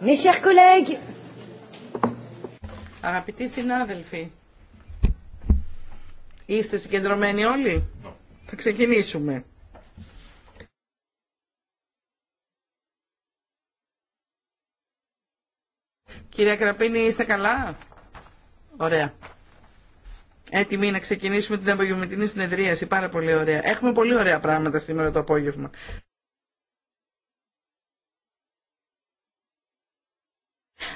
Mes chers collègues. Αγαπητοί συνάδελφοι, είστε συγκεντρωμένοι όλοι. Ναι. Θα ξεκινήσουμε. Κυρία Κραπίνη, είστε καλά. Ωραία. Έτοιμοι να ξεκινήσουμε την απογευματινή συνεδρίαση. Πάρα πολύ ωραία. Έχουμε πολύ ωραία πράγματα σήμερα το απόγευμα.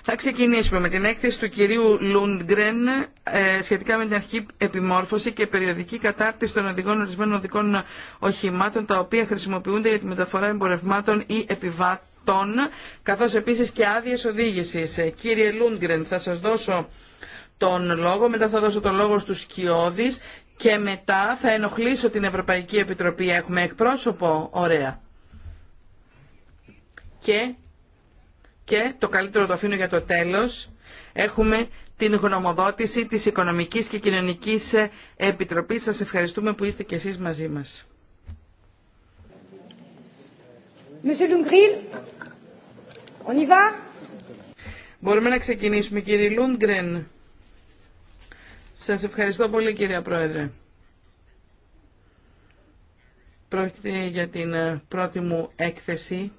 Θα ξεκινήσουμε με την έκθεση του κυρίου Λούντγκρεν ε, σχετικά με την αρχή επιμόρφωση και περιοδική κατάρτιση των οδηγών ορισμένων οδικών οχημάτων τα οποία χρησιμοποιούνται για τη μεταφορά εμπορευμάτων ή επιβάτων καθώς επίσης και άδειε οδήγησης. Ε, κύριε Λούντγκρεν, θα σας δώσω τον λόγο, μετά θα δώσω τον λόγο στους Σκιώδης και μετά θα ενοχλήσω την Ευρωπαϊκή Επιτροπή. Έχουμε εκπρόσωπο, ωραία. Και και το καλύτερο το αφήνω για το τέλος. Έχουμε την γνωμοδότηση της Οικονομικής και Κοινωνικής Επιτροπής. Σας ευχαριστούμε που είστε και εσείς μαζί μας. Μπορούμε να ξεκινήσουμε κύριε Λούντγκρεν. Σας ευχαριστώ πολύ κύριε Πρόεδρε. Πρόκειται για την ε, πρώτη μου έκθεση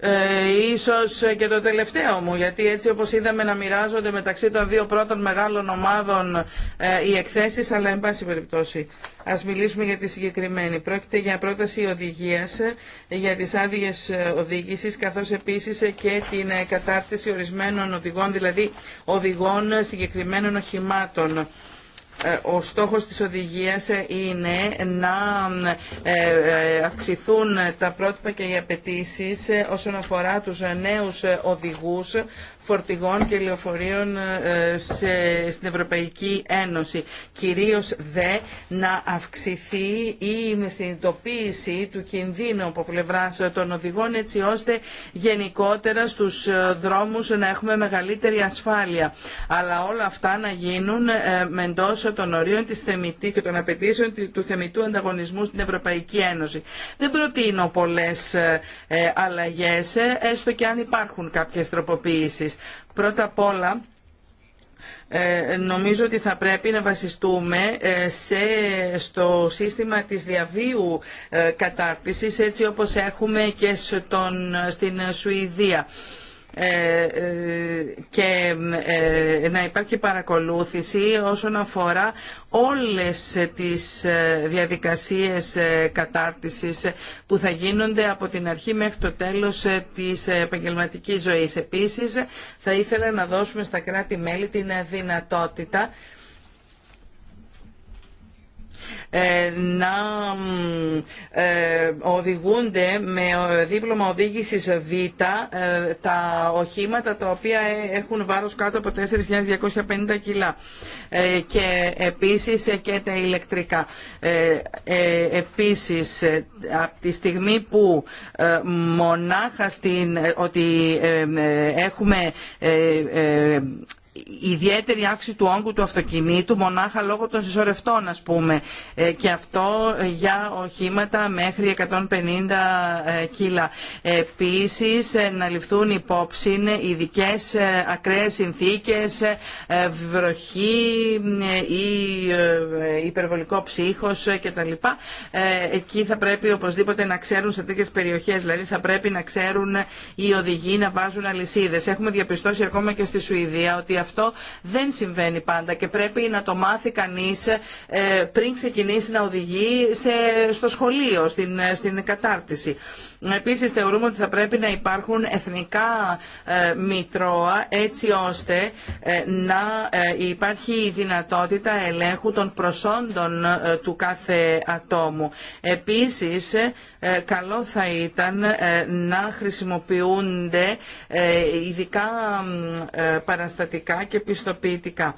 ε, ίσως και το τελευταίο μου, γιατί έτσι όπως είδαμε να μοιράζονται μεταξύ των δύο πρώτων μεγάλων ομάδων ε, οι εκθέσεις, αλλά εν πάση περιπτώσει ας μιλήσουμε για τη συγκεκριμένη. Πρόκειται για πρόταση οδηγίας ε, για τις άδειε ε, οδήγησης, καθώς επίσης ε, και την κατάρτιση ορισμένων οδηγών, δηλαδή οδηγών συγκεκριμένων οχημάτων. Ε, ο στόχος της οδηγίας ε, είναι να ε, αυξηθούν τα πρότυπα και οι απαιτήσει όσον αφορά τους νέους οδηγούς φορτηγών και λεωφορείων ε, στην Ευρωπαϊκή Ένωση. Κυρίως δε να αυξηθεί η συνειδητοποίηση του κινδύνου από πλευρά των οδηγών έτσι ώστε γενικότερα στους ε, δρόμους να έχουμε μεγαλύτερη ασφάλεια. Αλλά όλα αυτά να γίνουν ε, με εντός των ορίων της θεμητή και των απαιτήσεων του θεμητού ανταγωνισμού στην Ευρωπαϊκή Ένωση. Δεν προτείνω πολλές αλλαγές, έστω και αν υπάρχουν κάποιες τροποποιήσεις. Πρώτα απ' όλα, ε, νομίζω ότι θα πρέπει να βασιστούμε ε, σε, στο σύστημα της διαβίου ε, κατάρτισης έτσι όπως έχουμε και στον, στην Σουηδία. Ε, ε, και ε, να υπάρχει παρακολούθηση όσον αφορά όλες τις διαδικασίες κατάρτισης που θα γίνονται από την αρχή μέχρι το τέλος της επαγγελματικής ζωής. Επίσης, θα ήθελα να δώσουμε στα κράτη-μέλη την δυνατότητα ε, να ε, οδηγούνται με ε, δίπλωμα οδήγησης Β τα οχήματα τα οποία έχουν βάρος κάτω από 4.250 κιλά και επίσης και τα ηλεκτρικά. Επίσης, από τη στιγμή που μονάχα στην, ότι έχουμε ιδιαίτερη αύξηση του όγκου του αυτοκινήτου μονάχα λόγω των συσσωρευτών ας πούμε ε, και αυτό ε, για οχήματα μέχρι 150 ε, κιλά. Επίσης να ληφθούν υπόψη ειδικέ ακραίες συνθήκες, βροχή ή υπερβολικό ψύχος κτλ. Εκεί θα πρέπει οπωσδήποτε να ξέρουν σε τέτοιες περιοχές, δηλαδή θα πρέπει να ξέρουν οι οδηγοί να βάζουν αλυσίδες. Έχουμε διαπιστώσει ακόμα και στη Σουηδία ότι αυτό δεν συμβαίνει πάντα και πρέπει να το μάθει κανείς ε, πριν ξεκινήσει να οδηγεί στο σχολείο, στην, ε, στην κατάρτιση. Επίσης θεωρούμε ότι θα πρέπει να υπάρχουν εθνικά ε, μητρώα έτσι ώστε ε, να ε, υπάρχει η δυνατότητα ελέγχου των προσόντων του κάθε ατόμου. Επίσης καλό θα ήταν να χρησιμοποιούνται ειδικά παραστατικά και πιστοποιητικά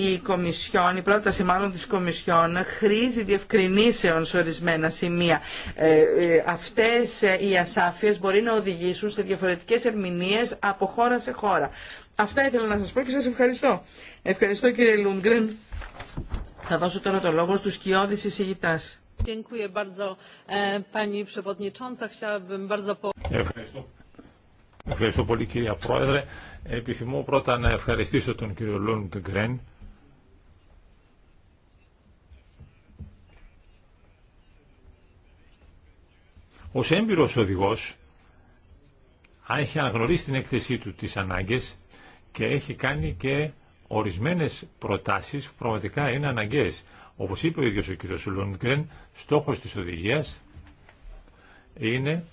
η Κομισιόν, η πρόταση μάλλον της Κομισιόν χρήζει διευκρινήσεων σε ορισμένα σημεία. Ε, ε αυτές ε, οι ασάφειες μπορεί να οδηγήσουν σε διαφορετικές ερμηνείες από χώρα σε χώρα. Αυτά ήθελα να σας πω και σας ευχαριστώ. Ευχαριστώ κύριε Λούντγκρεν Θα δώσω τώρα το λόγο στους κοιόδης εισηγητάς. Ε, ευχαριστώ. Ευχαριστώ πολύ κύριε Πρόεδρε. Επιθυμώ πρώτα να ευχαριστήσω τον κύριο Λούντγκρεν Ως έμπειρος οδηγός έχει αναγνωρίσει την έκθεσή του τις ανάγκες και έχει κάνει και ορισμένες προτάσεις που πραγματικά είναι αναγκαίες. Όπως είπε ο ίδιος ο κ. Σουλονγκρεν, στόχος της οδηγίας είναι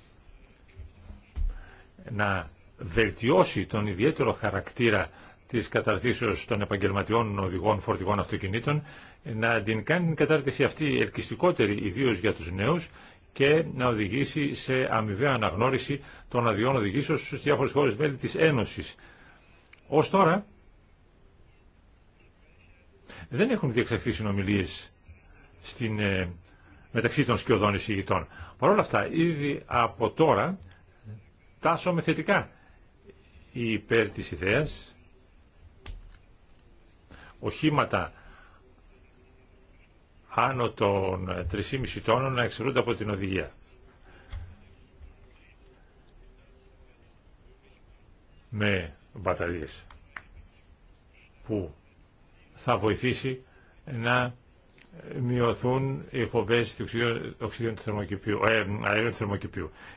να βελτιώσει τον ιδιαίτερο χαρακτήρα της καταρτήσεως των επαγγελματιών οδηγών φορτηγών αυτοκινήτων, να την κάνει την κατάρτιση αυτή ελκυστικότερη ιδίω για τους νέους και να οδηγήσει σε αμοιβαία αναγνώριση των αδειών οδηγήσεως στις διάφορες χώρες μέλη της Ένωσης. Ως τώρα δεν έχουν διεξαχθεί συνομιλίες στην, ε, μεταξύ των σκιωδών εισηγητών. Παρ' όλα αυτά, ήδη από τώρα τάσσομαι θετικά υπέρ της ιδέας οχήματα άνω των 3,5 τόνων να εξαιρούνται από την οδηγία. Με μπαταρίες που θα βοηθήσει να μειωθούν οι εκπομπές του οξυδίων του θερμοκηπίου, ε, αερίων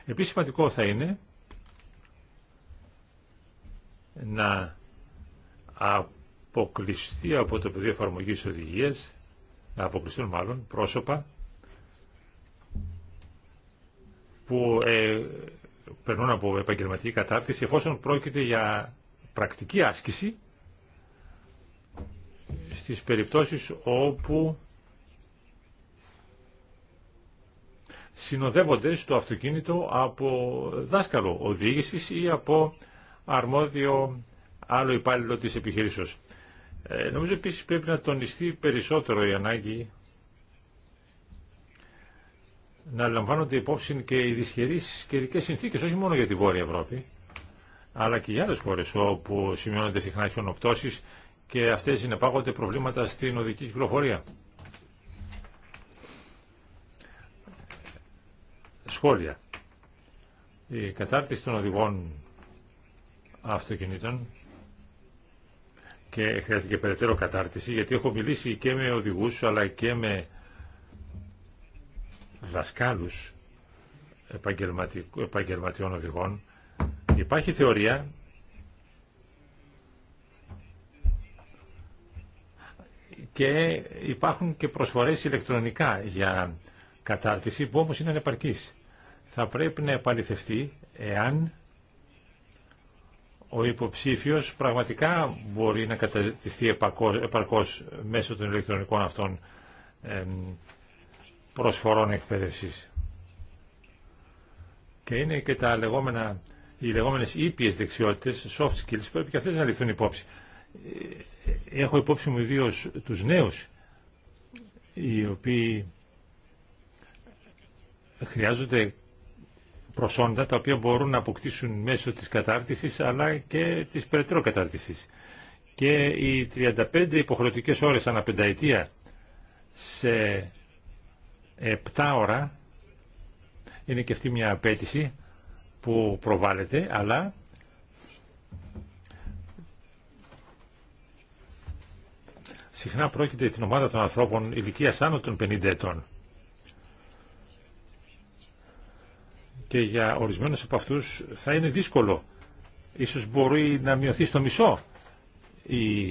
Επίσης σημαντικό θα είναι να αποκλειστεί από το πεδίο εφαρμογή οδηγίας αποκλειστούν μάλλον πρόσωπα που ε, περνούν από επαγγελματική κατάρτιση εφόσον πρόκειται για πρακτική άσκηση στις περιπτώσεις όπου συνοδεύονται στο αυτοκίνητο από δάσκαλο οδήγησης ή από αρμόδιο άλλο υπάλληλο της επιχειρήσεως. Ε, νομίζω επίσης πρέπει να τονιστεί περισσότερο η ανάγκη να λαμβάνονται υπόψη και οι δυσχερείς καιρικές συνθήκες, όχι μόνο για τη Βόρεια Ευρώπη, αλλά και για άλλες χώρες όπου σημειώνονται συχνά χιονοπτώσεις και αυτές συνεπάγονται προβλήματα στην οδική κυκλοφορία. Σχόλια. Η κατάρτιση των οδηγών αυτοκινήτων και χρειάζεται και περαιτέρω κατάρτιση γιατί έχω μιλήσει και με οδηγούς αλλά και με δασκάλους επαγγελματιών οδηγών υπάρχει θεωρία και υπάρχουν και προσφορές ηλεκτρονικά για κατάρτιση που όμως είναι ανεπαρκής. Θα πρέπει να επαληθευτεί εάν ο υποψήφιος πραγματικά μπορεί να κατατιστεί επαρκώς μέσω των ηλεκτρονικών αυτών προσφορών εκπαίδευσης. Και είναι και τα λεγόμενα, οι λεγόμενες ήπιες δεξιότητες, soft skills, πρέπει και αυτές να ληφθούν υπόψη. Ε, έχω υπόψη μου ιδίω τους νέους, οι οποίοι χρειάζονται προσόντα τα οποία μπορούν να αποκτήσουν μέσω της κατάρτισης αλλά και της περαιτέρω κατάρτισης. Και οι 35 υποχρεωτικές ώρες ανά πενταετία σε 7 ώρα είναι και αυτή μια απέτηση που προβάλλεται αλλά συχνά πρόκειται την ομάδα των ανθρώπων ηλικίας άνω των 50 ετών. και για ορισμένους από αυτούς θα είναι δύσκολο. Ίσως μπορεί να μειωθεί στο μισό η,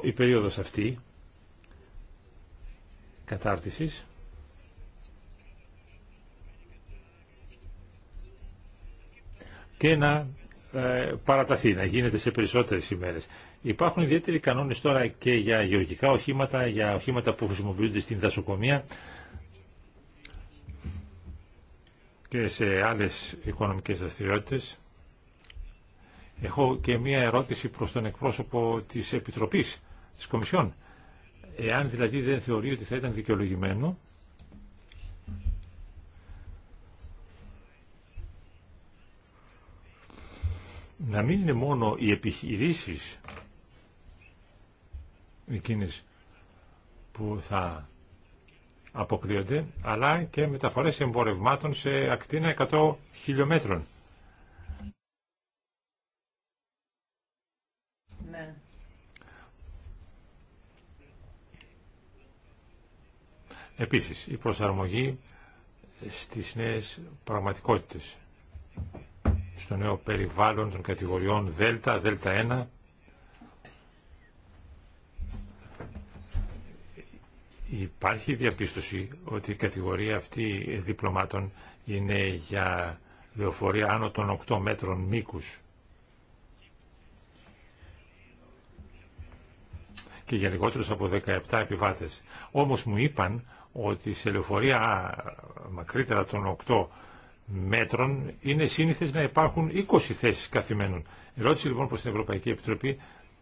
η περίοδος αυτή κατάρτισης. και να ε, παραταθεί, να γίνεται σε περισσότερες ημέρες. Υπάρχουν ιδιαίτεροι κανόνες τώρα και για γεωργικά οχήματα, για οχήματα που χρησιμοποιούνται στην δασοκομεία. και σε άλλες οικονομικές δραστηριότητες. Έχω και μία ερώτηση προς τον εκπρόσωπο της Επιτροπής, της Κομισιόν. Εάν δηλαδή δεν θεωρεί ότι θα ήταν δικαιολογημένο, να μην είναι μόνο οι επιχειρήσεις εκείνες που θα αποκλείονται, αλλά και μεταφορές εμπορευμάτων σε ακτίνα 100 χιλιόμετρων. Ναι. Επίσης, η προσαρμογή στις νέες πραγματικότητες, στο νέο περιβάλλον των κατηγοριών Δέλτα, Δέλτα 1, Υπάρχει διαπίστωση ότι η κατηγορία αυτή διπλωμάτων είναι για λεωφορεία άνω των 8 μέτρων μήκους και για λιγότερους από 17 επιβάτες. Όμως μου είπαν ότι σε λεωφορεία μακρύτερα των 8 μέτρων είναι σύνηθες να υπάρχουν 20 θέσεις καθημένων. Ερώτηση λοιπόν προς την Ευρωπαϊκή Επιτροπή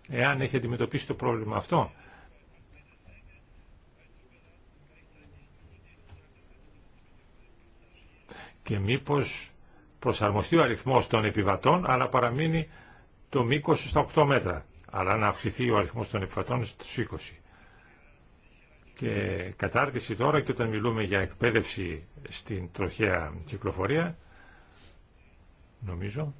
εάν έχει αντιμετωπίσει το πρόβλημα αυτό και μήπως προσαρμοστεί ο αριθμός των επιβατών αλλά παραμείνει το μήκος στα 8 μέτρα αλλά να αυξηθεί ο αριθμός των επιβατών στους 20. Και κατάρτιση τώρα και όταν μιλούμε για εκπαίδευση στην τροχαία κυκλοφορία νομίζω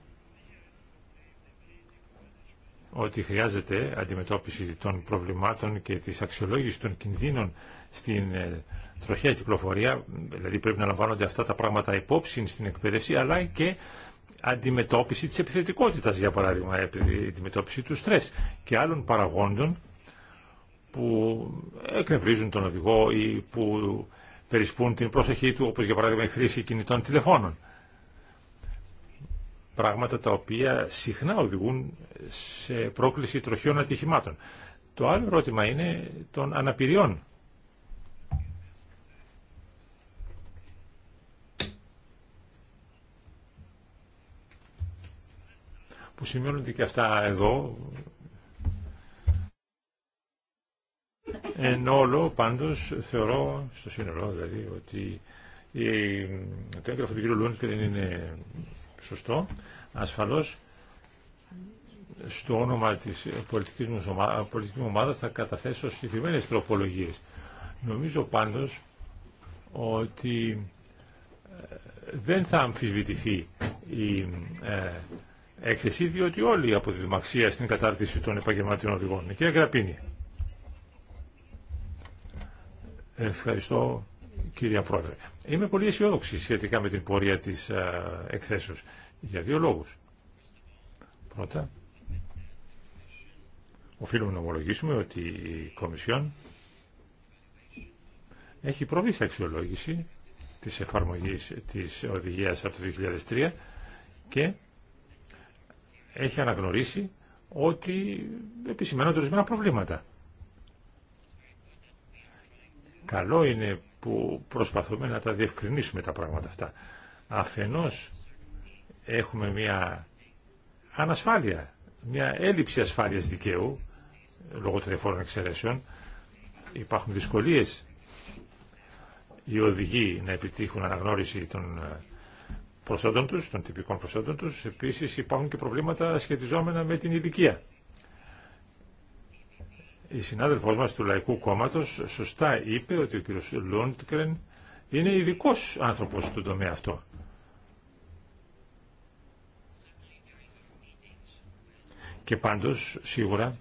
ότι χρειάζεται αντιμετώπιση των προβλημάτων και της αξιολόγησης των κινδύνων στην ε, τροχιά κυκλοφορία, δηλαδή πρέπει να λαμβάνονται αυτά τα πράγματα υπόψη στην εκπαίδευση, αλλά και αντιμετώπιση της επιθετικότητας, για παράδειγμα, αντιμετώπιση του στρες και άλλων παραγόντων που εκνευρίζουν τον οδηγό ή που περισπούν την πρόσοχή του, όπως για παράδειγμα η χρήση κινητών τηλεφώνων. Πράγματα τα οποία συχνά οδηγούν σε πρόκληση τροχιών ατυχημάτων. Το άλλο ερώτημα είναι των αναπηριών που ότι και αυτά εδώ. Εν όλο, πάντως, θεωρώ στο σύνολό, δηλαδή, ότι το έγγραφο του κ. δεν είναι σωστό. Ασφαλώς, στο όνομα της πολιτικής μου, ομάδα, ομάδας θα καταθέσω συγκεκριμένε τροπολογίες. Νομίζω πάντως ότι ε, δεν θα αμφισβητηθεί η ε, έκθεση, διότι όλοι από τη δημαξία στην κατάρτιση των επαγγελματιών οδηγών. Κύριε Γραπίνη. Ευχαριστώ κυρία Πρόεδρε. Είμαι πολύ αισιόδοξη σχετικά με την πορεία της εκθέσεως για δύο λόγους. Πρώτα, οφείλουμε να ομολογήσουμε ότι η Κομισιόν έχει προβεί σε αξιολόγηση της εφαρμογής της οδηγίας από το 2003 και έχει αναγνωρίσει ότι επισημαίνονται ορισμένα προβλήματα. Καλό είναι που προσπαθούμε να τα διευκρινίσουμε τα πράγματα αυτά. Αφενός έχουμε μια ανασφάλεια, μια έλλειψη ασφάλειας δικαίου λόγω των διαφόρων εξαιρέσεων. Υπάρχουν δυσκολίες οι οδηγοί να επιτύχουν αναγνώριση των ε, προσόντων τους, των τυπικών προσόντων τους. Επίσης υπάρχουν και προβλήματα σχετιζόμενα με την ηλικία. Η συνάδελφός μας του Λαϊκού Κόμματος σωστά είπε ότι ο κ. Λούντκρεν είναι ειδικό άνθρωπος του τομέα αυτό. Και πάντως, σίγουρα,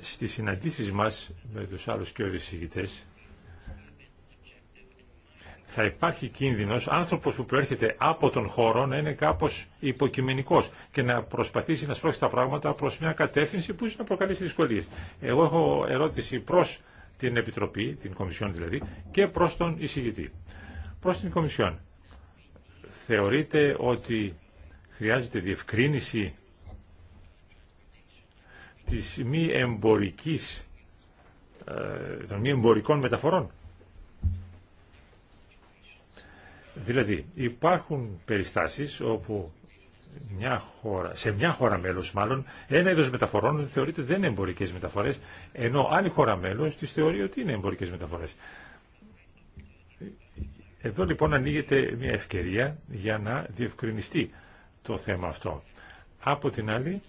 στις συναντήσεις μας με τους άλλους και οδησηγητές, θα υπάρχει κίνδυνος άνθρωπος που προέρχεται από τον χώρο να είναι κάπως υποκειμενικός και να προσπαθήσει να σπρώξει τα πράγματα προς μια κατεύθυνση που ίσως να προκαλέσει δυσκολίες. Εγώ έχω ερώτηση προς την Επιτροπή, την Κομισιόν δηλαδή, και προς τον εισηγητή. Προς την Κομισιόν. Θεωρείτε ότι χρειάζεται διευκρίνηση της μη εμπορικής, ε, των μη εμπορικών μεταφορών. Δηλαδή υπάρχουν περιστάσεις όπου μια χώρα, σε μια χώρα μέλος μάλλον ένα είδος μεταφορών θεωρείται δεν είναι εμπορικές μεταφορές ενώ άλλη χώρα μέλος τις θεωρεί ότι είναι εμπορικές μεταφορές. Εδώ λοιπόν ανοίγεται μια ευκαιρία για να διευκρινιστεί το θέμα αυτό. Από την άλλη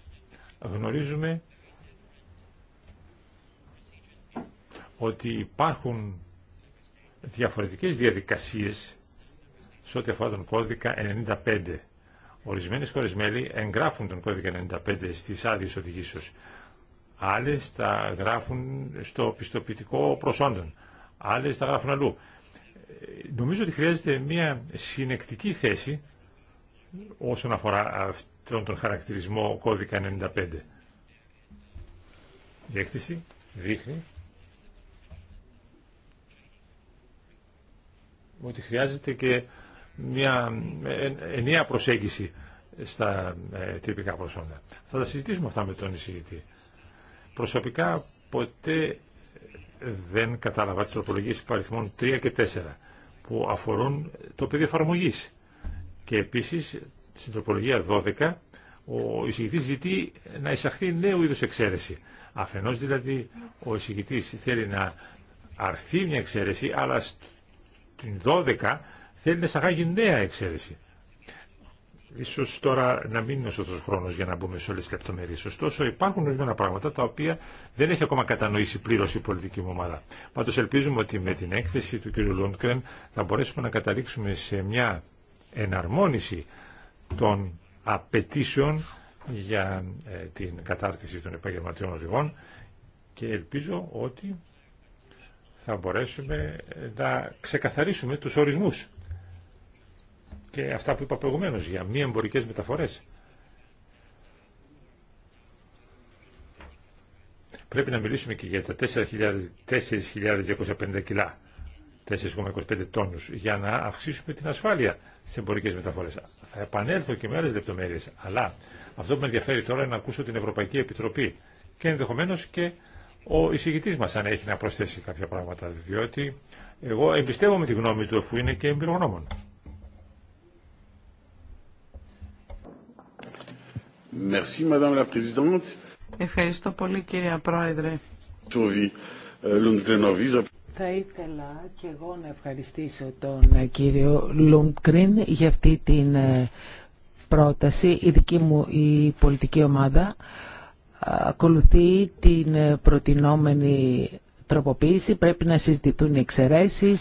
γνωρίζουμε ότι υπάρχουν διαφορετικές διαδικασίες σε ό,τι αφορά τον κώδικα 95. Ορισμένες χώρες μέλη εγγράφουν τον κώδικα 95 στις άδειε οδηγήσεως. Άλλες τα γράφουν στο πιστοποιητικό προσόντων. Άλλες τα γράφουν αλλού. Νομίζω ότι χρειάζεται μια συνεκτική θέση όσον αφορά αυτόν τον χαρακτηρισμό κώδικα 95. Η έκθεση δείχνει ότι χρειάζεται και μια ε, ε, ενιαία προσέγγιση στα ε, τυπικά προσόντα. Θα τα συζητήσουμε αυτά με τον εισηγητή. Προσωπικά ποτέ δεν κατάλαβα τις τροπολογίες υπαριθμών 3 και 4 που αφορούν το πεδίο εφαρμογή. Και επίσης στην τροπολογία 12 ο εισηγητής ζητεί να εισαχθεί νέου είδους εξαίρεση. Αφενός δηλαδή ο εισηγητής θέλει να αρθεί μια εξαίρεση αλλά στην 12 θέλει να εισαγάγει νέα εξαίρεση. Ίσως τώρα να μην είναι σωστός χρόνος για να μπούμε σε όλες τις λεπτομέρειες. Ωστόσο υπάρχουν ορισμένα πράγματα τα οποία δεν έχει ακόμα κατανοήσει πλήρως η πολιτική μου ομάδα. Πάντως ελπίζουμε ότι με την έκθεση του κ. Λούντκρεν θα μπορέσουμε να καταλήξουμε σε μια εναρμόνιση των απαιτήσεων για ε, την κατάρτιση των επαγγελματιών οδηγών και ελπίζω ότι θα μπορέσουμε ε, να ξεκαθαρίσουμε τους ορισμούς και αυτά που είπα προηγουμένω για μη εμπορικέ μεταφορέ. Πρέπει να μιλήσουμε και για τα 4.250 κιλά, 4,25 τόνου, για να αυξήσουμε την ασφάλεια στι εμπορικέ μεταφορέ. Θα επανέλθω και με άλλε λεπτομέρειε, αλλά αυτό που με ενδιαφέρει τώρα είναι να ακούσω την Ευρωπαϊκή Επιτροπή και ενδεχομένω και ο εισηγητή μα, αν έχει να προσθέσει κάποια πράγματα, διότι εγώ εμπιστεύομαι τη γνώμη του, αφού είναι και εμπειρογνώμων. Ευχαριστώ πολύ κύριε Πρόεδρε. Ε, Θα ήθελα και εγώ να ευχαριστήσω τον ε, κύριο Λουντκριν για αυτή την ε, πρόταση. Η δική μου η πολιτική ομάδα ακολουθεί την προτινόμενη τροποποίηση. Πρέπει να συζητηθούν οι εξαιρέσει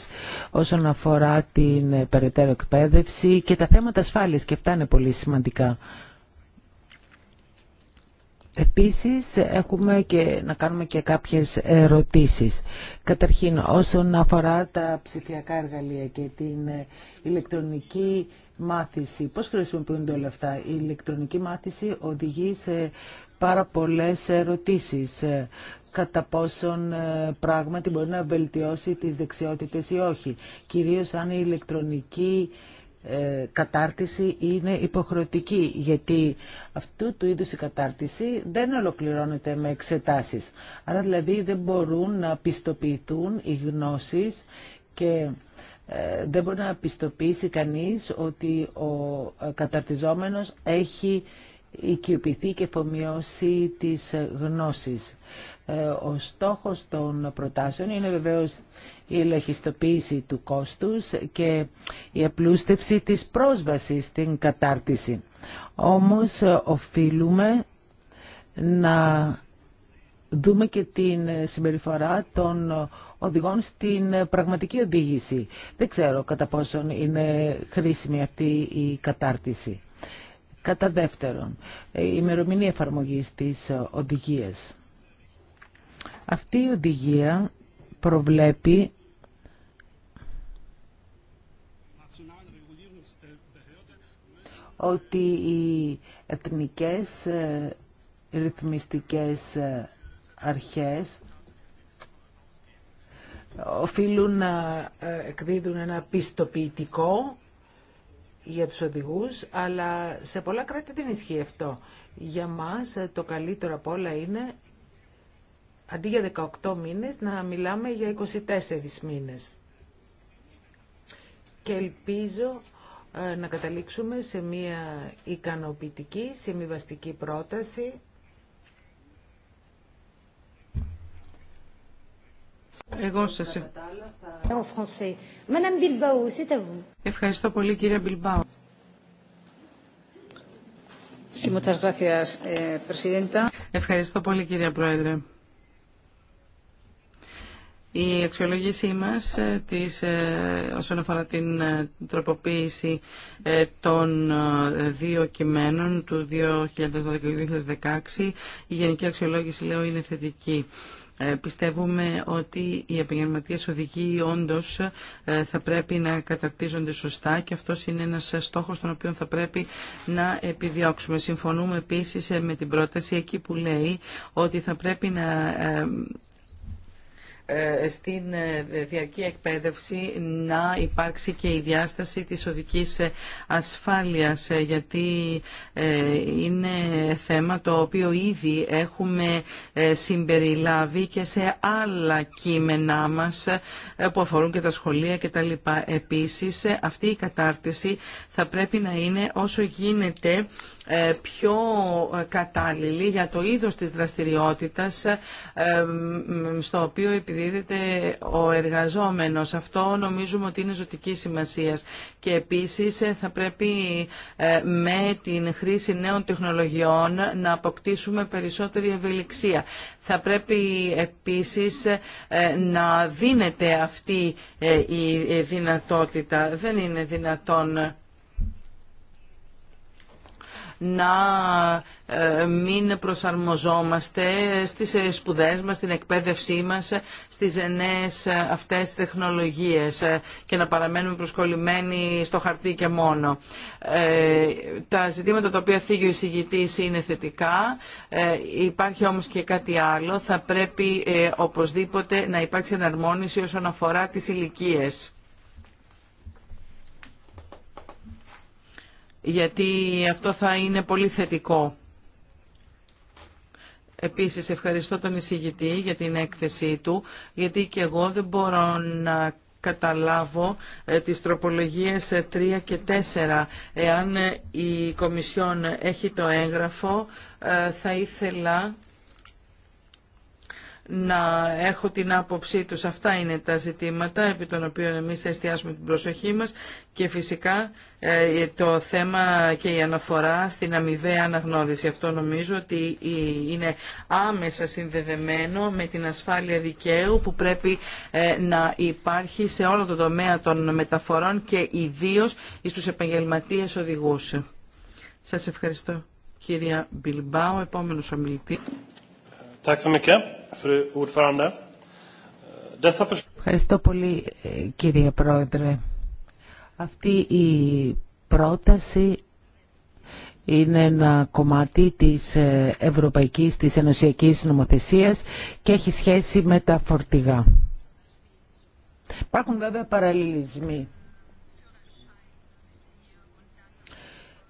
όσον αφορά την περαιτέρω εκπαίδευση και τα θέματα ασφάλειας και αυτά είναι πολύ σημαντικά. Επίσης έχουμε και να κάνουμε και κάποιες ερωτήσεις. Καταρχήν όσον αφορά τα ψηφιακά εργαλεία και την ηλεκτρονική μάθηση. Πώς χρησιμοποιούνται όλα αυτά. Η ηλεκτρονική μάθηση οδηγεί σε πάρα πολλές ερωτήσεις κατά πόσον ε, πράγματι μπορεί να βελτιώσει τις δεξιότητες ή όχι. Κυρίως αν η ηλεκτρονική ε, κατάρτιση είναι υποχρεωτική γιατί αυτού του είδους η κατάρτιση δεν ολοκληρώνεται με εξετάσεις. Άρα δηλαδή δεν μπορούν να πιστοποιηθούν οι γνώσεις και ε, δεν μπορεί να πιστοποιήσει κανείς ότι ο ε, καταρτιζόμενος έχει οικειοποιηθεί και εφομοιώσει τις γνώσεις. Ε, ο στόχος των προτάσεων είναι βεβαίως η ελαχιστοποίηση του κόστους και η απλούστευση της πρόσβασης στην κατάρτιση. Όμως ε, οφείλουμε να δούμε και την συμπεριφορά των οδηγών στην πραγματική οδήγηση. Δεν ξέρω κατά πόσον είναι χρήσιμη αυτή η κατάρτιση. Κατά δεύτερον, η ημερομηνία εφαρμογής της οδηγίας. Αυτή η οδηγία προβλέπει ότι οι εθνικές ε, ρυθμιστικές ε, αρχές οφείλουν να ε, εκδίδουν ένα πιστοποιητικό για τους οδηγούς, αλλά σε πολλά κράτη δεν ισχύει αυτό. Για μας το καλύτερο από όλα είναι αντί για 18 μήνες να μιλάμε για 24 μήνες. Και ελπίζω ε, να καταλήξουμε σε μια ικανοποιητική, συμβιβαστική πρόταση. Εγώ σας ευχαριστώ πολύ κύριε Μπιλμπάου. Eh, ευχαριστώ πολύ κυρία Πρόεδρε. Η αξιολόγησή μας ε, της, ε, όσον αφορά την ε, τροποποίηση των δύο κειμένων του 2012-2016, η γενική αξιολόγηση, λέω, είναι θετική. Πιστεύουμε ότι οι επαγγελματίε οδηγοί όντω θα πρέπει να κατακτίζονται σωστά και αυτό είναι ένα στόχο τον οποίο θα πρέπει να επιδιώξουμε. Συμφωνούμε επίση με την πρόταση εκεί που λέει ότι θα πρέπει να ε, στην ε, διαρκή εκπαίδευση να υπάρξει και η διάσταση της οδικής ε, ασφάλειας γιατί είναι θέμα το οποίο ήδη έχουμε συμπεριλάβει και σε άλλα κείμενά μας που αφορούν και τα σχολεία και τα λοιπά. Επίσης αυτή η κατάρτιση θα πρέπει να είναι όσο γίνεται ε, πιο ε, κατάλληλη για το είδος της δραστηριότητας ε, στο οποίο επιδίδεται ο εργαζόμενος. Αυτό νομίζουμε ότι είναι ζωτική σημασίας και επίσης θα πρέπει με την χρήση νέων τεχνολογιών να αποκτήσουμε περισσότερη ευελιξία. Θα πρέπει επίσης να δίνεται αυτή η δυνατότητα. Δεν είναι δυνατόν να ε, μην προσαρμοζόμαστε στις ε, σπουδές μας, στην εκπαίδευσή μας, στις ε, νέες αυτές τεχνολογίες και να παραμένουμε προσκολλημένοι στο χαρτί και μόνο. Τα ζητήματα τα οποία θίγει ο εισηγητής είναι θετικά, υπάρχει όμως και κάτι άλλο, θα πρέπει οπωσδήποτε να υπάρξει εναρμόνιση όσον αφορά τις ηλικίες γιατί αυτό θα είναι πολύ θετικό. Επίσης ευχαριστώ τον εισηγητή για την έκθεσή του, γιατί και εγώ δεν μπορώ να καταλάβω ε, τις τροπολογίες 3 ε, και 4. Εάν ε, η Κομισιόν έχει το έγγραφο, θα ήθελα να έχω την άποψή τους. Αυτά είναι τα ζητήματα επί των οποίων εμείς θα εστιάσουμε την προσοχή μας και φυσικά ε, το θέμα και η αναφορά στην αμοιβαία αναγνώριση. Αυτό νομίζω ότι είναι άμεσα συνδεδεμένο με την ασφάλεια δικαίου που πρέπει ε, να υπάρχει σε όλο το τομέα των μεταφορών και ιδίως στους επαγγελματίες οδηγούς. Σας ευχαριστώ. Κυρία Μπιλμπάου, επόμενος ομιλητή. Tack ε, Ευχαριστώ πολύ ε, κύριε Πρόεδρε. Αυτή η πρόταση είναι ένα κομμάτι της ε, ευρωπαϊκής, της ενωσιακής νομοθεσίας και έχει σχέση με τα φορτηγά. Υπάρχουν βέβαια παραλληλισμοί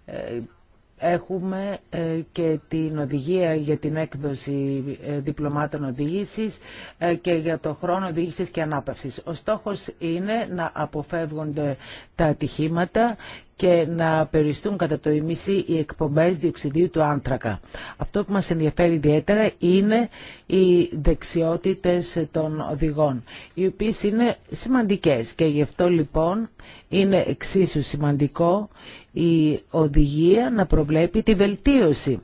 ε, Έχουμε ε, και την οδηγία για την έκδοση ε, διπλωμάτων οδήγησης ε, και για το χρόνο οδήγησης και ανάπαυσης. Ο στόχος είναι να αποφεύγονται τα ατυχήματα και να περιστούν κατά το ημίση οι εκπομπές διοξιδίου του άνθρακα. Αυτό που μας ενδιαφέρει ιδιαίτερα είναι οι δεξιότητες των οδηγών, οι οποίες είναι σημαντικές και γι' αυτό λοιπόν είναι εξίσου σημαντικό η οδηγία να προβλέπει τη βελτίωση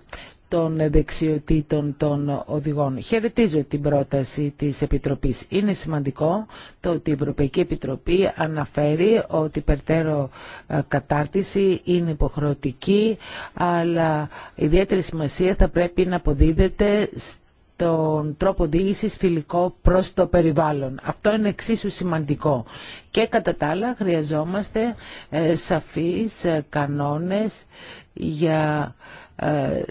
των δεξιοτήτων των οδηγών. Χαιρετίζω την πρόταση της Επιτροπής. Είναι σημαντικό το ότι η Ευρωπαϊκή Επιτροπή αναφέρει ότι περτέρω ε, κατάρτιση είναι υποχρεωτική, αλλά ιδιαίτερη σημασία θα πρέπει να αποδίδεται τον τρόπο διήσης φιλικό προς το περιβάλλον. Αυτό είναι εξίσου σημαντικό. Και κατά τα άλλα χρειαζόμαστε ε, σαφείς ε, κανόνες για ε,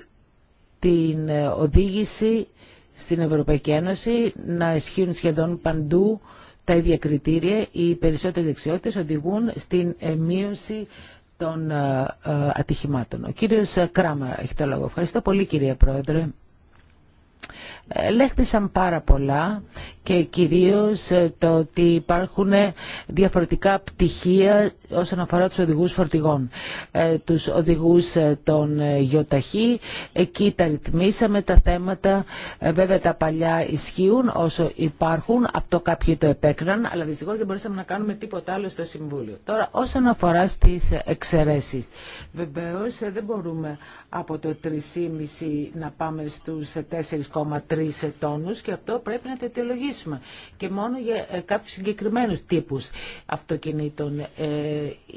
την οδήγηση στην Ευρωπαϊκή Ένωση να ισχύουν σχεδόν παντού τα ίδια κριτήρια. Οι περισσότερες δεξιότητες οδηγούν στην μείωση των ατυχημάτων. Ο κύριος Κράμα έχει το λόγο. Ευχαριστώ πολύ κύριε Πρόεδρε ελέγχθησαν πάρα πολλά και κυρίως ε, το ότι υπάρχουν ε, διαφορετικά πτυχία όσον αφορά τους οδηγούς φορτηγών. Ε, τους οδηγούς των γιοταχή, εκεί τα ρυθμίσαμε τα θέματα, βέβαια τα παλιά ισχύουν όσο υπάρχουν, αυτό κάποιοι το επέκραν, αλλά δυστυχώς δεν μπορούσαμε να κάνουμε τίποτα άλλο στο Συμβούλιο. Τώρα όσον αφορά στις εξαιρέσεις, βεβαίως δεν μπορούμε από το 3,5 να πάμε στους 4,3 τρεις και αυτό πρέπει να το αιτιολογήσουμε. Και μόνο για ε, κάποιους συγκεκριμένους τύπους αυτοκινήτων. Ε,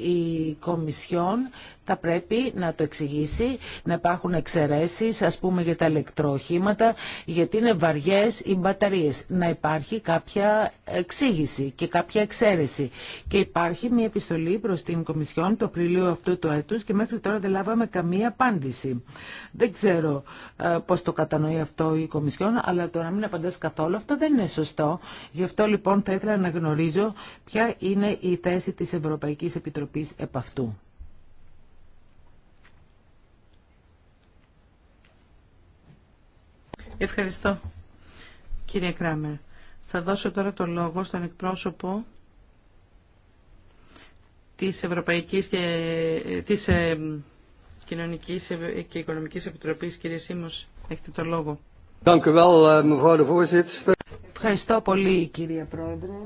η Κομισιόν θα πρέπει να το εξηγήσει, να υπάρχουν εξαιρέσεις, ας πούμε για τα ηλεκτροχήματα, γιατί είναι βαριές οι μπαταρίες. Να υπάρχει κάποια εξήγηση και κάποια εξαίρεση. Και υπάρχει μια επιστολή προς την Κομισιόν το Απριλίο αυτού του έτους και μέχρι τώρα δεν λάβαμε καμία απάντηση. Δεν ξέρω ε, πώς το κατανοεί αυτό η Κομισιόν, αλλά το να μην απαντάς καθόλου αυτό δεν είναι σωστό. Γι' αυτό λοιπόν θα ήθελα να γνωρίζω ποια είναι η θέση της Ευρωπαϊκής Επιτροπής επ' αυτού. Ευχαριστώ, κύριε Κράμερ. Θα δώσω τώρα το λόγο στον εκπρόσωπο της Ευρωπαϊκής και της ε, Κοινωνικής και Οικονομικής Επιτροπής. Κύριε Σίμος, έχετε το λόγο. Eh, Ευχαριστώ πολύ, κύριε Πρόεδρε.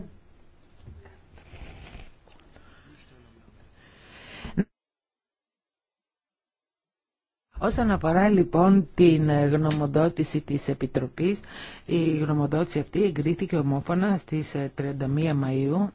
Όσον αφορά λοιπόν την γνωμοδότηση της Επιτροπής, η γνωμοδότηση αυτή εγκρίθηκε ομόφωνα στις 31 ε, Μαΐου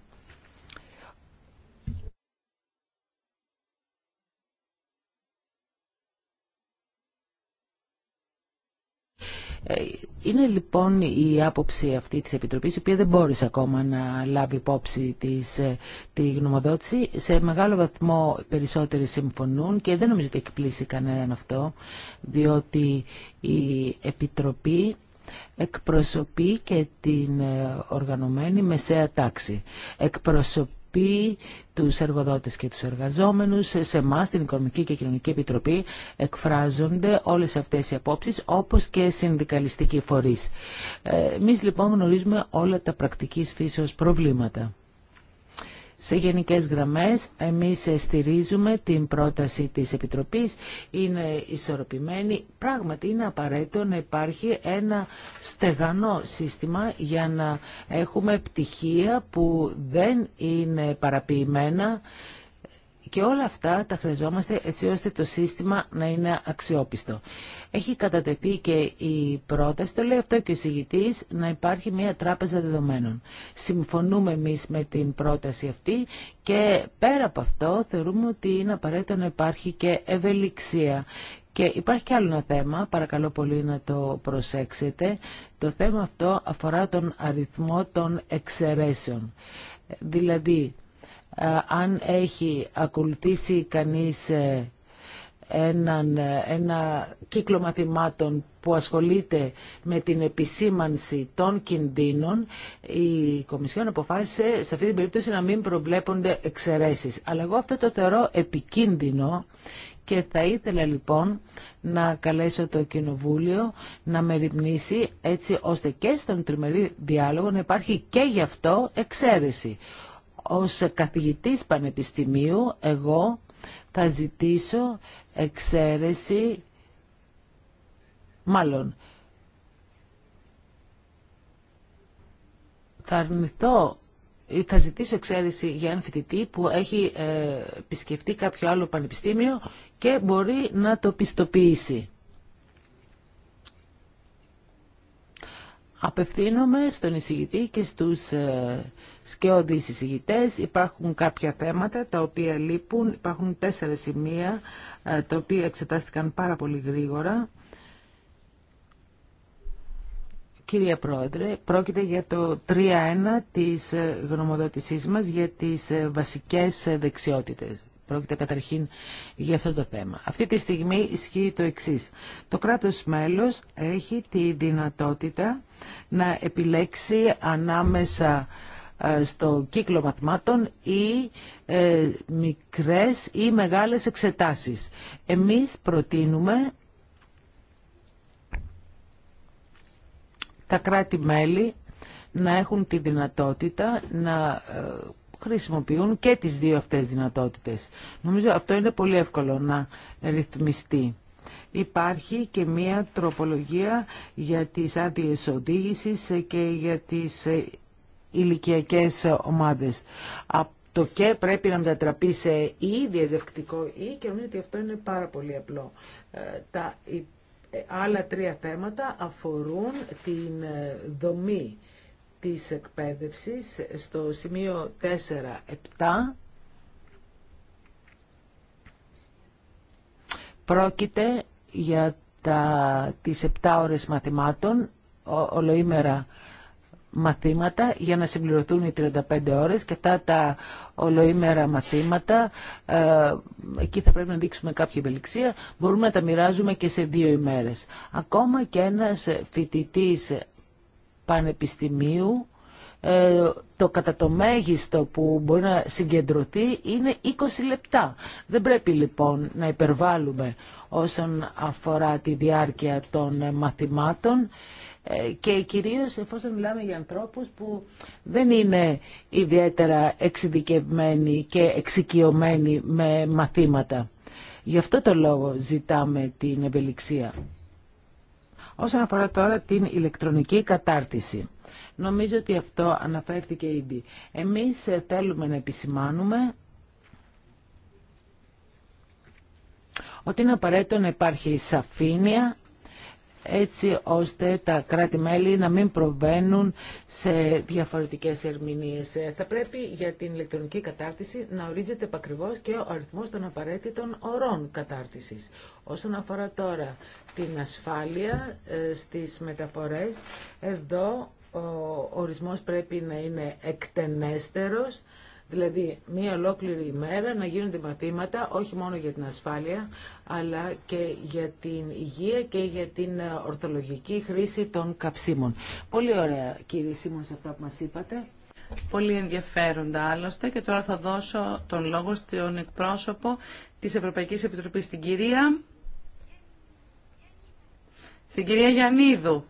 Ε, είναι λοιπόν η άποψη αυτή της Επιτροπής, η οποία δεν μπόρεσε ακόμα να λάβει υπόψη της, ε, τη γνωμοδότηση. Σε μεγάλο βαθμό περισσότεροι συμφωνούν και δεν νομίζω ότι εκπλήσει κανέναν αυτό, διότι η Επιτροπή εκπροσωπεί και την ε, οργανωμένη μεσαία τάξη. Εκπροσωπεί Επιτροπή, τους εργοδότες και τους εργαζόμενους, σε εμά την Οικονομική και Κοινωνική Επιτροπή εκφράζονται όλες αυτές οι απόψεις όπως και συνδικαλιστικοί φορείς. Ε, εμείς λοιπόν γνωρίζουμε όλα τα πρακτικής φύσεως προβλήματα. Σε γενικές γραμμές εμείς στηρίζουμε την πρόταση της Επιτροπής, είναι ισορροπημένη. Πράγματι είναι απαραίτητο να υπάρχει ένα στεγανό σύστημα για να έχουμε πτυχία που δεν είναι παραποιημένα και όλα αυτά τα χρειαζόμαστε έτσι ώστε το σύστημα να είναι αξιόπιστο. Έχει κατατεθεί και η πρόταση, το λέει αυτό και ο συγητής, να υπάρχει μια τράπεζα δεδομένων. Συμφωνούμε εμείς με την πρόταση αυτή και πέρα από αυτό θεωρούμε ότι είναι απαραίτητο να υπάρχει και ευελιξία. Και υπάρχει και άλλο ένα θέμα, παρακαλώ πολύ να το προσέξετε. Το θέμα αυτό αφορά τον αριθμό των εξαιρέσεων. Δηλαδή, ε, αν έχει ακολουθήσει κανείς ε, έναν, ε, ένα κύκλο μαθημάτων που ασχολείται με την επισήμανση των κινδύνων, η Κομισιόν αποφάσισε σε αυτή την περίπτωση να μην προβλέπονται εξαιρέσεις. Αλλά εγώ αυτό το θεωρώ επικίνδυνο και θα ήθελα λοιπόν να καλέσω το Κοινοβούλιο να με έτσι ώστε και στον τριμερή διάλογο να υπάρχει και γι' αυτό εξαίρεση. Ως καθηγητής πανεπιστημίου εγώ θα ζητήσω εξαίρεση, μάλλον θα αρνηθώ θα ζητήσω εξαίρεση για έναν φοιτητή που έχει ε, επισκεφτεί κάποιο άλλο πανεπιστήμιο και μπορεί να το πιστοποιήσει. Απευθύνομαι στον εισηγητή και στους ε, οι εισηγητές. Υπάρχουν κάποια θέματα τα οποία λείπουν. Υπάρχουν τέσσερα σημεία ε, τα οποία εξετάστηκαν πάρα πολύ γρήγορα. Κυρία Πρόεδρε, πρόκειται για το 3-1 της ε, γνωμοδότησής μας για τις ε, βασικές δεξιότητες. Πρόκειται καταρχήν για αυτό το θέμα. Αυτή τη στιγμή ισχύει το εξής. Το κράτος μέλος έχει τη δυνατότητα να επιλέξει ανάμεσα ε, στο κύκλο μαθημάτων ή ε, μικρές ή μεγάλες εξετάσεις. Εμείς προτείνουμε τα κράτη-μέλη να έχουν τη δυνατότητα να ε, χρησιμοποιούν και τις δύο αυτές δυνατότητες. Νομίζω αυτό είναι πολύ εύκολο να ρυθμιστεί. Υπάρχει και μία τροπολογία για τις άδειε οδήγηση και για τις ηλικιακές ομάδες. Το και πρέπει να μετατραπεί σε ή διαζευκτικό ή και νομίζω ότι αυτό είναι πάρα πολύ απλό. Ε, τα ε, άλλα τρία θέματα αφορούν την ε, δομή της εκπαίδευσης στο σημείο 4-7 πρόκειται για τα, τις 7 ώρες μαθημάτων, ολοήμερα μαθήματα για να συμπληρωθούν οι 35 ώρες και αυτά τα ολοήμερα μαθήματα ε, εκεί θα πρέπει να δείξουμε κάποια ευελιξία μπορούμε να τα μοιράζουμε και σε δύο ημέρες ακόμα και ένας φοιτητής πανεπιστημίου ε, το κατά το μέγιστο που μπορεί να συγκεντρωθεί είναι 20 λεπτά. Δεν πρέπει λοιπόν να υπερβάλλουμε όσον αφορά τη διάρκεια των μαθημάτων ε, και κυρίως εφόσον μιλάμε για ανθρώπους που δεν είναι ιδιαίτερα εξειδικευμένοι και εξοικειωμένοι με μαθήματα. Γι' αυτό το λόγο ζητάμε την ευελιξία. Όσον αφορά τώρα την ηλεκτρονική κατάρτιση. Νομίζω ότι αυτό αναφέρθηκε ήδη. Εμείς θέλουμε να επισημάνουμε ότι είναι απαραίτητο να υπάρχει σαφήνεια έτσι ώστε τα κράτη-μέλη να μην προβαίνουν σε διαφορετικές ερμηνείες. Ε, θα πρέπει για την ηλεκτρονική κατάρτιση να ορίζεται επακριβώς και ο αριθμός των απαραίτητων ορών κατάρτισης. Όσον αφορά τώρα την ασφάλεια ε, στις μεταφορές, εδώ ο ορισμός πρέπει να είναι εκτενέστερος Δηλαδή, μία ολόκληρη ημέρα να γίνονται μαθήματα όχι μόνο για την ασφάλεια, αλλά και για την υγεία και για την ε, ορθολογική χρήση των καυσίμων. Πολύ ωραία, κύριε Σίμων, σε αυτά που μας είπατε. Πολύ ενδιαφέροντα άλλωστε και τώρα θα δώσω τον λόγο στον εκπρόσωπο της Ευρωπαϊκής Επιτροπής, Στην κυρία... Στην κυρία Γιαννίδου.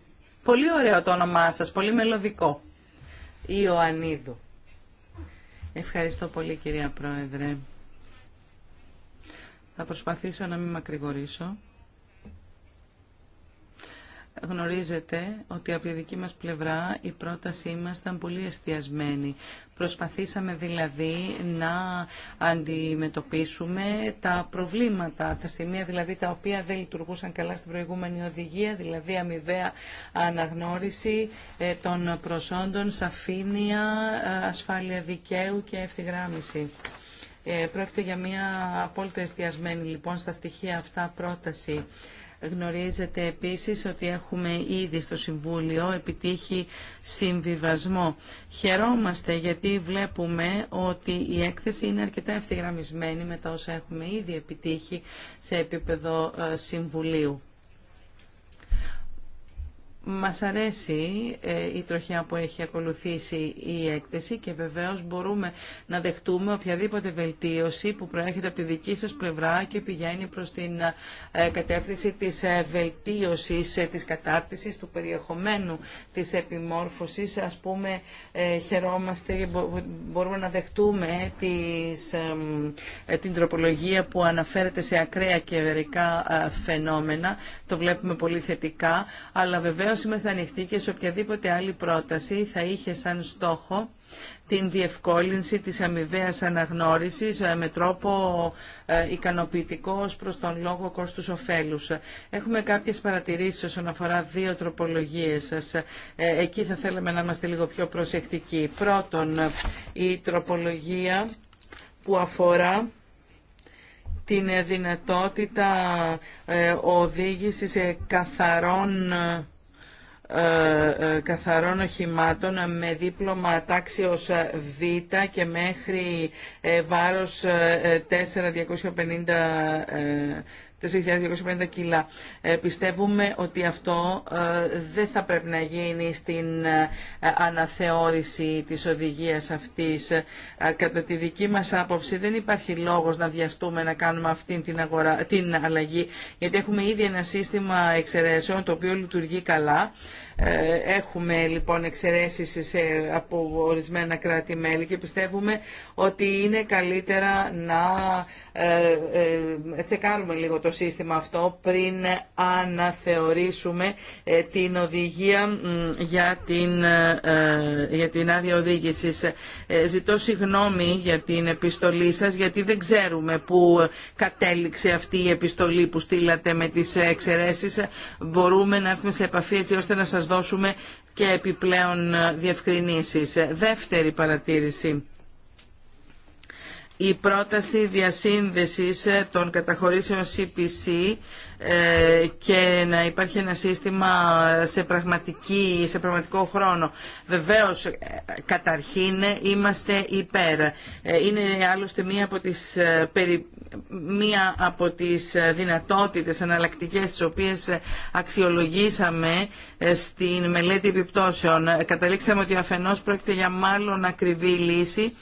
Πολύ ωραίο το όνομά σας, πολύ μελωδικό. Ιωαννίδου. Ευχαριστώ πολύ κυρία Πρόεδρε. Θα προσπαθήσω να μην μακρηγορήσω. Γνωρίζετε ότι από τη δική μας πλευρά η πρότασή μας ήταν πολύ εστιασμένη. Προσπαθήσαμε δηλαδή να αντιμετωπίσουμε τα προβλήματα, τα σημεία δηλαδή τα οποία δεν λειτουργούσαν καλά στην προηγούμενη οδηγία, δηλαδή αμοιβαία αναγνώριση ε, των προσόντων, σαφήνεια, ε, ασφάλεια δικαίου και ευθυγράμμιση. Ε, πρόκειται για μια απόλυτα εστιασμένη λοιπόν στα στοιχεία αυτά πρόταση. Γνωρίζετε επίσης ότι έχουμε ήδη στο Συμβούλιο επιτύχει συμβιβασμό. Χαιρόμαστε γιατί βλέπουμε ότι η έκθεση είναι αρκετά ευθυγραμμισμένη με τα όσα έχουμε ήδη επιτύχει σε επίπεδο ε, Συμβουλίου. Μας αρέσει ε, η τροχιά που έχει ακολουθήσει η έκθεση και βεβαίως μπορούμε να δεχτούμε οποιαδήποτε βελτίωση που προέρχεται από τη δική σας πλευρά και πηγαίνει προς την ε, κατεύθυνση της ε, βελτίωσης, της κατάρτισης, του περιεχομένου της επιμόρφωσης. Ας πούμε, χαιρόμαστε, μπορούμε να δεχτούμε την τροπολογία που αναφέρεται σε ακραία και ευερικά φαινόμενα. Το βλέπουμε πολύ θετικά, αλλά βεβαίως Βεβαίως είμαστε και σε οποιαδήποτε άλλη πρόταση θα είχε σαν στόχο την διευκόλυνση της αμοιβαίας αναγνώρισης ε, με τρόπο ε, ικανοποιητικό προς τον λόγο κόστους ωφέλους. Έχουμε κάποιες παρατηρήσεις όσον αφορά δύο τροπολογίες σας. Ε, εκεί θα θέλαμε να είμαστε λίγο πιο προσεκτικοί. Πρώτον, η τροπολογία που αφορά την δυνατότητα οδήγησης καθαρών ε, ε, καθαρών οχημάτων με δίπλωμα τάξεως Β και μέχρι ε, βάρος 4.250 4.250 κιλά. Ε, πιστεύουμε ότι αυτό ε, δεν θα πρέπει να γίνει στην ε, αναθεώρηση της οδηγίας αυτής. Κατά τη δική μας άποψη δεν υπάρχει λόγος να βιαστούμε να κάνουμε αυτή την, αγορά, την αλλαγή, γιατί έχουμε ήδη ένα σύστημα εξαιρέσεων το οποίο λειτουργεί καλά ε, έχουμε λοιπόν εξαιρέσει από ορισμένα κράτη-μέλη και πιστεύουμε ότι είναι καλύτερα να ε, ε τσεκάρουμε λίγο το σύστημα αυτό πριν αναθεωρήσουμε ε, την οδηγία για την, για την άδεια οδήγηση. Ζητώ συγγνώμη για την επιστολή σας γιατί δεν ξέρουμε που κατέληξε αυτή η επιστολή που στείλατε με τις εξαιρέσεις. Μπορούμε να έρθουμε σε επαφή έτσι ώστε να σας δώσουμε και επιπλέον διευκρινήσεις. Δεύτερη παρατήρηση η πρόταση διασύνδεσης των καταχωρήσεων CPC ε, και να υπάρχει ένα σύστημα σε, πραγματική, σε πραγματικό χρόνο. Βεβαίως, ε, καταρχήν, είμαστε υπέρ. Ε, είναι άλλωστε μία από τις, μία από τις δυνατότητες τις οποίες αξιολογήσαμε στην μελέτη επιπτώσεων. Καταλήξαμε ότι αφενός πρόκειται για μάλλον ακριβή λύση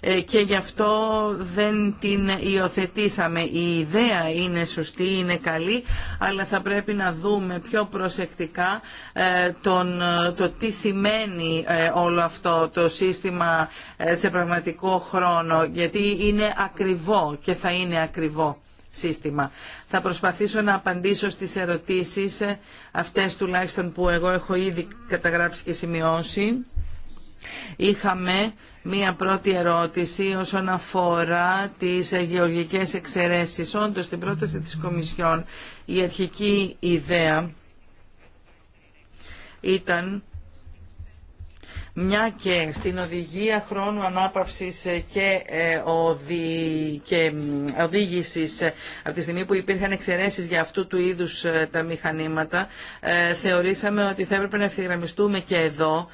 ε, και γι' αυτό δεν την υιοθετήσαμε. Η ιδέα είναι σωστή, είναι καλή, αλλά θα πρέπει να δούμε πιο προσεκτικά ε, τον, το τι σημαίνει ε, όλο αυτό το σύστημα σε πραγματικό χρόνο, γιατί είναι ακριβό και θα είναι ακριβό σύστημα. Θα προσπαθήσω να απαντήσω στις ερωτήσεις, αυτές τουλάχιστον που εγώ έχω ήδη καταγράψει και σημειώσει. Είχαμε Μία πρώτη ερώτηση όσον αφορά τις γεωργικές εξαιρέσεις. Όντως, στην πρόταση της Κομισιόν η αρχική ιδέα ήταν μια και στην οδηγία χρόνου ανάπαυσης και, ε, οδη... οδήγησης ε, από τη στιγμή που υπήρχαν εξαιρέσεις για αυτού του είδους ε, τα μηχανήματα θεωρήσαμε ότι θα έπρεπε να ευθυγραμμιστούμε και εδώ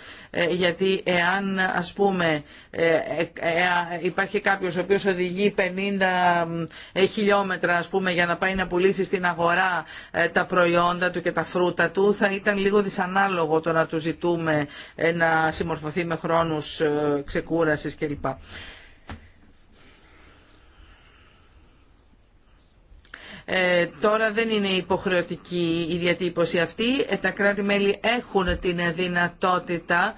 γιατί εάν ας πούμε υπάρχει κάποιος ο οποίος οδηγεί 50 χιλιόμετρα ας πούμε για να πάει να πουλήσει στην αγορά τα προϊόντα του και τα φρούτα του θα ήταν λίγο δυσανάλογο το να του ζητούμε να συμμορφωθεί διαμορφωθεί με χρόνους ε, ξεκούρασης κλπ. Ε, τώρα δεν είναι υποχρεωτική η διατύπωση αυτή. Ε, τα κράτη-μέλη έχουν την δυνατότητα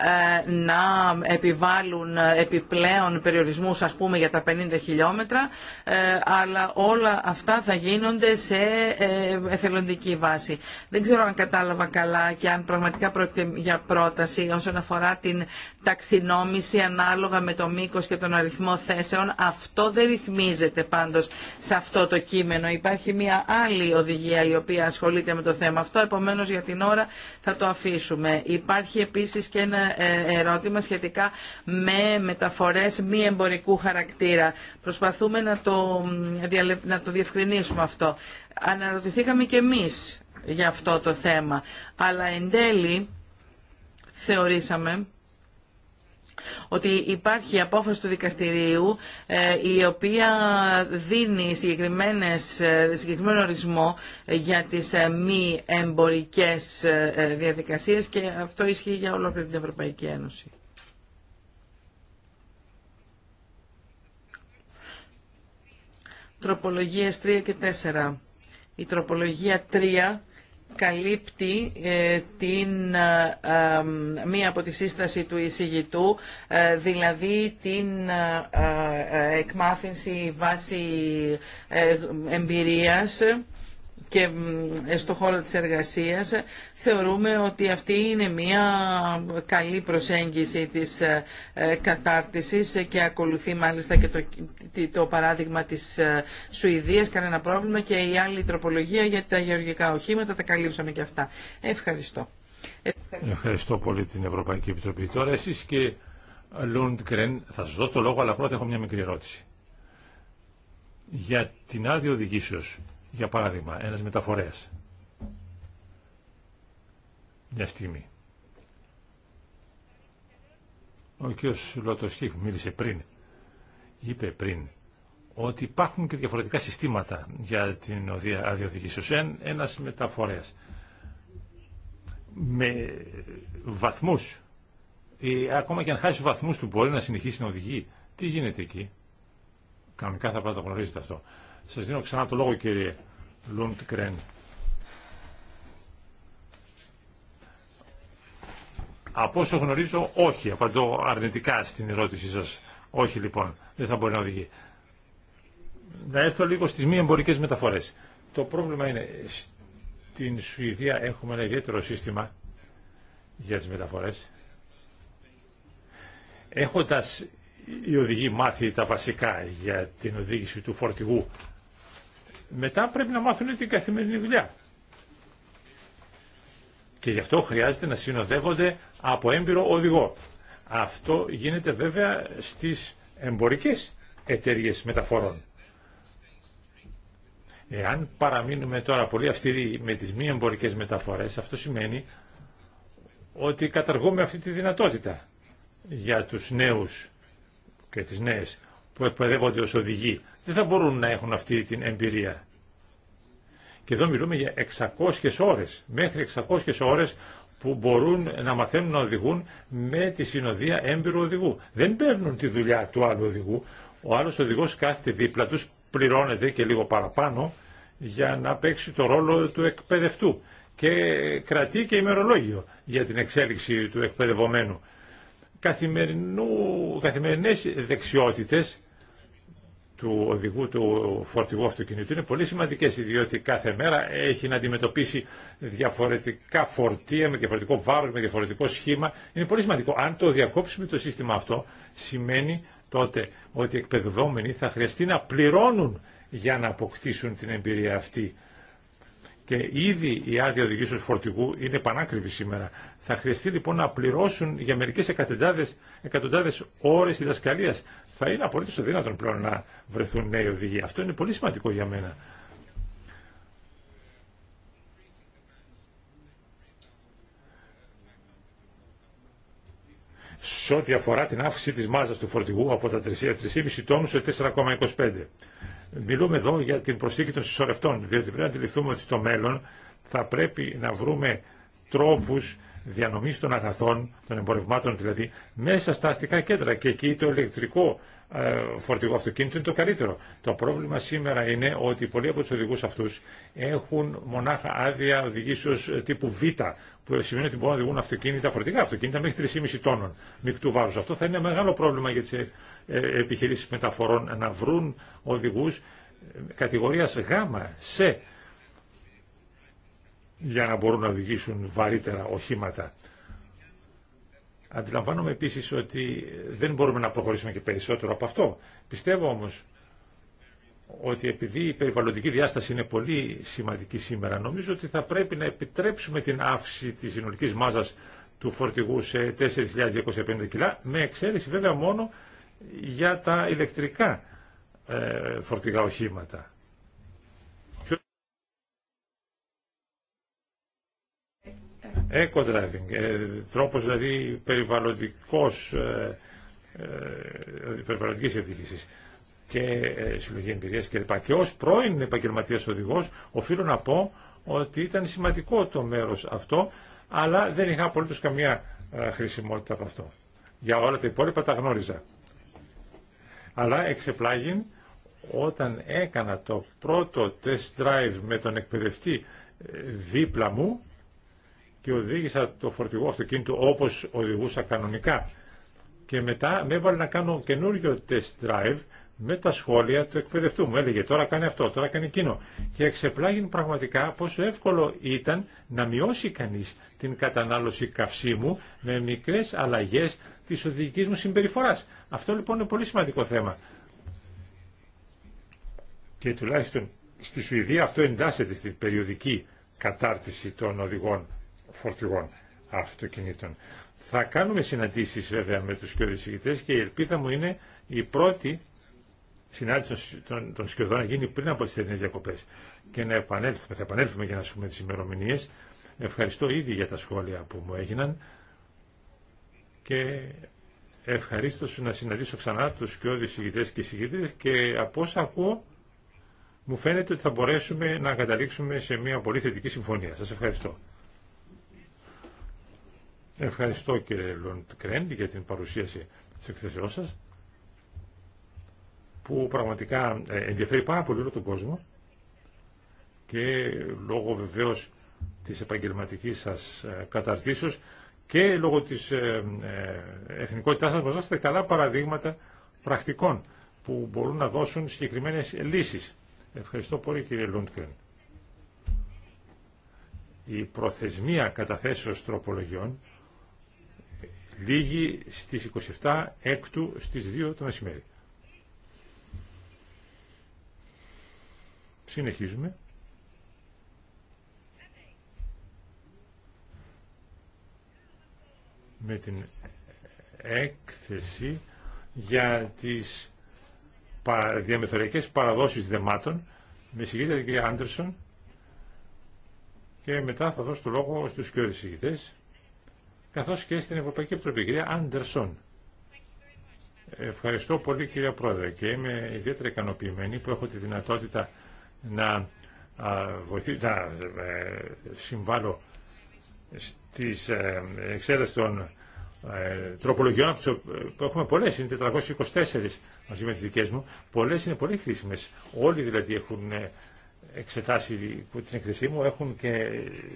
ε, να επιβάλλουν επιπλέον περιορισμούς ας πούμε για τα 50 χιλιόμετρα ε, αλλά όλα αυτά θα γίνονται σε ε, εθελοντική βάση. Δεν ξέρω αν κατάλαβα καλά και αν πραγματικά πρόκειται για πρόταση όσον αφορά την ταξινόμηση ανάλογα με το μήκος και τον αριθμό θέσεων. Αυτό δεν ρυθμίζεται πάντως σε αυτό το κείμενο. Υπάρχει μια άλλη οδηγία η οποία ασχολείται με το θέμα αυτό, επομένως για την ώρα θα το αφήσουμε. Υπάρχει επίσης και ένα ερώτημα σχετικά με μεταφορές μη εμπορικού χαρακτήρα. Προσπαθούμε να το, να το διευκρινίσουμε αυτό. Αναρωτηθήκαμε και εμείς για αυτό το θέμα, αλλά εν τέλει θεωρήσαμε ότι υπάρχει απόφαση του δικαστηρίου ε, η οποία δίνει ε, συγκεκριμένο ορισμό ε, για τις μη εμπορικές διαδικασίες και αυτό ισχύει για ολόκληρη την Ευρωπαϊκή Ένωση. Τροπολογίες 3 και 4. Η τροπολογία 3 καλύπτει ε, την ε, μία από τη σύσταση του εισηγητού, ε, δηλαδή την εκμάθηση βάση εμπειρίας και στο χώρο της εργασίας θεωρούμε ότι αυτή είναι μια καλή προσέγγιση της ε, ε, κατάρτισης και ακολουθεί μάλιστα και το, το παράδειγμα της ε, Σουηδίας κανένα πρόβλημα και η άλλη τροπολογία για τα γεωργικά οχήματα τα καλύψαμε και αυτά. Ευχαριστώ. Ευχαριστώ, πολύ την Ευρωπαϊκή Επιτροπή. Τώρα εσείς και Λούντγκρεν θα σας δώσω το λόγο αλλά πρώτα έχω μια μικρή ερώτηση. Για την άδεια οδηγήσεως για παράδειγμα, ένας μεταφορέας. Μια στιγμή. Ο κ. Λοτοσχίχ μίλησε πριν, είπε πριν, ότι υπάρχουν και διαφορετικά συστήματα για την αδειοδίκηση. Ως ένας μεταφορέας με βαθμούς, ε, ακόμα και αν χάσει βαθμούς του μπορεί να συνεχίσει να οδηγεί. Τι γίνεται εκεί. Κανονικά θα πρέπει να το γνωρίζετε αυτό. Σας δίνω ξανά το λόγο κύριε Lundgren. Από όσο γνωρίζω, όχι. Απαντώ αρνητικά στην ερώτησή σας. Όχι λοιπόν, δεν θα μπορεί να οδηγεί. Να έρθω λίγο στις μη εμπορικές μεταφορές. Το πρόβλημα είναι, στην Σουηδία έχουμε ένα ιδιαίτερο σύστημα για τις μεταφορές. Έχοντας οι οδηγοί μάθει τα βασικά για την οδήγηση του φορτηγού μετά πρέπει να μάθουν την καθημερινή δουλειά. Και γι' αυτό χρειάζεται να συνοδεύονται από έμπειρο οδηγό. Αυτό γίνεται βέβαια στις εμπορικές εταιρείε μεταφορών. Εάν παραμείνουμε τώρα πολύ αυστηροί με τις μη εμπορικές μεταφορές, αυτό σημαίνει ότι καταργούμε αυτή τη δυνατότητα για τους νέους και τις νέες που εκπαιδεύονται ως οδηγοί δεν θα μπορούν να έχουν αυτή την εμπειρία. Και εδώ μιλούμε για 600 ώρες, μέχρι 600 ώρες που μπορούν να μαθαίνουν να οδηγούν με τη συνοδεία έμπειρου οδηγού. Δεν παίρνουν τη δουλειά του άλλου οδηγού. Ο άλλος οδηγός κάθεται δίπλα τους, πληρώνεται και λίγο παραπάνω για να παίξει το ρόλο του εκπαιδευτού και κρατεί και ημερολόγιο για την εξέλιξη του εκπαιδευομένου. Καθημερινού, καθημερινές δεξιότητες του οδηγού του φορτηγού αυτοκινητού είναι πολύ σημαντικές, διότι κάθε μέρα έχει να αντιμετωπίσει διαφορετικά φορτία, με διαφορετικό βάρος, με διαφορετικό σχήμα. Είναι πολύ σημαντικό. Αν το διακόψουμε το σύστημα αυτό, σημαίνει τότε ότι οι εκπαιδευόμενοι θα χρειαστεί να πληρώνουν για να αποκτήσουν την εμπειρία αυτή. Και ήδη η άδεια οδηγήσεως φορτηγού είναι πανάκριβη σήμερα. Θα χρειαστεί λοιπόν να πληρώσουν για μερικέ εκατοντάδε ώρε διδασκαλία θα είναι απολύτως δυνατόν πλέον να βρεθούν νέοι οδηγοί. Αυτό είναι πολύ σημαντικό για μένα. σε ό,τι αφορά την αύξηση της μάζας του φορτηγού από τα 3,5 τόνους σε 4,25. Μιλούμε εδώ για την προσθήκη των συσσωρευτών, διότι πρέπει να αντιληφθούμε ότι στο μέλλον θα πρέπει να βρούμε τρόπους διανομής των αγαθών, των εμπορευμάτων δηλαδή, μέσα στα αστικά κέντρα και εκεί το ηλεκτρικό ε, φορτηγό αυτοκίνητο είναι το καλύτερο. Το πρόβλημα σήμερα είναι ότι πολλοί από τους οδηγούς αυτούς έχουν μονάχα άδεια οδηγήσεως τύπου Β, που σημαίνει ότι μπορούν να οδηγούν αυτοκίνητα, φορτηγά αυτοκίνητα μέχρι 3,5 τόνων μεικτού βάρους. Αυτό θα είναι ένα μεγάλο πρόβλημα για τις ε, ε, επιχειρήσεις μεταφορών να βρουν οδηγούς κατηγορίας Γ σε για να μπορούν να οδηγήσουν βαρύτερα οχήματα. Αντιλαμβάνομαι επίσης ότι δεν μπορούμε να προχωρήσουμε και περισσότερο από αυτό. Πιστεύω όμως ότι επειδή η περιβαλλοντική διάσταση είναι πολύ σημαντική σήμερα, νομίζω ότι θα πρέπει να επιτρέψουμε την αύξηση της συνολικής μάζας του φορτηγού σε 4.250 κιλά, με εξαίρεση βέβαια μόνο για τα ηλεκτρικά ε, φορτηγά οχήματα. eco-driving, ε, τρόπος δηλαδή περιβαλλοντικός, ε, ε, ε περιβαλλοντικής και ε, συλλογή εμπειρίας κλπ. Και ως πρώην επαγγελματίας οδηγός οφείλω να πω ότι ήταν σημαντικό το μέρος αυτό, αλλά δεν είχα απολύτως καμία ε, χρησιμότητα από αυτό. Για όλα τα υπόλοιπα τα γνώριζα. Αλλά εξεπλάγει όταν έκανα το πρώτο test drive με τον εκπαιδευτή ε, δίπλα μου, και οδήγησα το φορτηγό αυτοκίνητο όπως οδηγούσα κανονικά. Και μετά με έβαλε να κάνω καινούριο test drive με τα σχόλια του εκπαιδευτού μου. Έλεγε τώρα κάνει αυτό, τώρα κάνει εκείνο. Και εξεπλάγει πραγματικά πόσο εύκολο ήταν να μειώσει κανείς την κατανάλωση καυσίμου με μικρές αλλαγές της οδηγικής μου συμπεριφοράς. Αυτό λοιπόν είναι πολύ σημαντικό θέμα. Και τουλάχιστον στη Σουηδία αυτό εντάσσεται στην περιοδική κατάρτιση των οδηγών φορτηγών αυτοκινήτων. Θα κάνουμε συναντήσεις βέβαια με τους σκιωδησηγητές και η ελπίδα μου είναι η πρώτη συνάντηση των, των σκιωδών να γίνει πριν από τις θερινές διακοπές και να επανέλθουμε, θα επανέλθουμε για να σου πούμε τις ημερομηνίε. Ευχαριστώ ήδη για τα σχόλια που μου έγιναν και ευχαρίστω να συναντήσω ξανά τους σκιώδεις ηγητές και συγκητές και από όσα ακούω μου φαίνεται ότι θα μπορέσουμε να καταλήξουμε σε μια πολύ θετική συμφωνία. Σας ευχαριστώ. Ευχαριστώ κύριε Λοντκρέν για την παρουσίαση τη εκθέσεώ σα, που πραγματικά ε, ενδιαφέρει πάρα πολύ όλο τον κόσμο και λόγω βεβαίως της επαγγελματική σας ε, καταρτήσεω και λόγω της ε, εθνικότητά σα μα δώσετε καλά παραδείγματα πρακτικών που μπορούν να δώσουν συγκεκριμένες λύσεις. Ευχαριστώ πολύ κύριε Λοντκρέν. Η προθεσμία καταθέσεως τροπολογιών Λίγη στις 27 έκτου στις 2 το μεσημέρι. Συνεχίζουμε. με την έκθεση για τις διαμεθοριακές παραδόσεις δεμάτων με συγκίτρια την κυρία Άντερσον και μετά θα δώσω το λόγο στους κοιόδες οδησηγητές καθώς και στην Ευρωπαϊκή Επιτροπή. Κυρία Άντερσον. Ευχαριστώ πολύ κυρία Πρόεδρε και είμαι ιδιαίτερα ικανοποιημένη που έχω τη δυνατότητα να, βοηθεί, να ε, συμβάλλω στις ε, των ε, τροπολογιών που έχουμε πολλές, είναι 424 μαζί με τις δικές μου, πολλές είναι πολύ χρήσιμες. Όλοι δηλαδή έχουν εξετάσει την εκθεσή μου έχουν και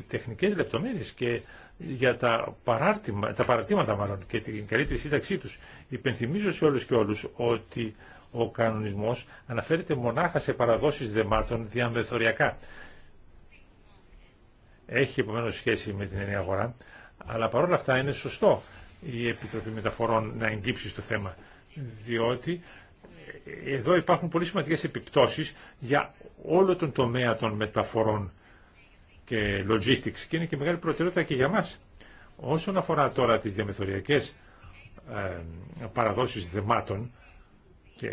τεχνικές λεπτομέρειες και για τα, παράρτημα, τα παραρτήματα μάλλον και την καλύτερη σύνταξή τους. Υπενθυμίζω σε όλους και όλους ότι ο κανονισμός αναφέρεται μονάχα σε παραδόσεις δεμάτων διαμεθοριακά. Έχει επομένω σχέση με την ενιαία αγορά, αλλά παρόλα αυτά είναι σωστό η Επιτροπή Μεταφορών να εγκύψει στο θέμα, διότι εδώ υπάρχουν πολύ σημαντικές επιπτώσεις για όλο τον τομέα των μεταφορών και logistics και είναι και μεγάλη προτεραιότητα και για μας. Όσον αφορά τώρα τις διαμεθοριακές ε, παραδόσεις δεμάτων και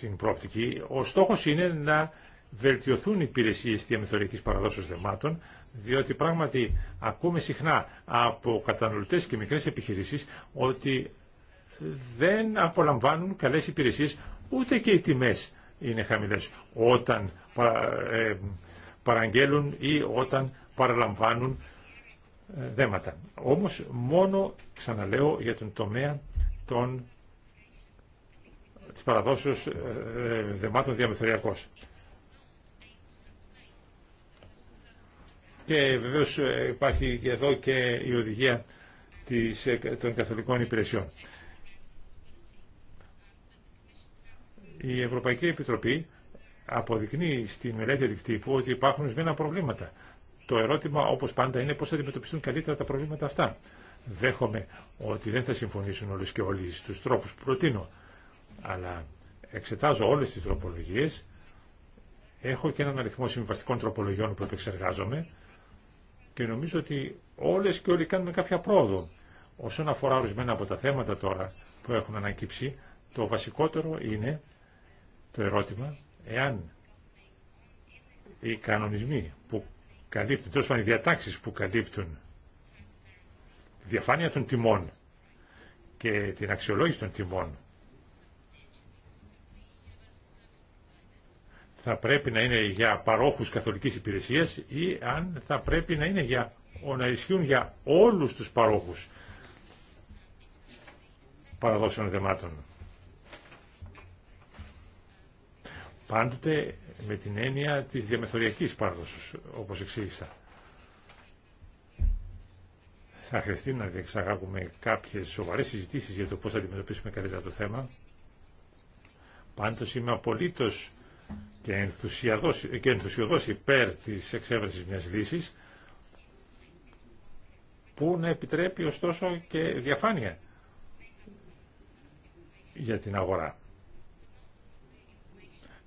την πρόπτικη, ο στόχος είναι να βελτιωθούν οι υπηρεσίες διαμεθοριακής παραδόσεως δεμάτων, διότι πράγματι ακούμε συχνά από καταναλωτές και μικρές επιχειρήσεις ότι δεν απολαμβάνουν καλές υπηρεσίες ούτε και οι τιμές είναι χαμηλές. Όταν ε, παραγγέλουν ή όταν παραλαμβάνουν ε, δέματα. Όμως μόνο, ξαναλέω, για τον τομέα των, της παραδόσεως ε, δεμάτων διαμεθοριακώς. Και βεβαίως υπάρχει εδώ και η οδηγία των καθολικών υπηρεσιών. Η Ευρωπαϊκή Επιτροπή αποδεικνύει στη μελέτη τύπου ότι υπάρχουν ορισμένα προβλήματα. Το ερώτημα, όπω πάντα, είναι πώ θα αντιμετωπιστούν καλύτερα τα προβλήματα αυτά. Δέχομαι ότι δεν θα συμφωνήσουν όλε και όλοι στους τρόπου που προτείνω, αλλά εξετάζω όλε τι τροπολογίε, έχω και έναν αριθμό συμβαστικών τροπολογιών που επεξεργάζομαι και νομίζω ότι όλε και όλοι κάνουμε κάποια πρόοδο. Όσον αφορά ορισμένα από τα θέματα τώρα που έχουν ανακύψει, το βασικότερο είναι το ερώτημα εάν οι κανονισμοί που καλύπτουν, τόσο οι διατάξεις που καλύπτουν τη διαφάνεια των τιμών και την αξιολόγηση των τιμών θα πρέπει να είναι για παρόχους καθολικής υπηρεσίας ή αν θα πρέπει να είναι για να ισχύουν για όλους τους παρόχους παραδόσεων δεμάτων. πάντοτε με την έννοια της διαμεθοριακής πάρδοσης, όπως εξήγησα. Θα χρειαστεί να διεξαγάγουμε κάποιες σοβαρές συζητήσεις για το πώς θα αντιμετωπίσουμε καλύτερα το θέμα. Πάντως είμαι απολύτως και ενθουσιοδός, και υπέρ της εξέβρεσης μιας λύσης που να επιτρέπει ωστόσο και διαφάνεια για την αγορά.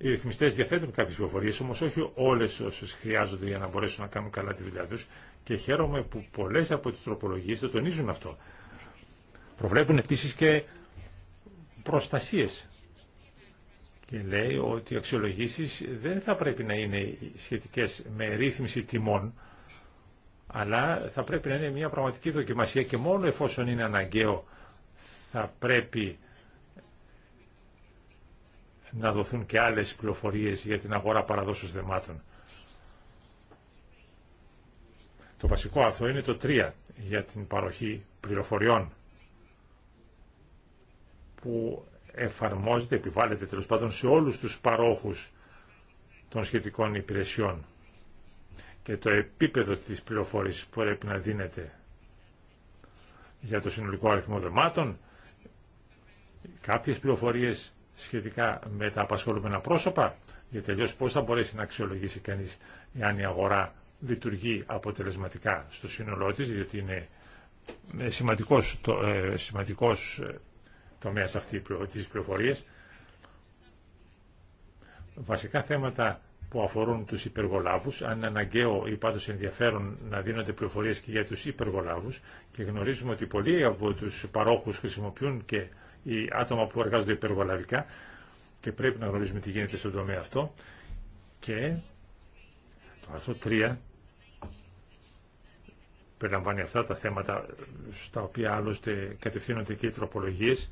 Οι ρυθμιστέ διαθέτουν κάποιε πληροφορίε, όμω όχι όλε όσε χρειάζονται για να μπορέσουν να κάνουν καλά τη δουλειά του και χαίρομαι που πολλέ από τι τροπολογίε το τονίζουν αυτό. Προβλέπουν επίση και προστασίε και λέει ότι οι αξιολογήσει δεν θα πρέπει να είναι σχετικέ με ρύθμιση τιμών, αλλά θα πρέπει να είναι μια πραγματική δοκιμασία και μόνο εφόσον είναι αναγκαίο θα πρέπει να δοθούν και άλλες πληροφορίες για την αγορά παραδόσεως δεμάτων. Το βασικό αυτό είναι το 3 για την παροχή πληροφοριών που εφαρμόζεται, επιβάλλεται τέλο πάντων σε όλους τους παρόχους των σχετικών υπηρεσιών και το επίπεδο της πληροφορίας που πρέπει να δίνεται για το συνολικό αριθμό δεμάτων. Κάποιες πληροφορίες σχετικά με τα απασχολούμενα πρόσωπα, γιατί αλλιώ πώ θα μπορέσει να αξιολογήσει κανεί εάν η αγορά λειτουργεί αποτελεσματικά στο σύνολό τη διότι είναι ε, σημαντικό το, ε, ε αυτή τη πληροφορία. Βασικά θέματα που αφορούν τους υπεργολάβους, αν είναι αναγκαίο ή πάντως ενδιαφέρον να δίνονται πληροφορίες και για τους υπεργολάβους και γνωρίζουμε ότι πολλοί από τους παρόχους χρησιμοποιούν και οι άτομα που εργάζονται υπεργολαβικά και πρέπει να γνωρίζουμε τι γίνεται στον τομέα αυτό. Και το άρθρο 3 περιλαμβάνει αυτά τα θέματα στα οποία άλλωστε κατευθύνονται και οι τροπολογίες.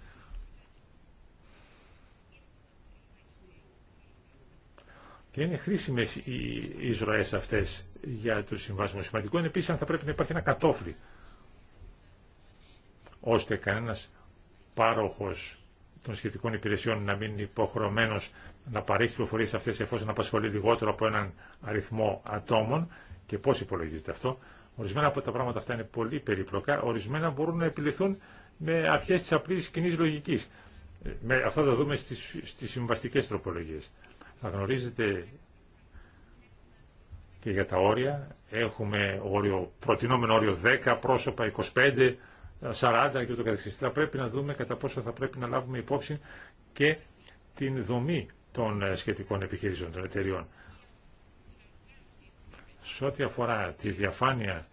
Και είναι χρήσιμε οι εισρωέ αυτέ για του συμβάσιμου. Σημαντικό είναι επίση αν θα πρέπει να υπάρχει ένα κατόφλι, ώστε κανένα πάροχος των σχετικών υπηρεσιών να μην είναι να παρέχει πληροφορίες αυτές εφόσον απασχολεί λιγότερο από έναν αριθμό ατόμων και πώς υπολογίζεται αυτό. Ορισμένα από τα πράγματα αυτά είναι πολύ περίπλοκα, ορισμένα μπορούν να επιληθούν με αρχέ τη απλή κοινή λογική. Ε, με, αυτά θα δούμε στις, συμβαστικέ συμβαστικές τροπολογίες. Θα γνωρίζετε και για τα όρια. Έχουμε όριο, προτινόμενο όριο 10 πρόσωπα, 25 40 και ούτω καθεξής. Θα πρέπει να δούμε κατά πόσο θα πρέπει να λάβουμε υπόψη και την δομή των ε, σχετικών επιχειρήσεων των εταιριών. Σε ό,τι αφορά τη διαφάνεια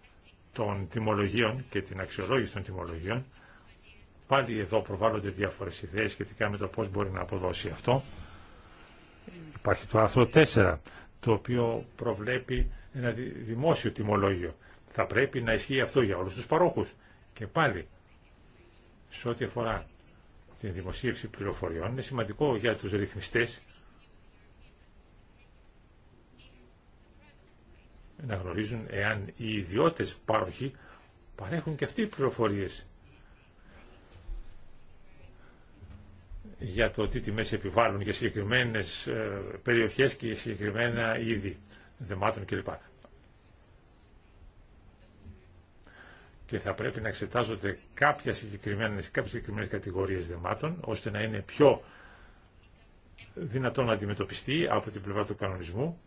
των τιμολογίων και την αξιολόγηση των τιμολογίων, πάλι εδώ προβάλλονται διάφορες ιδέες σχετικά με το πώς μπορεί να αποδώσει αυτό. Υπάρχει το άρθρο 4, το οποίο προβλέπει ένα δημόσιο τιμολόγιο. Θα πρέπει να ισχύει αυτό για όλους τους παρόχους. Και πάλι, σε ό,τι αφορά την δημοσίευση πληροφοριών, είναι σημαντικό για τους ρυθμιστές να γνωρίζουν εάν οι ιδιώτες πάροχοι παρέχουν και αυτοί οι πληροφορίες για το τι τιμές επιβάλλουν για συγκεκριμένες ε, περιοχές και συγκεκριμένα είδη δεμάτων κλπ. και θα πρέπει να εξετάζονται κάποια συγκεκριμένες, κάποιες συγκεκριμένες κατηγορίες δεμάτων, ώστε να είναι πιο δυνατόν να αντιμετωπιστεί από την πλευρά του κανονισμού.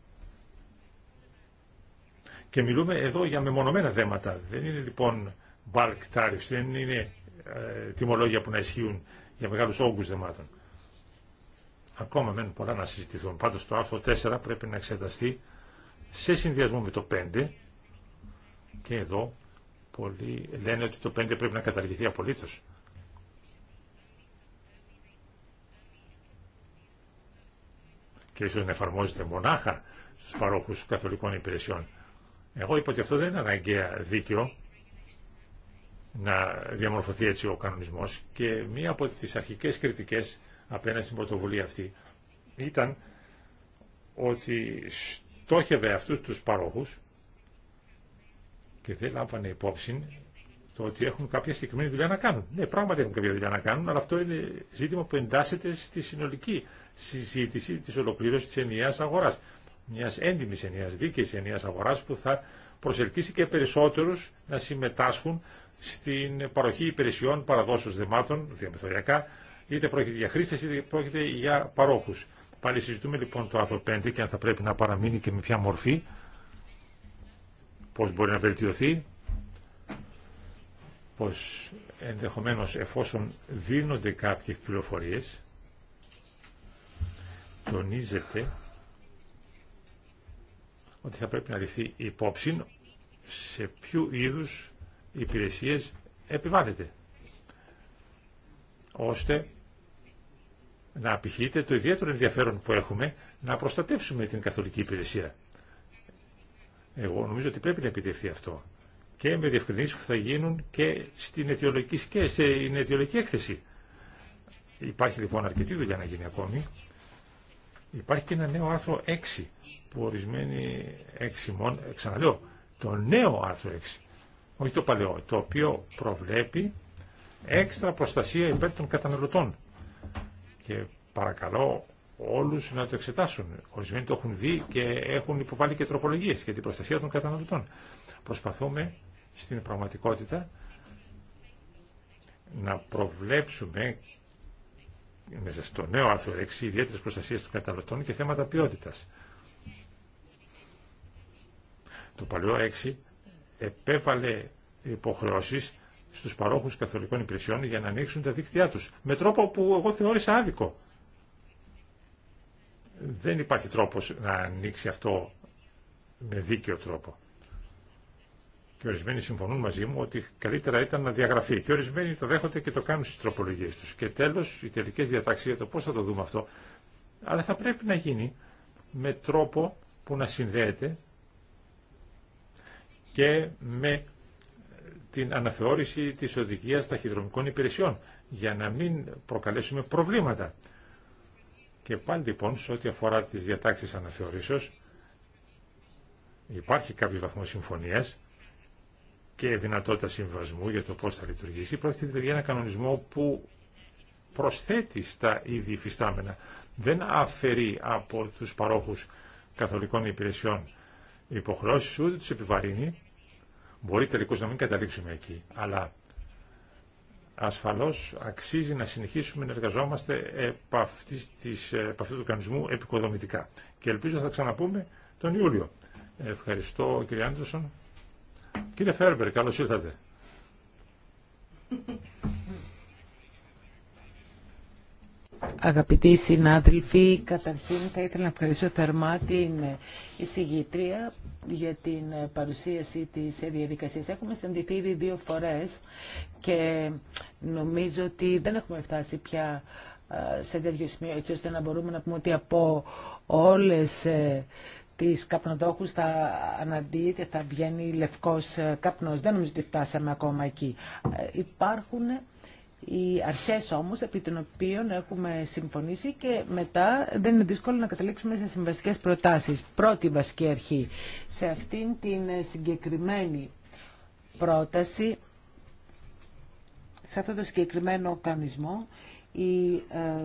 Και μιλούμε εδώ για μεμονωμένα δέματα. Δεν είναι λοιπόν bulk tariffs, δεν είναι ε, τιμολόγια που να ισχύουν για μεγάλους όγκους δεμάτων. Ακόμα μένουν πολλά να συζητηθούν. Πάντως το άρθρο 4 πρέπει να εξεταστεί σε συνδυασμό με το 5 και εδώ Πολλοί λένε ότι το 5 πρέπει να καταργηθεί απολύτως. Και ίσως να εφαρμόζεται μονάχα στους παρόχους καθολικών υπηρεσιών. Εγώ είπα ότι αυτό δεν είναι αναγκαία δίκαιο να διαμορφωθεί έτσι ο κανονισμός και μία από τις αρχικές κριτικές απέναντι στην πρωτοβουλία αυτή ήταν ότι στόχευε αυτούς τους παρόχους και δεν λάμβανε υπόψη το ότι έχουν κάποια συγκεκριμένη δουλειά να κάνουν. Ναι, πράγματι έχουν κάποια δουλειά να κάνουν, αλλά αυτό είναι ζήτημα που εντάσσεται στη συνολική συζήτηση τη ολοκλήρωση τη ενιαίας αγορά, μια έντιμη ενιαίας δίκαιη ενιαίας αγορά που θα προσελκύσει και περισσότερου να συμμετάσχουν στην παροχή υπηρεσιών παραδόσεων δεμάτων διαμεθοριακά, είτε πρόκειται για χρήστε είτε πρόκειται για παρόχου. Πάλι συζητούμε λοιπόν το άρθρο 5 και αν θα πρέπει να παραμείνει και με ποια μορφή πώς μπορεί να βελτιωθεί, πως ενδεχομένως εφόσον δίνονται κάποιες πληροφορίες, τονίζεται ότι θα πρέπει να ληφθεί υπόψη σε ποιου είδους υπηρεσίες επιβάλλεται, ώστε να απηχείται το ιδιαίτερο ενδιαφέρον που έχουμε να προστατεύσουμε την καθολική υπηρεσία. Εγώ νομίζω ότι πρέπει να επιτευχθεί αυτό και με διευκρινήσει που θα γίνουν και στην αιτιολογική, και στην αιτιολογική έκθεση. Υπάρχει λοιπόν αρκετή δουλειά να γίνει ακόμη. Υπάρχει και ένα νέο άρθρο 6 που ορισμένοι 6 μόνο, ξαναλέω, το νέο άρθρο 6, όχι το παλαιό, το οποίο προβλέπει έξτρα προστασία υπέρ των καταναλωτών. Και παρακαλώ όλους να το εξετάσουν. Ορισμένοι το έχουν δει και έχουν υποβάλει και τροπολογίες για την προστασία των καταναλωτών. Προσπαθούμε στην πραγματικότητα να προβλέψουμε μέσα στο νέο άρθρο 6 ιδιαίτερε προστασίε των καταναλωτών και θέματα ποιότητα. Το παλαιό 6 επέβαλε υποχρεώσει στου παρόχου καθολικών υπηρεσιών για να ανοίξουν τα δίκτυά του. με τρόπο που εγώ θεώρησα άδικο δεν υπάρχει τρόπος να ανοίξει αυτό με δίκαιο τρόπο. Και ορισμένοι συμφωνούν μαζί μου ότι καλύτερα ήταν να διαγραφεί. Και ορισμένοι το δέχονται και το κάνουν στις τροπολογίες τους. Και τέλος, οι τελικές διαταξίες, για το πώς θα το δούμε αυτό. Αλλά θα πρέπει να γίνει με τρόπο που να συνδέεται και με την αναθεώρηση της οδηγίας ταχυδρομικών υπηρεσιών για να μην προκαλέσουμε προβλήματα και πάλι λοιπόν, σε ό,τι αφορά τις διατάξεις αναθεωρήσεως, υπάρχει κάποιο βαθμό συμφωνίας και δυνατότητα συμβασμού για το πώς θα λειτουργήσει. Πρόκειται δηλαδή για ένα κανονισμό που προσθέτει στα ήδη υφιστάμενα. Δεν αφαιρεί από τους παρόχους καθολικών υπηρεσιών υποχρεώσει, ούτε τους επιβαρύνει. Μπορεί τελικώς να μην καταλήξουμε εκεί, αλλά ασφαλώς αξίζει να συνεχίσουμε να εργαζόμαστε επ, της, αυτού του κανονισμού επικοδομητικά. Και ελπίζω θα ξαναπούμε τον Ιούλιο. Ευχαριστώ κύριε Άντροσον. Κύριε Φέρμπερ, καλώς ήρθατε. Αγαπητοί συνάδελφοι, καταρχήν θα ήθελα να ευχαριστώ θερμά την εισηγήτρια για την παρουσίαση της διαδικασίας. Έχουμε συνδεθεί ήδη δύο φορές και νομίζω ότι δεν έχουμε φτάσει πια σε τέτοιο σημείο έτσι ώστε να μπορούμε να πούμε ότι από όλες ε, τις καπνοδόχους θα αναδύεται, θα βγαίνει λευκός ε, καπνός. Δεν νομίζω ότι φτάσαμε ακόμα εκεί. Ε, υπάρχουν οι αρχές όμως επί των οποίων έχουμε συμφωνήσει και μετά δεν είναι δύσκολο να καταλήξουμε σε συμβαστικές προτάσεις. Πρώτη βασική αρχή. Σε αυτήν την συγκεκριμένη πρόταση, σε αυτό το συγκεκριμένο κανονισμό, οι ε,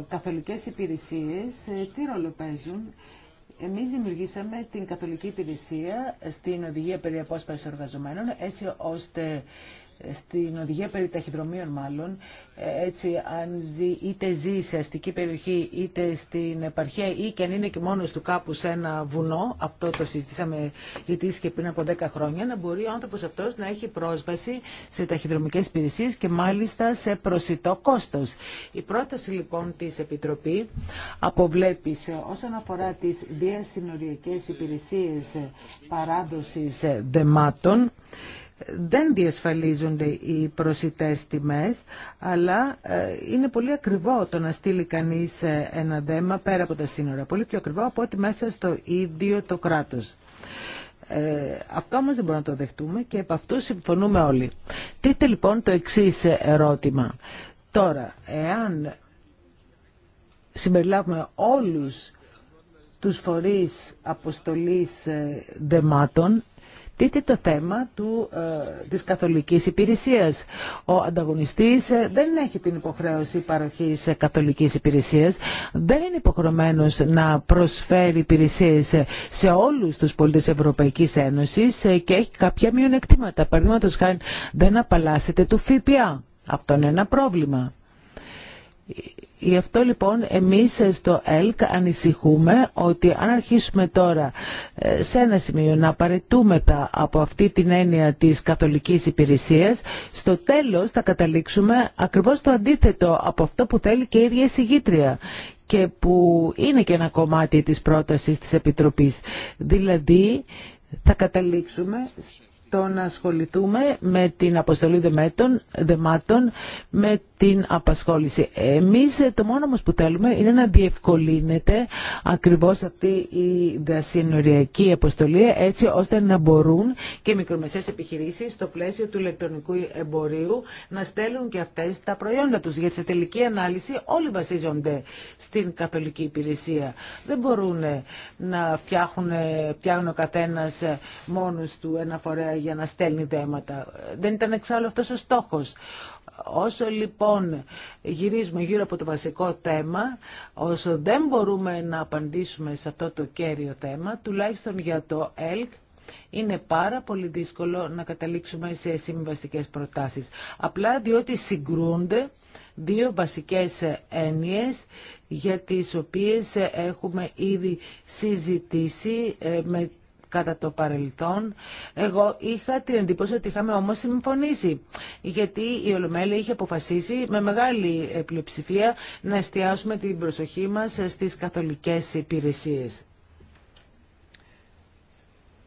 καθολικές υπηρεσίες ε, τι ρόλο παίζουν εμείς δημιουργήσαμε την καθολική υπηρεσία στην οδηγία περί απόσπασης εργαζομένων έτσι ώστε στην οδηγία περί ταχυδρομείων μάλλον, έτσι αν ζει, είτε ζει σε αστική περιοχή είτε στην επαρχία ή και αν είναι και μόνος του κάπου σε ένα βουνό, αυτό το συζητήσαμε γιατί και πριν από 10 χρόνια, να μπορεί ο άνθρωπος αυτός να έχει πρόσβαση σε ταχυδρομικές υπηρεσίε και μάλιστα σε προσιτό κόστος. Η πρόταση λοιπόν της Επιτροπή αποβλέπει σε όσον αφορά τις διασυνοριακές υπηρεσίες παράδοσης δεμάτων, δεν διασφαλίζονται οι προσιτές τιμές, αλλά ε, είναι πολύ ακριβό το να στείλει κανείς ε, ένα δέμα πέρα από τα σύνορα. Πολύ πιο ακριβό από ότι μέσα στο ίδιο το κράτος. Ε, αυτό όμως δεν μπορούμε να το δεχτούμε και από αυτού συμφωνούμε όλοι. Τείτε λοιπόν το εξής ερώτημα. Τώρα, εάν συμπεριλάβουμε όλους τους φορείς αποστολής ε, δεμάτων, Δείτε το θέμα του, ε, της καθολικής υπηρεσίας. Ο ανταγωνιστής ε, δεν έχει την υποχρέωση παροχής ε, καθολικής υπηρεσίας. Δεν είναι υποχρεωμένος να προσφέρει υπηρεσίες ε, σε όλους τους πολίτες Ευρωπαϊκής Ένωσης και έχει κάποια μειονεκτήματα. Παραδείγματο χάρη δεν απαλλάσσεται του ΦΠΑ. Αυτό είναι ένα πρόβλημα. Γι' αυτό λοιπόν εμείς στο ΕΛΚ ανησυχούμε ότι αν αρχίσουμε τώρα ε, σε ένα σημείο να τα από αυτή την έννοια της καθολικής υπηρεσίας, στο τέλος θα καταλήξουμε ακριβώς το αντίθετο από αυτό που θέλει και η ίδια η συγγήτρια και που είναι και ένα κομμάτι της πρότασης της Επιτροπής. Δηλαδή θα καταλήξουμε το να ασχοληθούμε με την αποστολή δεμάτων, δεμάτων με την απασχόληση. Εμείς το μόνο μας που θέλουμε είναι να διευκολύνεται ακριβώς αυτή η δασυνοριακή αποστολή έτσι ώστε να μπορούν και μικρομεσαίες επιχειρήσεις στο πλαίσιο του ηλεκτρονικού εμπορίου να στέλνουν και αυτές τα προϊόντα τους. Γιατί σε τελική ανάλυση όλοι βασίζονται στην καπελική υπηρεσία. Δεν μπορούν να φτιάχνουν, φτιάχνουν ο καθένα μόνος του ένα φορέα για να στέλνει θέματα. Δεν ήταν εξάλλου αυτός ο στόχος. Όσο λοιπόν γυρίζουμε γύρω από το βασικό θέμα, όσο δεν μπορούμε να απαντήσουμε σε αυτό το κέριο θέμα, τουλάχιστον για το ΕΛΚ, είναι πάρα πολύ δύσκολο να καταλήξουμε σε συμβαστικές προτάσεις. Απλά διότι συγκρούνται δύο βασικές έννοιες για τις οποίες έχουμε ήδη συζητήσει ε, με κατά το παρελθόν, εγώ είχα την εντύπωση ότι είχαμε όμως συμφωνήσει. Γιατί η Ολομέλεια είχε αποφασίσει με μεγάλη πλειοψηφία να εστιάσουμε την προσοχή μας στις καθολικές υπηρεσίες.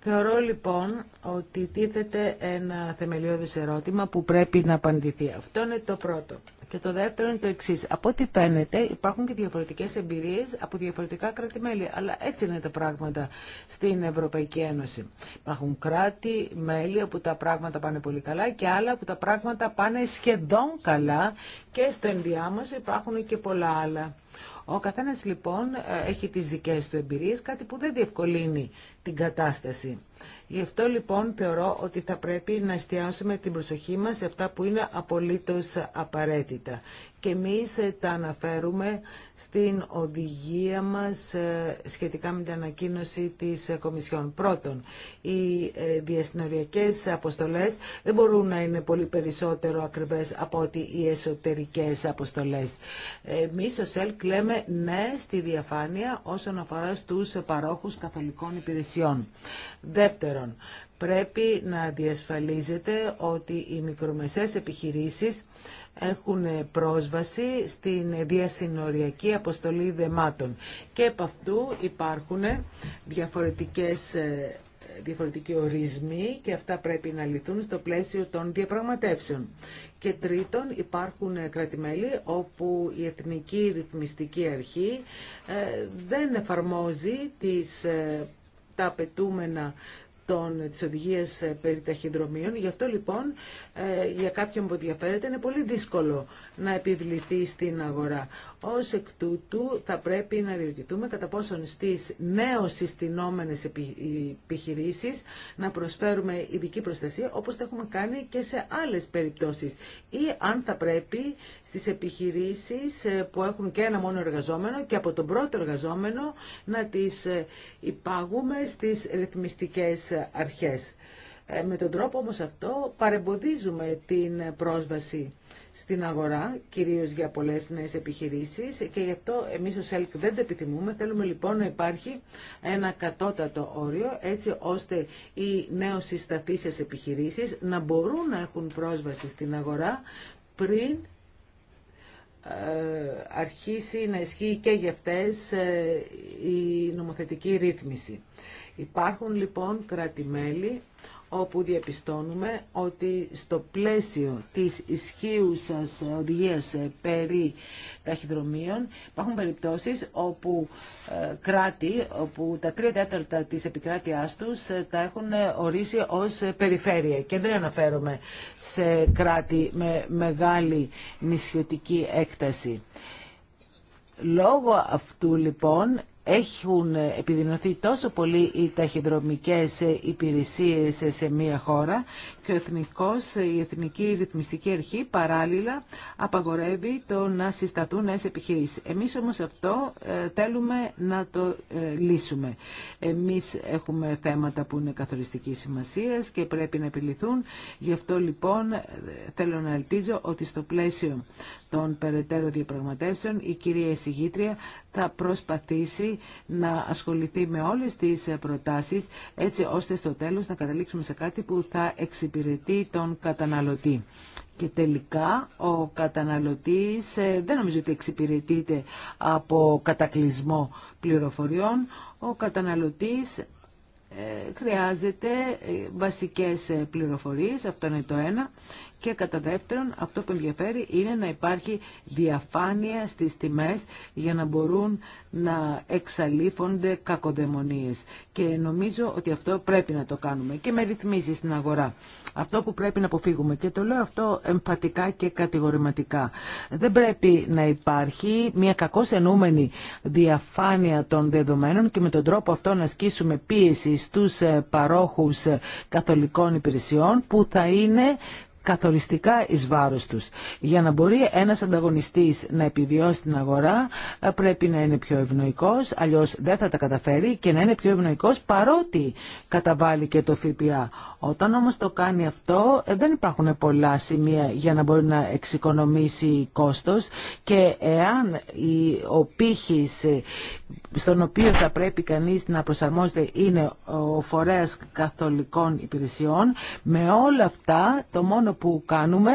Θεωρώ λοιπόν ότι τίθεται ένα θεμελιώδης ερώτημα που πρέπει να απαντηθεί. Αυτό είναι το πρώτο. Και το δεύτερο είναι το εξή. Από ό,τι φαίνεται υπάρχουν και διαφορετικέ εμπειρίε από διαφορετικά κράτη-μέλη. Αλλά έτσι είναι τα πράγματα στην Ευρωπαϊκή Ένωση. Υπάρχουν κράτη-μέλη όπου τα πράγματα πάνε πολύ καλά και άλλα που τα πράγματα πάνε σχεδόν καλά και στο ενδιάμεσο υπάρχουν και πολλά άλλα. Ο καθένα λοιπόν ε, έχει τι δικέ του εμπειρίε, κάτι που δεν διευκολύνει την κατάσταση. Γι' αυτό λοιπόν θεωρώ ότι θα πρέπει να εστιάσουμε την προσοχή μας σε αυτά που είναι απολύτως απαραίτητα. Και εμείς ε, τα αναφέρουμε στην οδηγία μας ε, σχετικά με την ανακοίνωση της ε, Κομισιόν. Πρώτον, οι διασυνοριακές αποστολές δεν μπορούν να είναι πολύ περισσότερο ακριβές από ότι οι εσωτερικές αποστολές. Εμείς ως ΕΛΚ λέμε ναι στη διαφάνεια όσον αφορά στους παρόχους καθολικών υπηρεσιών. Δεύτερον, πρέπει να διασφαλίζεται ότι οι μικρομεσαίες επιχειρήσεις έχουν πρόσβαση στην διασυνοριακή αποστολή δεμάτων. Και επ' αυτού υπάρχουν διαφορετικές ε, διαφορετικοί ορισμοί και αυτά πρέπει να λυθούν στο πλαίσιο των διαπραγματεύσεων. Και τρίτον, υπάρχουν κρατημέλη όπου η Εθνική Ρυθμιστική Αρχή ε, δεν εφαρμόζει τις ε, τα απαιτούμενα των, της οδηγίας ε, περί ταχυδρομείων. Γι' αυτό λοιπόν ε, για κάποιον που ενδιαφέρεται είναι πολύ δύσκολο να επιβληθεί στην αγορά. Ως εκ τούτου θα πρέπει να διοικητούμε κατά πόσον στις νέο συστηνόμενες επιχειρήσεις να προσφέρουμε ειδική προστασία όπως το έχουμε κάνει και σε άλλες περιπτώσεις ή αν θα πρέπει στις επιχειρήσεις ε, που έχουν και ένα μόνο εργαζόμενο και από τον πρώτο εργαζόμενο να τις ε, υπάγουμε στις ρυθμιστικές αρχές. Ε, με τον τρόπο όμως αυτό παρεμποδίζουμε την πρόσβαση στην αγορά, κυρίως για πολλές νέες επιχειρήσεις και γι' αυτό εμείς ως ΕΛΚ δεν το επιθυμούμε. Θέλουμε λοιπόν να υπάρχει ένα κατώτατο όριο έτσι ώστε οι νέο συσταθήσεις επιχειρήσεις να μπορούν να έχουν πρόσβαση στην αγορά πριν ε, αρχίσει να ισχύει και για αυτές ε, η νομοθετική ρύθμιση. Υπάρχουν λοιπόν όπου διαπιστώνουμε ότι στο πλαίσιο της ισχύουσας οδηγίας ε, περί ταχυδρομείων υπάρχουν περιπτώσεις όπου ε, κράτη, όπου τα τρία τέταρτα της επικράτειάς τους ε, τα έχουν ορίσει ως περιφέρεια. Και δεν αναφέρομαι σε κράτη με μεγάλη νησιωτική έκταση. Λόγω αυτού λοιπόν έχουν επιδεινωθεί τόσο πολύ οι ταχυδρομικές υπηρεσίες σε μία χώρα και ο εθνικός, η Εθνική Ρυθμιστική Αρχή παράλληλα απαγορεύει το να συσταθούν νέες επιχειρήσεις. Εμείς όμως αυτό ε, θέλουμε να το ε, λύσουμε. Εμείς έχουμε θέματα που είναι καθοριστική σημασία και πρέπει να επιληθούν. Γι' αυτό λοιπόν ε, θέλω να ελπίζω ότι στο πλαίσιο των περαιτέρω διαπραγματεύσεων η κυρία εισηγήτρια θα προσπαθήσει να ασχοληθεί με όλες τις προτάσεις έτσι ώστε στο τέλος να καταλήξουμε σε κάτι που θα εξυπηρετήσει εξυπηρετεί τον καταναλωτή. Και τελικά ο καταναλωτής ε, δεν νομίζω ότι εξυπηρετείται από κατακλυσμό πληροφοριών. Ο καταναλωτής ε, χρειάζεται ε, βασικές πληροφορίες, αυτό είναι το ένα. Και κατά δεύτερον, αυτό που ενδιαφέρει είναι να υπάρχει διαφάνεια στις τιμές για να μπορούν να εξαλείφονται κακοδαιμονίες. Και νομίζω ότι αυτό πρέπει να το κάνουμε και με ρυθμίσει στην αγορά. Αυτό που πρέπει να αποφύγουμε και το λέω αυτό εμφατικά και κατηγορηματικά. Δεν πρέπει να υπάρχει μια κακώς ενούμενη διαφάνεια των δεδομένων και με τον τρόπο αυτό να ασκήσουμε πίεση στους παρόχους καθολικών υπηρεσιών που θα είναι καθοριστικά εις βάρος τους. Για να μπορεί ένας ανταγωνιστής να επιβιώσει την αγορά ε, πρέπει να είναι πιο ευνοϊκός, αλλιώς δεν θα τα καταφέρει και να είναι πιο ευνοϊκός παρότι καταβάλει και το ΦΠΑ. Όταν όμως το κάνει αυτό ε, δεν υπάρχουν πολλά σημεία για να μπορεί να εξοικονομήσει κόστος και εάν ο πύχης ε, στον οποίο θα πρέπει κανείς να προσαρμόζεται είναι ο φορέας καθολικών υπηρεσιών, με όλα αυτά το μόνο που κάνουμε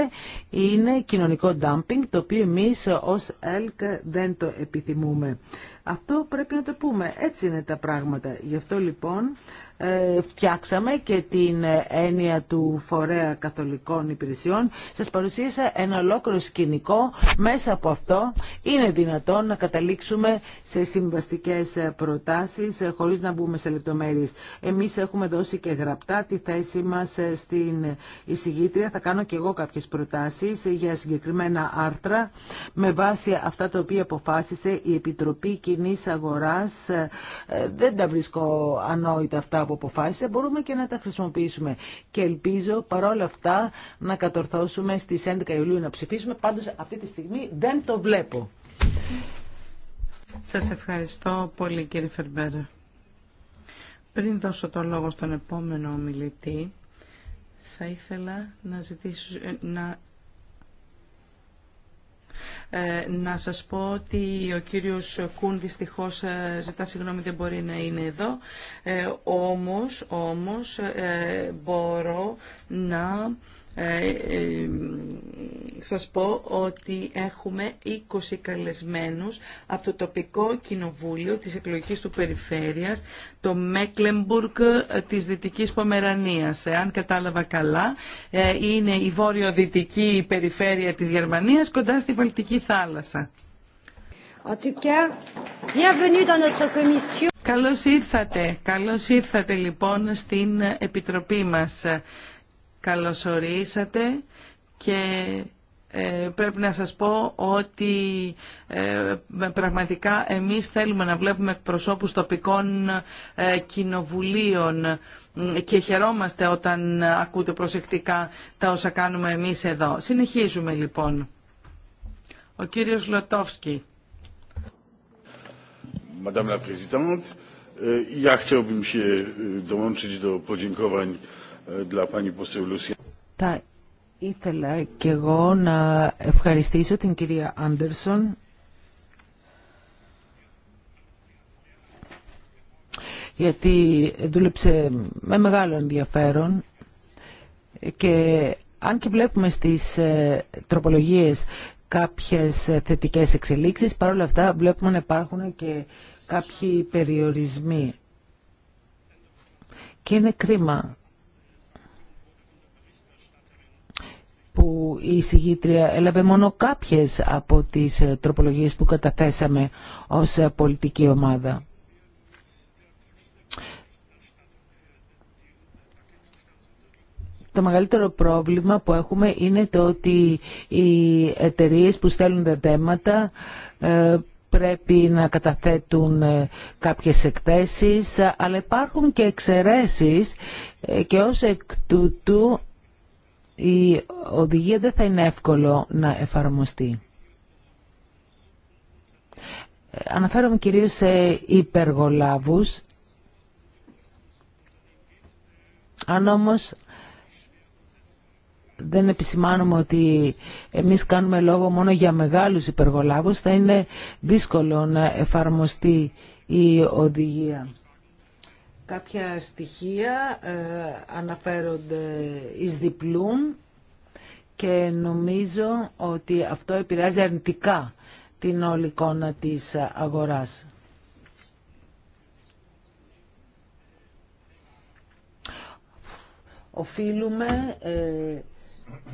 είναι κοινωνικό dumping, το οποίο εμείς ως ΕΛΚ δεν το επιθυμούμε. Αυτό πρέπει να το πούμε. Έτσι είναι τα πράγματα. Γι' αυτό λοιπόν ε, φτιάξαμε και την έννοια του φορέα καθολικών υπηρεσιών. Σας παρουσίασα ένα ολόκληρο σκηνικό. Μέσα από αυτό είναι δυνατόν να καταλήξουμε σε συμβαστικές προτάσεις ε, χωρίς να μπούμε σε λεπτομέρειες. Εμείς έχουμε δώσει και γραπτά τη θέση μας ε, στην εισηγήτρια. Θα κάνω και εγώ κάποιες προτάσεις για συγκεκριμένα άρθρα με βάση αυτά τα οποία αποφάσισε η Επιτροπή Κοινής Αγοράς. Δεν τα βρίσκω ανόητα αυτά που αποφάσισε, μπορούμε και να τα χρησιμοποιήσουμε. Και ελπίζω παρόλα αυτά να κατορθώσουμε στις 11 Ιουλίου να ψηφίσουμε. πάντω αυτή τη στιγμή δεν το βλέπω. Σα ευχαριστώ πολύ κύριε Φερμπέρα. Πριν δώσω το λόγο στον επόμενο ομιλητή, θα ήθελα να, ζητήσω, ε, να ε, να σας πω ότι ο κύριος Κούν δυστυχώς ε, ζητά συγγνώμη δεν μπορεί να είναι εδώ. Ε, όμως, όμως ε, μπορώ να ε, ε, σας πω ότι έχουμε 20 καλεσμένους από το τοπικό κοινοβούλιο της εκλογικής του περιφέρειας, το Μέκλεμπουργκ της Δυτικής Πομερανίας. Ε, αν κατάλαβα καλά, ε, είναι η βόρειο-δυτική περιφέρεια της Γερμανίας κοντά στη Βαλτική θάλασσα. Καλώς ήρθατε, καλώς ήρθατε λοιπόν στην Επιτροπή μας καλωσορίσατε και ε, πρέπει να σας πω ότι ε, πραγματικά εμείς θέλουμε να βλέπουμε εκπροσώπους τοπικών ε, κοινοβουλίων και χαιρόμαστε όταν ακούτε προσεκτικά τα όσα κάνουμε εμείς εδώ. Συνεχίζουμε λοιπόν. Ο κύριος Λοτόφσκι. Madame la Présidente, ja chciałbym się dołączyć do podziękowań θα ήθελα και εγώ να ευχαριστήσω την κυρία Άντερσον γιατί δούλεψε με μεγάλο ενδιαφέρον και αν και βλέπουμε στις ε, τροπολογίες κάποιες ε, θετικές εξελίξεις, παρόλα αυτά βλέπουμε να υπάρχουν και κάποιοι περιορισμοί. Και είναι κρίμα που η συγγήτρια έλαβε μόνο κάποιες από τις ε, τροπολογίες που καταθέσαμε ως ε, πολιτική ομάδα. Το μεγαλύτερο πρόβλημα που έχουμε είναι το ότι οι εταιρείε που στέλνουν θέματα ε, πρέπει να καταθέτουν κάποιες εκθέσεις, αλλά υπάρχουν και εξαιρέσεις και ως εκ τούτου η οδηγία δεν θα είναι εύκολο να εφαρμοστεί. Αναφέρομαι κυρίως σε υπεργολάβους. Αν όμως δεν επισημάνουμε ότι εμείς κάνουμε λόγο μόνο για μεγάλους υπεργολάβους, θα είναι δύσκολο να εφαρμοστεί η οδηγία. Κάποια στοιχεία ε, αναφέρονται εις διπλούν και νομίζω ότι αυτό επηρεάζει αρνητικά την όλη εικόνα της αγοράς. Οφείλουμε ε,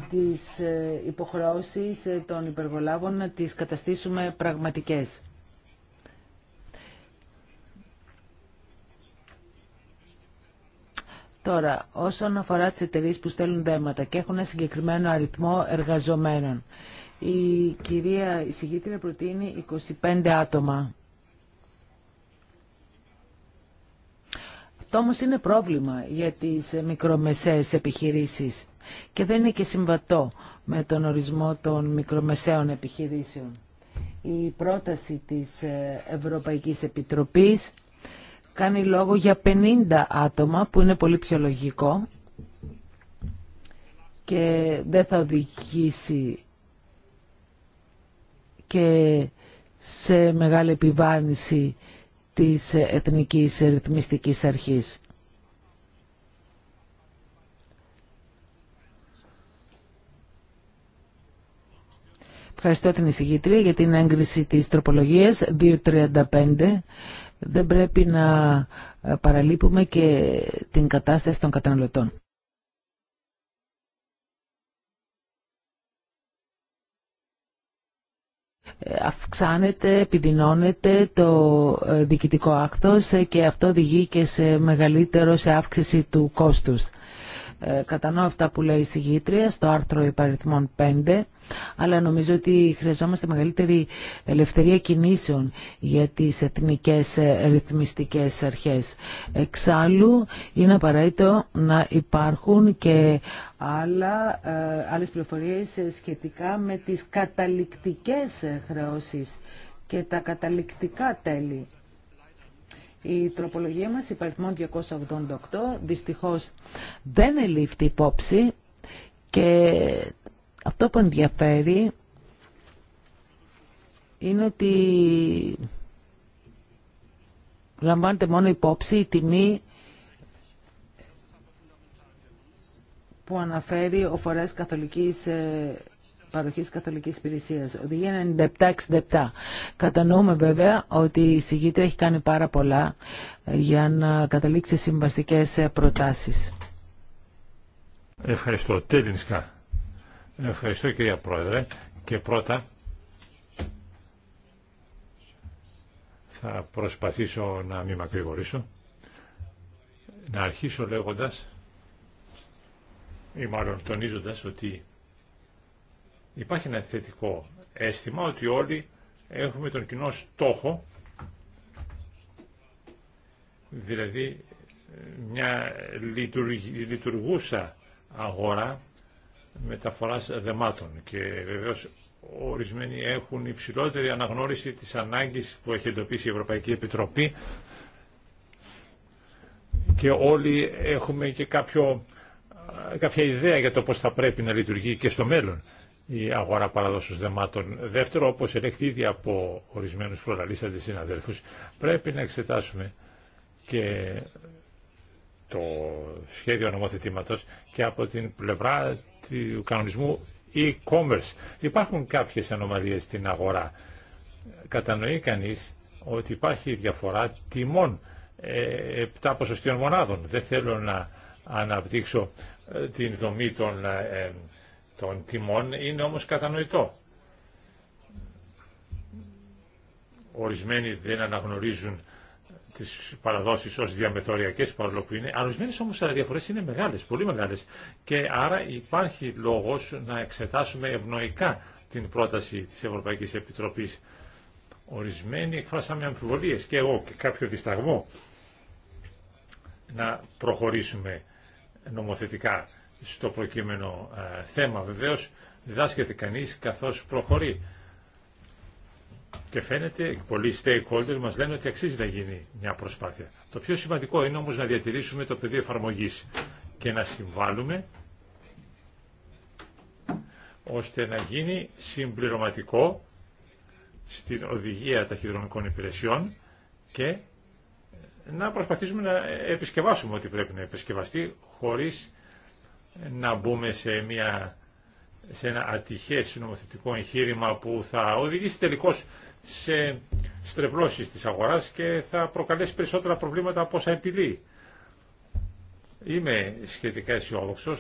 τις ε, υποχρεώσεις ε, των υπεργολάβων να τις καταστήσουμε πραγματικές. Τώρα, όσον αφορά τις εταιρείε που στέλνουν δέματα και έχουν ένα συγκεκριμένο αριθμό εργαζομένων, η κυρία εισηγήτρια προτείνει 25 άτομα. Αυτό όμως είναι πρόβλημα για τις μικρομεσαίες επιχειρήσεις και δεν είναι και συμβατό με τον ορισμό των μικρομεσαίων επιχειρήσεων. Η πρόταση της ε, Ευρωπαϊκής Επιτροπής κάνει λόγο για 50 άτομα που είναι πολύ πιο λογικό και δεν θα οδηγήσει και σε μεγάλη επιβάρυνση της Εθνικής Ρυθμιστικής Αρχής. Ευχαριστώ την εισηγήτρια για την έγκριση της τροπολογίας 235 δεν πρέπει να ε, παραλείπουμε και την κατάσταση των καταναλωτών. Ε, αυξάνεται, επιδεινώνεται το ε, διοικητικό άκτος και αυτό οδηγεί και σε μεγαλύτερο σε αύξηση του κόστους. Ε, κατανοώ αυτά που λέει η συγγήτρια στο άρθρο υπαριθμών 5, αλλά νομίζω ότι χρειαζόμαστε μεγαλύτερη ελευθερία κινήσεων για τις εθνικές ε, ρυθμιστικές αρχές. Εξάλλου είναι απαραίτητο να υπάρχουν και άλλα, ε, άλλες πληροφορίες σχετικά με τις καταληκτικές χρεώσεις και τα καταληκτικά τέλη. Η τροπολογία μας υπαριθμών 288 δυστυχώς δεν ελήφθη υπόψη και αυτό που ενδιαφέρει είναι ότι λαμβάνεται μόνο υπόψη η τιμή που αναφέρει ο φορέας καθολικής ε, παροχη καθολικης καθολική υπηρεσίας. Οδηγία 97-67. Κατανοούμε βέβαια ότι η συγγήτρια έχει κάνει πάρα πολλά ε, για να καταλήξει συμβαστικέ ε, προτάσει. Ευχαριστώ. τελεινικά. Ευχαριστώ κυρία Πρόεδρε. Και πρώτα θα προσπαθήσω να μην μακρηγορήσω. Να αρχίσω λέγοντας ή μάλλον τονίζοντας ότι Υπάρχει ένα θετικό αίσθημα ότι όλοι έχουμε τον κοινό στόχο, δηλαδή μια λειτουργούσα αγορά μεταφοράς δεμάτων και βεβαίως ορισμένοι έχουν υψηλότερη αναγνώριση της ανάγκης που έχει εντοπίσει η Ευρωπαϊκή Επιτροπή και όλοι έχουμε και κάποιο, κάποια ιδέα για το πώς θα πρέπει να λειτουργεί και στο μέλλον η αγορά παραδόσεως δεμάτων. Δεύτερο, όπως ελέγχθη ήδη από ορισμένους προλαλήσαντες συναδέλφους, πρέπει να εξετάσουμε και το σχέδιο νομοθετήματος και από την πλευρά του κανονισμού e-commerce. Υπάρχουν κάποιες ανομαλίες στην αγορά. Κατανοεί κανείς ότι υπάρχει διαφορά τιμών 7 ε, ποσοστιών μονάδων. Δεν θέλω να αναπτύξω ε, την δομή των ε, των τιμών είναι όμως κατανοητό. Ορισμένοι δεν αναγνωρίζουν τις παραδόσεις ως διαμεθοριακές παρόλο που είναι. Ορισμένες όμως διαφορές είναι μεγάλες, πολύ μεγάλες. Και άρα υπάρχει λόγος να εξετάσουμε ευνοϊκά την πρόταση της Ευρωπαϊκής Επιτροπής. Ορισμένοι εκφράσαμε αμφιβολίες και εγώ και κάποιο δισταγμό να προχωρήσουμε νομοθετικά στο προκείμενο ε, θέμα βεβαίως διδάσκεται κανείς καθώς προχωρεί. Και φαίνεται, πολλοί stakeholders μας λένε ότι αξίζει να γίνει μια προσπάθεια. Το πιο σημαντικό είναι όμως να διατηρήσουμε το πεδίο εφαρμογή και να συμβάλλουμε ώστε να γίνει συμπληρωματικό στην οδηγία ταχυδρομικών υπηρεσιών και να προσπαθήσουμε να επισκευάσουμε ό,τι πρέπει να επισκευαστεί χωρίς να μπούμε σε, μια, σε ένα ατυχές νομοθετικό εγχείρημα που θα οδηγήσει τελικώς σε στρεβλώσεις της αγοράς και θα προκαλέσει περισσότερα προβλήματα από όσα επιλύει. Είμαι σχετικά αισιόδοξο.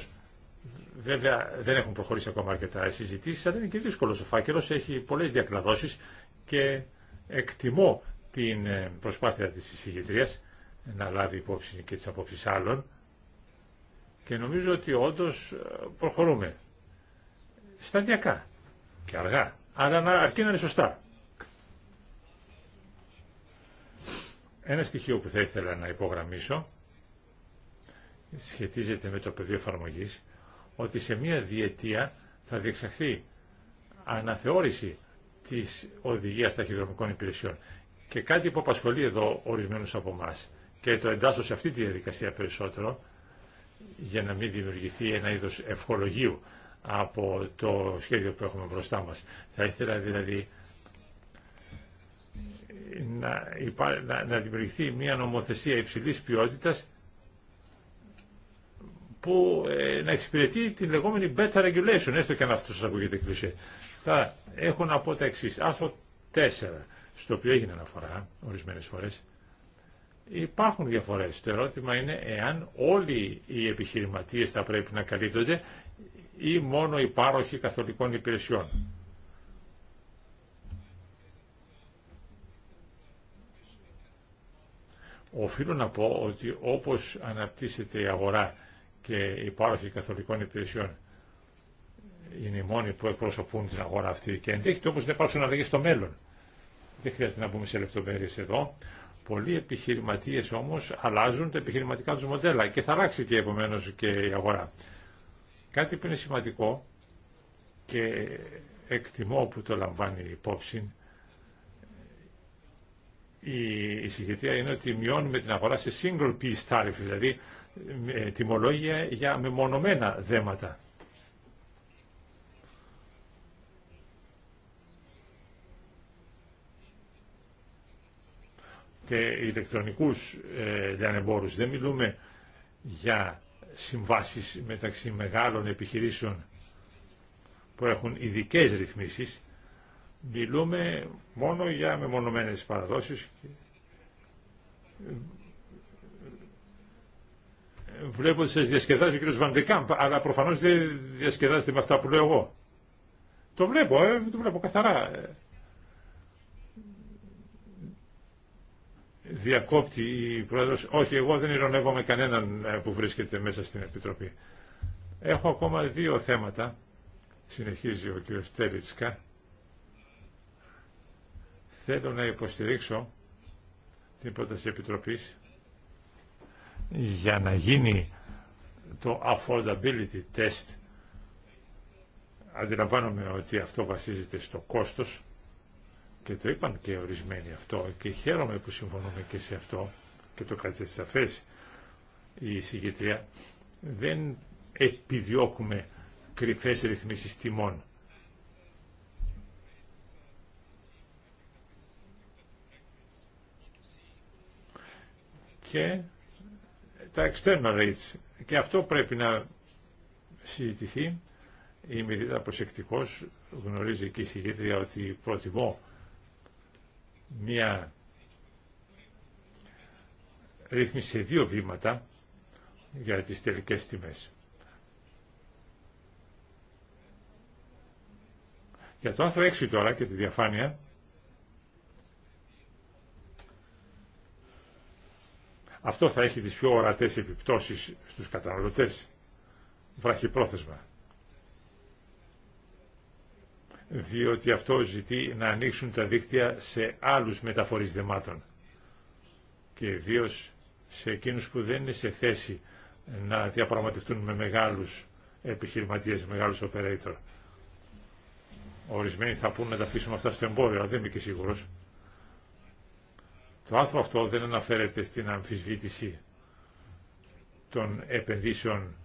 Βέβαια δεν έχουν προχωρήσει ακόμα αρκετά οι συζητήσεις, αλλά είναι και δύσκολο ο φάκελος, έχει πολλές διακλαδώσεις και εκτιμώ την ε, προσπάθεια της εισηγητρίας να λάβει υπόψη και τις απόψεις άλλων και νομίζω ότι όντω ε, προχωρούμε. Σταδιακά και αργά, αλλά να, αρκεί να είναι σωστά. Ένα στοιχείο που θα ήθελα να υπογραμμίσω σχετίζεται με το πεδίο εφαρμογή ότι σε μία διετία θα διεξαχθεί αναθεώρηση της οδηγίας ταχυδρομικών υπηρεσιών. Και κάτι που απασχολεί εδώ ορισμένους από εμά και το εντάσσω σε αυτή τη διαδικασία περισσότερο, για να μην δημιουργηθεί ένα είδος ευχολογίου από το σχέδιο που έχουμε μπροστά μας. Θα ήθελα δηλαδή να, να δημιουργηθεί μια νομοθεσία υψηλής ποιότητας που ε, να εξυπηρετεί την λεγόμενη better regulation, έστω και αν αυτό σας ακούγεται κλεισέ. Θα έχω να πω τα εξής. Άρθρο 4, στο οποίο έγινε αναφορά ορισμένες φορές, Υπάρχουν διαφορές. Το ερώτημα είναι εάν όλοι οι επιχειρηματίες θα πρέπει να καλύπτονται ή μόνο οι πάροχοι καθολικών υπηρεσιών. Οφείλω να πω ότι όπως αναπτύσσεται η αγορά και οι πάροχοι καθολικών υπηρεσιών είναι οι μόνοι που εκπροσωπούν την αγορά αυτή και ενδέχεται Όπω να υπάρξουν αλλαγές στο μέλλον. Δεν χρειάζεται να μπούμε σε λεπτομέρειες εδώ. Πολλοί επιχειρηματίες όμως αλλάζουν τα επιχειρηματικά τους μοντέλα και θα αλλάξει και επομένως και η αγορά. Κάτι που είναι σημαντικό και εκτιμώ που το λαμβάνει υπόψη η εισηγητία είναι ότι μειώνουμε την αγορά σε single piece tariff, δηλαδή ε, τιμολόγια για μεμονωμένα δέματα. και ηλεκτρονικούς ε, λιανεμπόρους. Δεν μιλούμε για συμβάσεις μεταξύ μεγάλων επιχειρήσεων που έχουν ειδικέ ρυθμίσεις. Μιλούμε μόνο για μεμονωμένες παραδόσεις. Βλέπω ότι σας διασκεδάζει ο κ. Βαντεκάμπ, αλλά προφανώς δεν διασκεδάζεται με αυτά που λέω εγώ. Το βλέπω, ε, το βλέπω καθαρά. Διακόπτη η πρόεδρο Όχι, εγώ δεν ειρωνεύομαι κανέναν ε, που βρίσκεται μέσα στην Επιτροπή. Έχω ακόμα δύο θέματα. Συνεχίζει ο κ. Τέλιτσκα. Θέλω να υποστηρίξω την πρόταση Επιτροπής για να γίνει το affordability test. Αντιλαμβάνομαι ότι αυτό βασίζεται στο κόστος και το είπαν και ορισμένοι αυτό και χαίρομαι που συμφωνούμε και σε αυτό και το κρατήσατε σαφές η συγκεκριά δεν επιδιώκουμε κρυφές ρυθμίσεις τιμών. Και τα external rates. Και αυτό πρέπει να συζητηθεί. Είμαι ιδιαίτερα προσεκτικός. Γνωρίζει και η συγκεκριά ότι προτιμώ μια ρύθμιση σε δύο βήματα για τις τελικές τιμές. Για το άνθρωπο 6 τώρα και τη διαφάνεια, αυτό θα έχει τις πιο ορατές επιπτώσεις στους καταναλωτές, βραχυπρόθεσμα διότι αυτό ζητεί να ανοίξουν τα δίκτυα σε άλλους μεταφορείς δεμάτων και ιδίω σε εκείνους που δεν είναι σε θέση να διαπραγματευτούν με μεγάλους επιχειρηματίες, μεγάλους operator. Ορισμένοι θα πούν να τα αφήσουμε αυτά στο εμπόδιο, αλλά δεν είμαι και σίγουρος. Το άνθρωπο αυτό δεν αναφέρεται στην αμφισβήτηση των επενδύσεων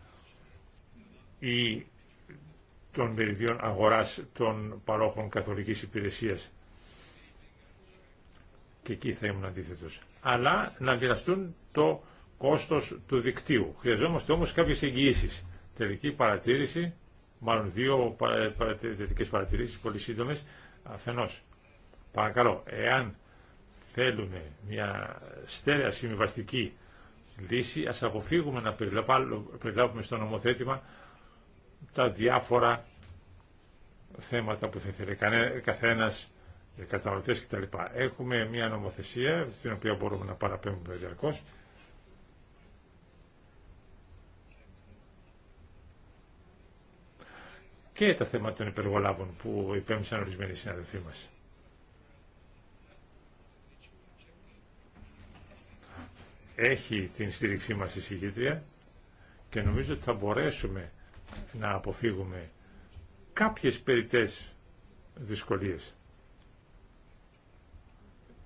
ή των μεριδιών αγοράς των παρόχων καθολικής υπηρεσίας. Και εκεί θα ήμουν αντίθετο. Αλλά να μοιραστούν το κόστος του δικτύου. Χρειαζόμαστε όμως κάποιες εγγυήσεις. Τελική παρατήρηση, μάλλον δύο τελικές παρατηρήσεις πολύ σύντομες, αφενός. Παρακαλώ, εάν θέλουμε μια στέρεα συμβιβαστική λύση, ας αποφύγουμε να περιλάβουμε στο νομοθέτημα τα διάφορα θέματα που θα ήθελε καθένας για καταναλωτές κτλ. Έχουμε μια νομοθεσία στην οποία μπορούμε να παραπέμπουμε διαρκώ. και τα θέματα των υπεργολάβων που υπέμψαν ορισμένοι συναδελφοί μας. Έχει την στήριξή μας η συγκήτρια και νομίζω ότι θα μπορέσουμε να αποφύγουμε κάποιες περιττές δυσκολίες.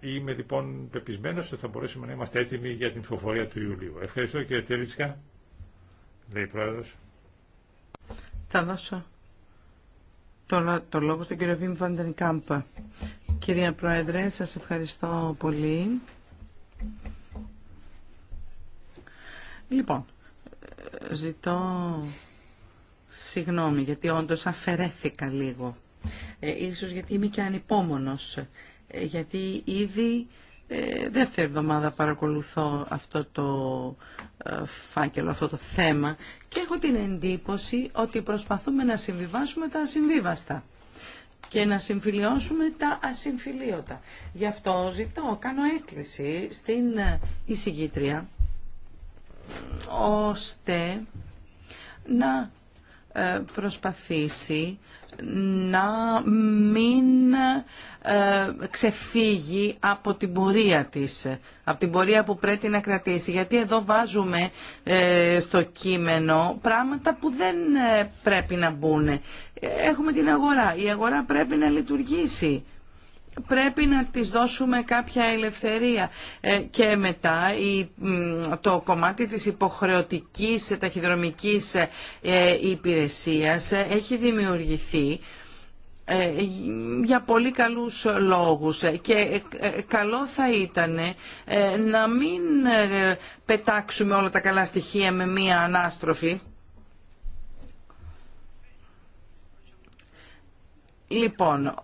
Είμαι λοιπόν πεπισμένος ότι θα μπορέσουμε να είμαστε έτοιμοι για την ψηφοφορία του Ιουλίου. Ευχαριστώ κύριε Τελίτσκα, λέει η Πρόεδρος. Θα δώσω το, λόγο στον κύριο Βίμ Κάμπα. Κυρία Πρόεδρε, σας ευχαριστώ πολύ. Λοιπόν, ζητώ Συγγνώμη, γιατί όντως αφαιρέθηκα λίγο. Ε, ίσως γιατί είμαι και ανυπόμονος. Ε, γιατί ήδη ε, δεύτερη εβδομάδα παρακολουθώ αυτό το ε, φάκελο, αυτό το θέμα και έχω την εντύπωση ότι προσπαθούμε να συμβιβάσουμε τα ασυμβίβαστα και να συμφιλιώσουμε τα ασυμφιλίωτα. Γι' αυτό ζητώ, κάνω έκκληση στην εισηγήτρια ώστε να ε, προσπαθήσει να μην ε, ξεφύγει από την πορεία της, από την πορεία που πρέπει να κρατήσει. Γιατί εδώ βάζουμε ε, στο κείμενο πράγματα που δεν πρέπει να μπουν. Έχουμε την αγορά. Η αγορά πρέπει να λειτουργήσει πρέπει να τις δώσουμε κάποια ελευθερία. Ε, και μετά το κομμάτι της υποχρεωτικής ταχυδρομικής ε, υπηρεσίας ε, έχει δημιουργηθεί για πολύ καλούς λόγους και καλό θα ήταν να μην πετάξουμε όλα τα καλά στοιχεία με μία ανάστροφη Λοιπόν,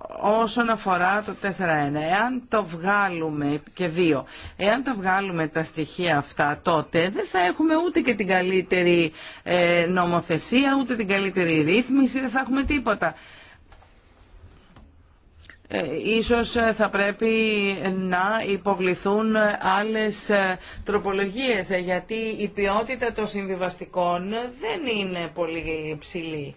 όσον αφορά το 4-1, εάν το βγάλουμε και δύο, εάν τα βγάλουμε τα στοιχεία αυτά, τότε δεν θα έχουμε ούτε και την καλύτερη ε, νομοθεσία, ούτε την καλύτερη ρύθμιση, δεν θα έχουμε τίποτα. Ε, ίσως ε, θα πρέπει να υποβληθούν άλλες τροπολογίες, γιατί η ποιότητα των συμβιβαστικών δεν είναι πολύ ψηλή.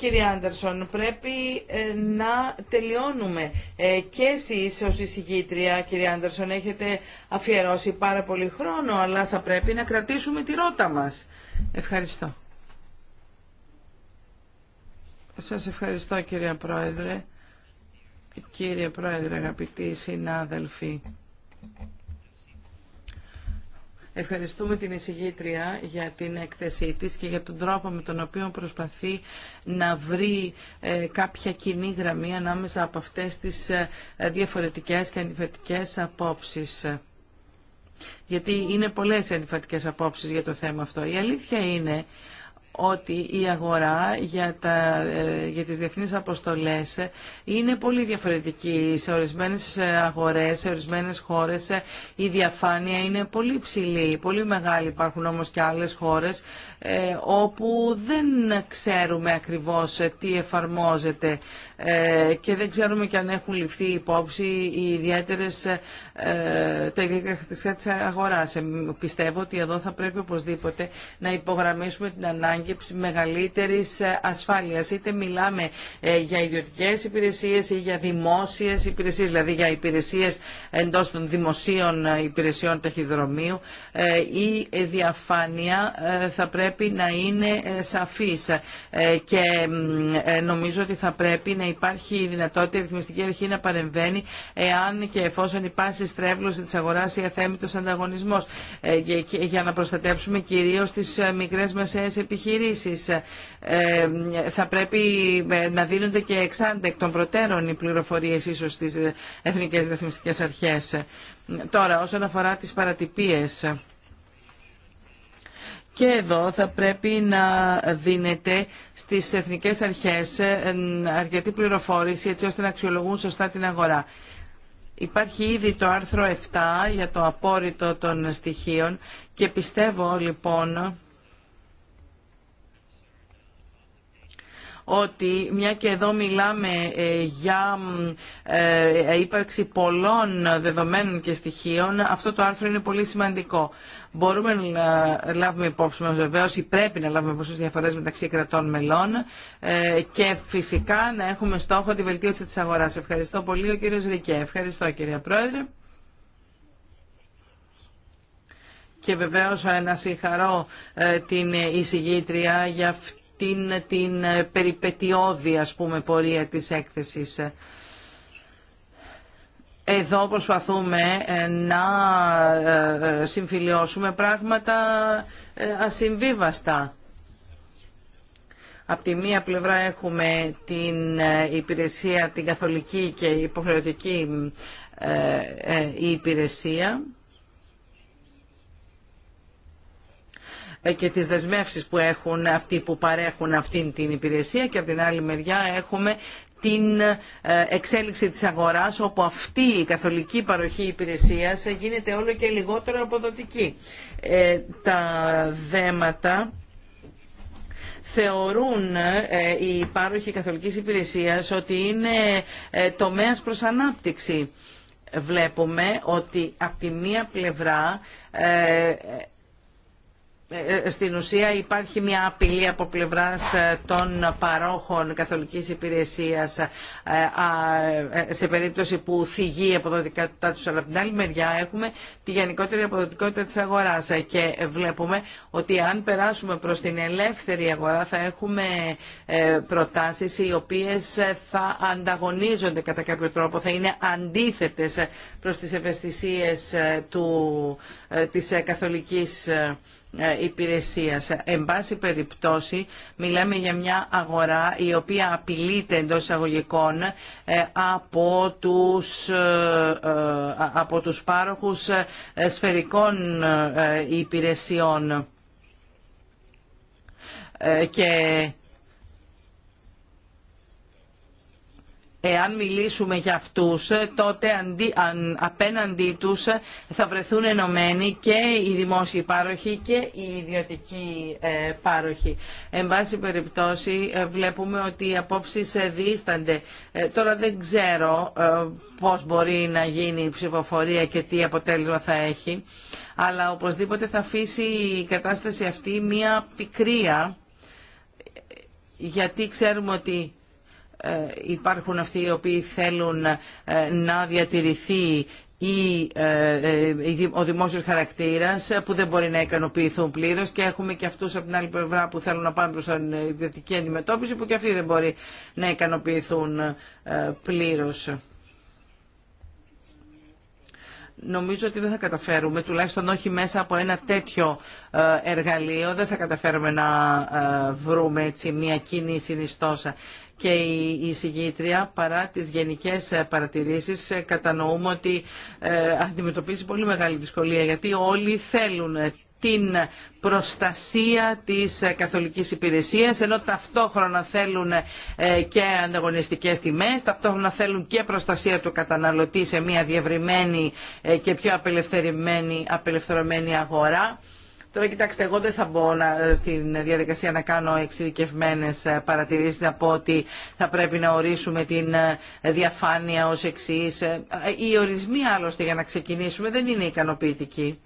Κύριε Άντερσον, πρέπει ε, να τελειώνουμε. Ε, και εσείς ως εισηγήτρια, κύριε Άντερσον, έχετε αφιερώσει πάρα πολύ χρόνο, αλλά θα πρέπει να κρατήσουμε τη ρότα μας. Ευχαριστώ. Σας ευχαριστώ κύριε Πρόεδρε. Κύριε Πρόεδρε, αγαπητοί συνάδελφοι. Ευχαριστούμε την εισηγήτρια για την έκθεσή της και για τον τρόπο με τον οποίο προσπαθεί να βρει ε, κάποια κοινή γραμμή ανάμεσα από αυτές τις ε, διαφορετικές και αντιφατικές απόψεις. Γιατί είναι πολλές αντιφατικές απόψεις για το θέμα αυτό. Η αλήθεια είναι ότι η αγορά για, τα, ε, για τις διεθνείς αποστολές είναι πολύ διαφορετική. Σε ορισμένες ε, αγορές, σε ορισμένες χώρες ε, η διαφάνεια είναι πολύ ψηλή, πολύ μεγάλη. Υπάρχουν όμως και άλλες χώρες όπου δεν ξέρουμε ακριβώς τι εφαρμόζεται. Ε, και δεν ξέρουμε και αν έχουν ληφθεί υπόψη οι ιδιαίτερες, ε, τα ιδιαίτερα χαρακτηριστικά της αγοράς. Ε, πιστεύω ότι εδώ θα πρέπει οπωσδήποτε να υπογραμμίσουμε την ανάγκη μεγαλύτερης ασφάλειας. Είτε μιλάμε για ιδιωτικές υπηρεσίες ή για δημόσιες υπηρεσίες, δηλαδή για υπηρεσίες εντός των δημοσίων υπηρεσιών ταχυδρομείου. Η διαφάνεια θα πρέπει να είναι σαφής και νομίζω ότι θα πρέπει να υπάρχει η δυνατότητα η ρυθμιστική αρχή να παρεμβαίνει εάν και εφόσον υπάρχει στρέβλωση τη αγορά ή αθέμητο ανταγωνισμό. Ε, για να προστατεύσουμε κυρίως τις ε, μικρές μεσαίες επιχειρήσεις. Ε, θα πρέπει να δίνονται και εξάντε των προτέρων οι πληροφορίες ίσως στις εθνικές ρυθμιστικέ αρχές. Τώρα, όσον αφορά τι παρατυπίε. Και εδώ θα πρέπει να δίνεται στις εθνικές αρχές ε, αρκετή πληροφόρηση έτσι ώστε να αξιολογούν σωστά την αγορά. Υπάρχει ήδη το άρθρο 7 για το απόρριτο των στοιχείων και πιστεύω λοιπόν ότι μια και εδώ μιλάμε ε, για ε, ύπαρξη πολλών δεδομένων και στοιχείων, αυτό το άρθρο είναι πολύ σημαντικό. Μπορούμε να λάβουμε υπόψη μας βεβαίως ή πρέπει να λάβουμε υπόψη διαφορές μεταξύ κρατών μελών ε, και φυσικά να έχουμε στόχο τη βελτίωση της αγοράς. Ευχαριστώ πολύ ο κύριος Ρικέ. Ευχαριστώ κύριε Πρόεδρε. και βεβαίως να συγχαρώ την εισηγήτρια για αυτή την, την ε, περιπετειώδη ας πούμε πορεία της έκθεσης. Εδώ προσπαθούμε ε, να ε, συμφιλιώσουμε πράγματα ασυμβίβαστα. Από τη μία πλευρά έχουμε την υπηρεσία, την καθολική και υποχρεωτική υπηρεσία Ε, και τις δεσμεύσεις που έχουν αυτοί που παρέχουν αυτήν την υπηρεσία και από την άλλη μεριά έχουμε την ε, εξέλιξη της αγοράς όπου αυτή η καθολική παροχή υπηρεσίας γίνεται όλο και λιγότερο αποδοτική. Ε, τα δέματα θεωρούν οι πάροχοι καθολικής υπηρεσίας ότι είναι τομέας προς ανάπτυξη. Βλέπουμε ότι από τη μία πλευρά ε, ε, στην ουσία υπάρχει μια απειλή από πλευράς ε, των παρόχων καθολικής υπηρεσίας σε περίπτωση που θυγεί η αποδοτικότητά τους. Αλλά από την άλλη μεριά έχουμε τη γενικότερη αποδοτικότητα της αγοράς και βλέπουμε ότι αν περάσουμε προς την ελεύθερη αγορά θα έχουμε προτάσεις οι οποίες θα ανταγωνίζονται κατά κάποιο τρόπο, θα είναι αντίθετες προς τις ευαισθησίες του, της καθολικής ε, υπηρεσίας. Εν πάση περιπτώσει μιλάμε για μια αγορά η οποία απειλείται εντό εισαγωγικών ε, από τους, ε, από τους πάροχους σφαιρικών υπηρεσιών και εάν μιλήσουμε για αυτούς, τότε αν, απέναντί τους θα βρεθούν ενωμένοι και οι δημόσιοι πάροχοι και οι ιδιωτικοί ε, πάροχοι. Εν πάση περιπτώσει ε, βλέπουμε ότι οι απόψεις ε, δίστανται. Ε, τώρα δεν ξέρω ε, πώς μπορεί να γίνει η ψηφοφορία και τι αποτέλεσμα θα έχει, αλλά οπωσδήποτε θα αφήσει η κατάσταση αυτή μία πικρία, γιατί ξέρουμε ότι ε, υπάρχουν αυτοί οι οποίοι θέλουν ε, να διατηρηθεί ή ε, ο δημόσιος χαρακτήρας που δεν μπορεί να ικανοποιηθούν πλήρως και έχουμε και αυτούς από την άλλη πλευρά που θέλουν να πάνε προς την ιδιωτική αντιμετώπιση που και αυτοί δεν μπορεί να ικανοποιηθούν πλήρως. Νομίζω ότι δεν θα καταφέρουμε, τουλάχιστον όχι μέσα από ένα τέτοιο εργαλείο, δεν θα καταφέρουμε να βρούμε έτσι μια κοινή συνιστόσα και η συγγήτρια παρά τις γενικές ε, παρατηρήσεις ε, κατανοούμε ότι ε, αντιμετωπίζει πολύ μεγάλη δυσκολία γιατί όλοι θέλουν την προστασία της καθολικής υπηρεσίας ενώ ταυτόχρονα θέλουν και ανταγωνιστικές τιμές ταυτόχρονα θέλουν και προστασία του καταναλωτή σε μια διευρυμένη και πιο απελευθερωμένη αγορά Τώρα κοιτάξτε, εγώ δεν θα μπω να, στην διαδικασία να κάνω εξειδικευμένε ε, παρατηρήσεις, να πω ότι θα πρέπει να ορίσουμε την ε, διαφάνεια ως εξή. Ε, οι ορισμοί άλλωστε για να ξεκινήσουμε δεν είναι ικανοποιητικοί.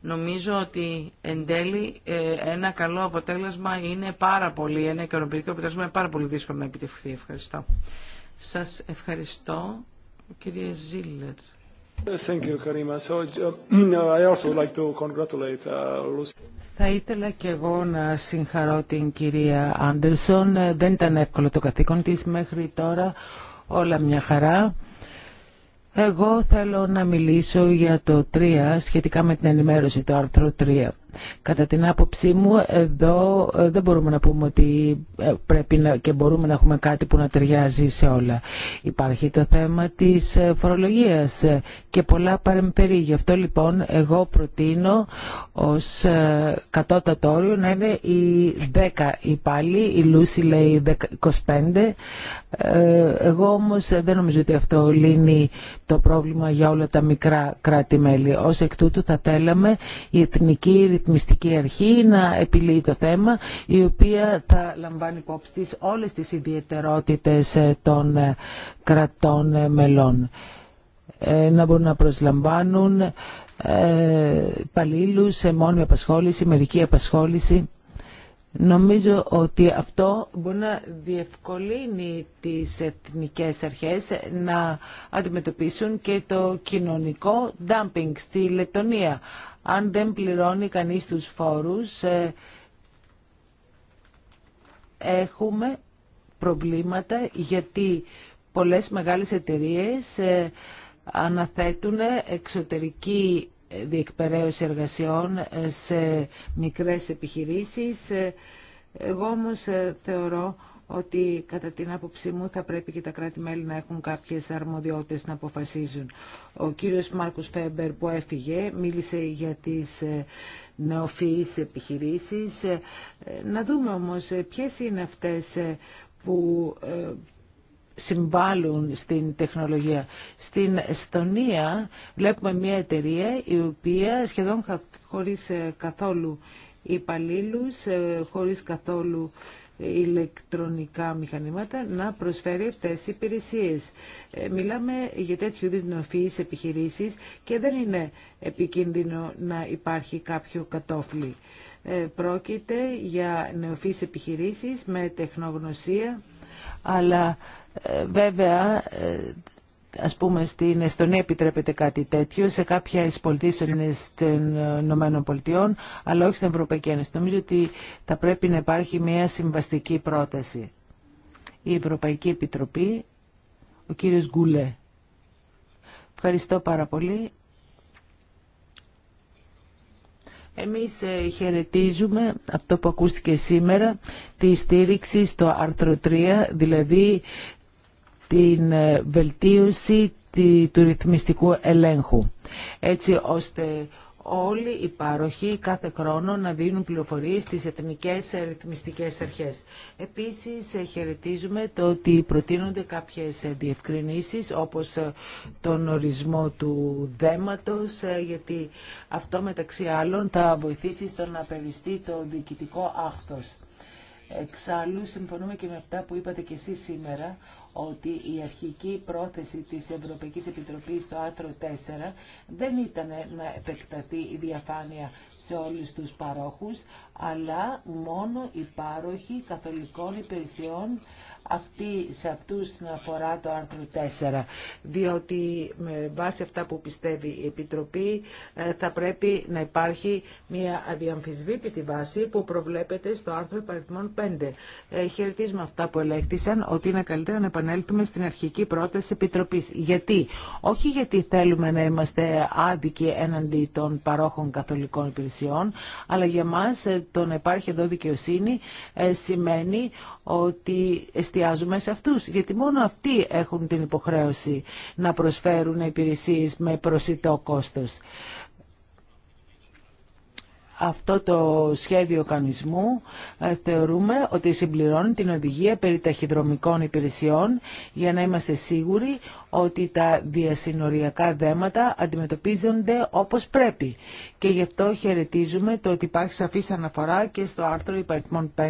Νομίζω ότι εν τέλει ένα καλό αποτέλεσμα είναι πάρα πολύ, ένα ικανοποιητικό αποτέλεσμα είναι πάρα πολύ δύσκολο να επιτευχθεί. Ευχαριστώ. Σας ευχαριστώ, κύριε Ζήλερ. Θα ήθελα και εγώ να συγχαρώ την κυρία Άντερσον. Ε, δεν ήταν εύκολο το καθήκον της μέχρι τώρα. Όλα μια χαρά. Εγώ θέλω να μιλήσω για το 3 σχετικά με την ενημέρωση, του άρθρου 3. Κατά την άποψή μου, εδώ ε, δεν μπορούμε να πούμε ότι ε, πρέπει να, και μπορούμε να έχουμε κάτι που να ταιριάζει σε όλα. Υπάρχει το θέμα της ε, φορολογίας και πολλά παρεμπερί. Γι' αυτό λοιπόν εγώ προτείνω ως κατώτατο όριο να είναι οι 10 υπάλληλοι, η Λούση λέει 25. Εγώ όμως δεν νομίζω ότι αυτό λύνει το πρόβλημα για όλα τα μικρά κράτη-μέλη. Ως εκ τούτου θα θέλαμε η εθνική ρυθμιστική αρχή να επιλύει το θέμα, η οποία θα λαμβάνει υπόψη της όλες τις ιδιαιτερότητες ε, των ε, κρατών ε, μελών. Να μπορούν να προσλαμβάνουν υπαλλήλου σε μόνιμη απασχόληση, μερική απασχόληση. Νομίζω ότι αυτό μπορεί να διευκολύνει τις εθνικές αρχές να αντιμετωπίσουν και το κοινωνικό dumping στη Λετωνία αν δεν πληρώνει κανείς τους φόρους, ε, έχουμε προβλήματα γιατί πολλές μεγάλες εταιρείες ε, αναθέτουν εξωτερική διεκπαιρέωση εργασιών ε, σε μικρές επιχειρήσεις. Εγώ όμως θεωρώ ότι κατά την άποψή μου θα πρέπει και τα κράτη-μέλη να έχουν κάποιες αρμοδιότητες να αποφασίζουν. Ο κύριος Μάρκος Φέμπερ που έφυγε μίλησε για τις ε, νεοφυείς επιχειρήσεις. Ε, να δούμε όμως ε, ποιες είναι αυτές που συμβάλλουν στην τεχνολογία. Στην Εστονία βλέπουμε μια εταιρεία η οποία σχεδόν χωρίς καθόλου υπαλλήλους, χωρίς καθόλου ηλεκτρονικά μηχανήματα να προσφέρει αυτές τις υπηρεσίες. Ε, μιλάμε για τέτοιου είδους νοφείς επιχειρήσεις και δεν είναι επικίνδυνο να υπάρχει κάποιο κατόφλι. Ε, πρόκειται για νεοφύς επιχειρήσεις με τεχνογνωσία, αλλά ε, βέβαια Ας πούμε στην Εστονία επιτρέπεται κάτι τέτοιο, σε κάποια πολιτείες των Ηνωμένων Πολιτειών, αλλά όχι στην Ευρωπαϊκή Ένωση. Νομίζω ότι θα πρέπει να υπάρχει μια συμβαστική πρόταση. Η Ευρωπαϊκή Επιτροπή, ο κύριος Γκούλε. Ευχαριστώ πάρα πολύ. Εμείς ε, χαιρετίζουμε αυτό που ακούστηκε σήμερα, τη στήριξη στο άρθρο 3, δηλαδή την ε, βελτίωση του ρυθμιστικού ελέγχου, έτσι ώστε όλοι οι πάροχοι κάθε χρόνο να δίνουν πληροφορίες στις εθνικές ε, ρυθμιστικές αρχές. Επίσης ε, χαιρετίζουμε το ότι προτείνονται κάποιες διευκρινήσεις όπως τον ορισμό του δέματος γιατί αυτό μεταξύ άλλων θα βοηθήσει στο να περιστεί το διοικητικό άκτος. Εξάλλου, συμφωνούμε και με αυτά που είπατε και εσείς σήμερα, ότι η αρχική πρόθεση της Ευρωπαϊκής Επιτροπής στο άρθρο 4 δεν ήταν να επεκταθεί η διαφάνεια σε όλους τους παρόχους, αλλά μόνο οι πάροχοι καθολικών υπηρεσιών σε αυτούς να αφορά το άρθρο 4. Διότι με βάση αυτά που πιστεύει η Επιτροπή ε, θα πρέπει να υπάρχει μια αδιαμφισβήτητη βάση που προβλέπεται στο άρθρο παριθμών 5. Ε, χαιρετίζουμε αυτά που ελέγχθησαν ότι είναι καλύτερα να επανέλθουμε στην αρχική πρόταση Επιτροπής. Γιατί? Όχι γιατί θέλουμε να είμαστε άδικοι έναντι των παρόχων καθολικών υπηρεσιών αλλά για μας ε, το να υπάρχει εδώ δικαιοσύνη ε, σημαίνει ότι εστιάζουμε σε αυτούς, γιατί μόνο αυτοί έχουν την υποχρέωση να προσφέρουν υπηρεσίες με προσιτό κόστος. Αυτό το σχέδιο κανονισμού ε, θεωρούμε ότι συμπληρώνει την οδηγία περί ταχυδρομικών υπηρεσιών για να είμαστε σίγουροι ότι τα διασυνοριακά δέματα αντιμετωπίζονται όπως πρέπει. Και γι' αυτό χαιρετίζουμε το ότι υπάρχει σαφής αναφορά και στο άρθρο υπαριθμών 5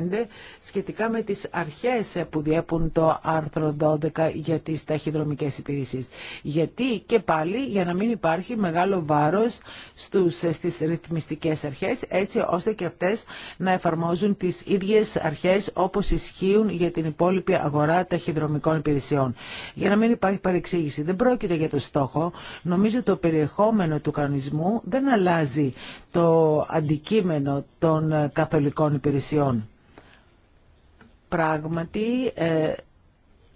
σχετικά με τις αρχές που διέπουν το άρθρο 12 για τις ταχυδρομικές υπηρεσίες. Γιατί και πάλι για να μην υπάρχει μεγάλο βάρος στους, στις ρυθμιστικές αρχές έτσι ώστε και αυτές να εφαρμόζουν τις ίδιες αρχές όπως ισχύουν για την υπόλοιπη αγορά ταχυδρομικών υπηρεσιών. Για να μην υπάρχει δεν πρόκειται για το στόχο. Νομίζω το περιεχόμενο του κανονισμού δεν αλλάζει το αντικείμενο των ε, καθολικών υπηρεσιών. Πράγματι, ε,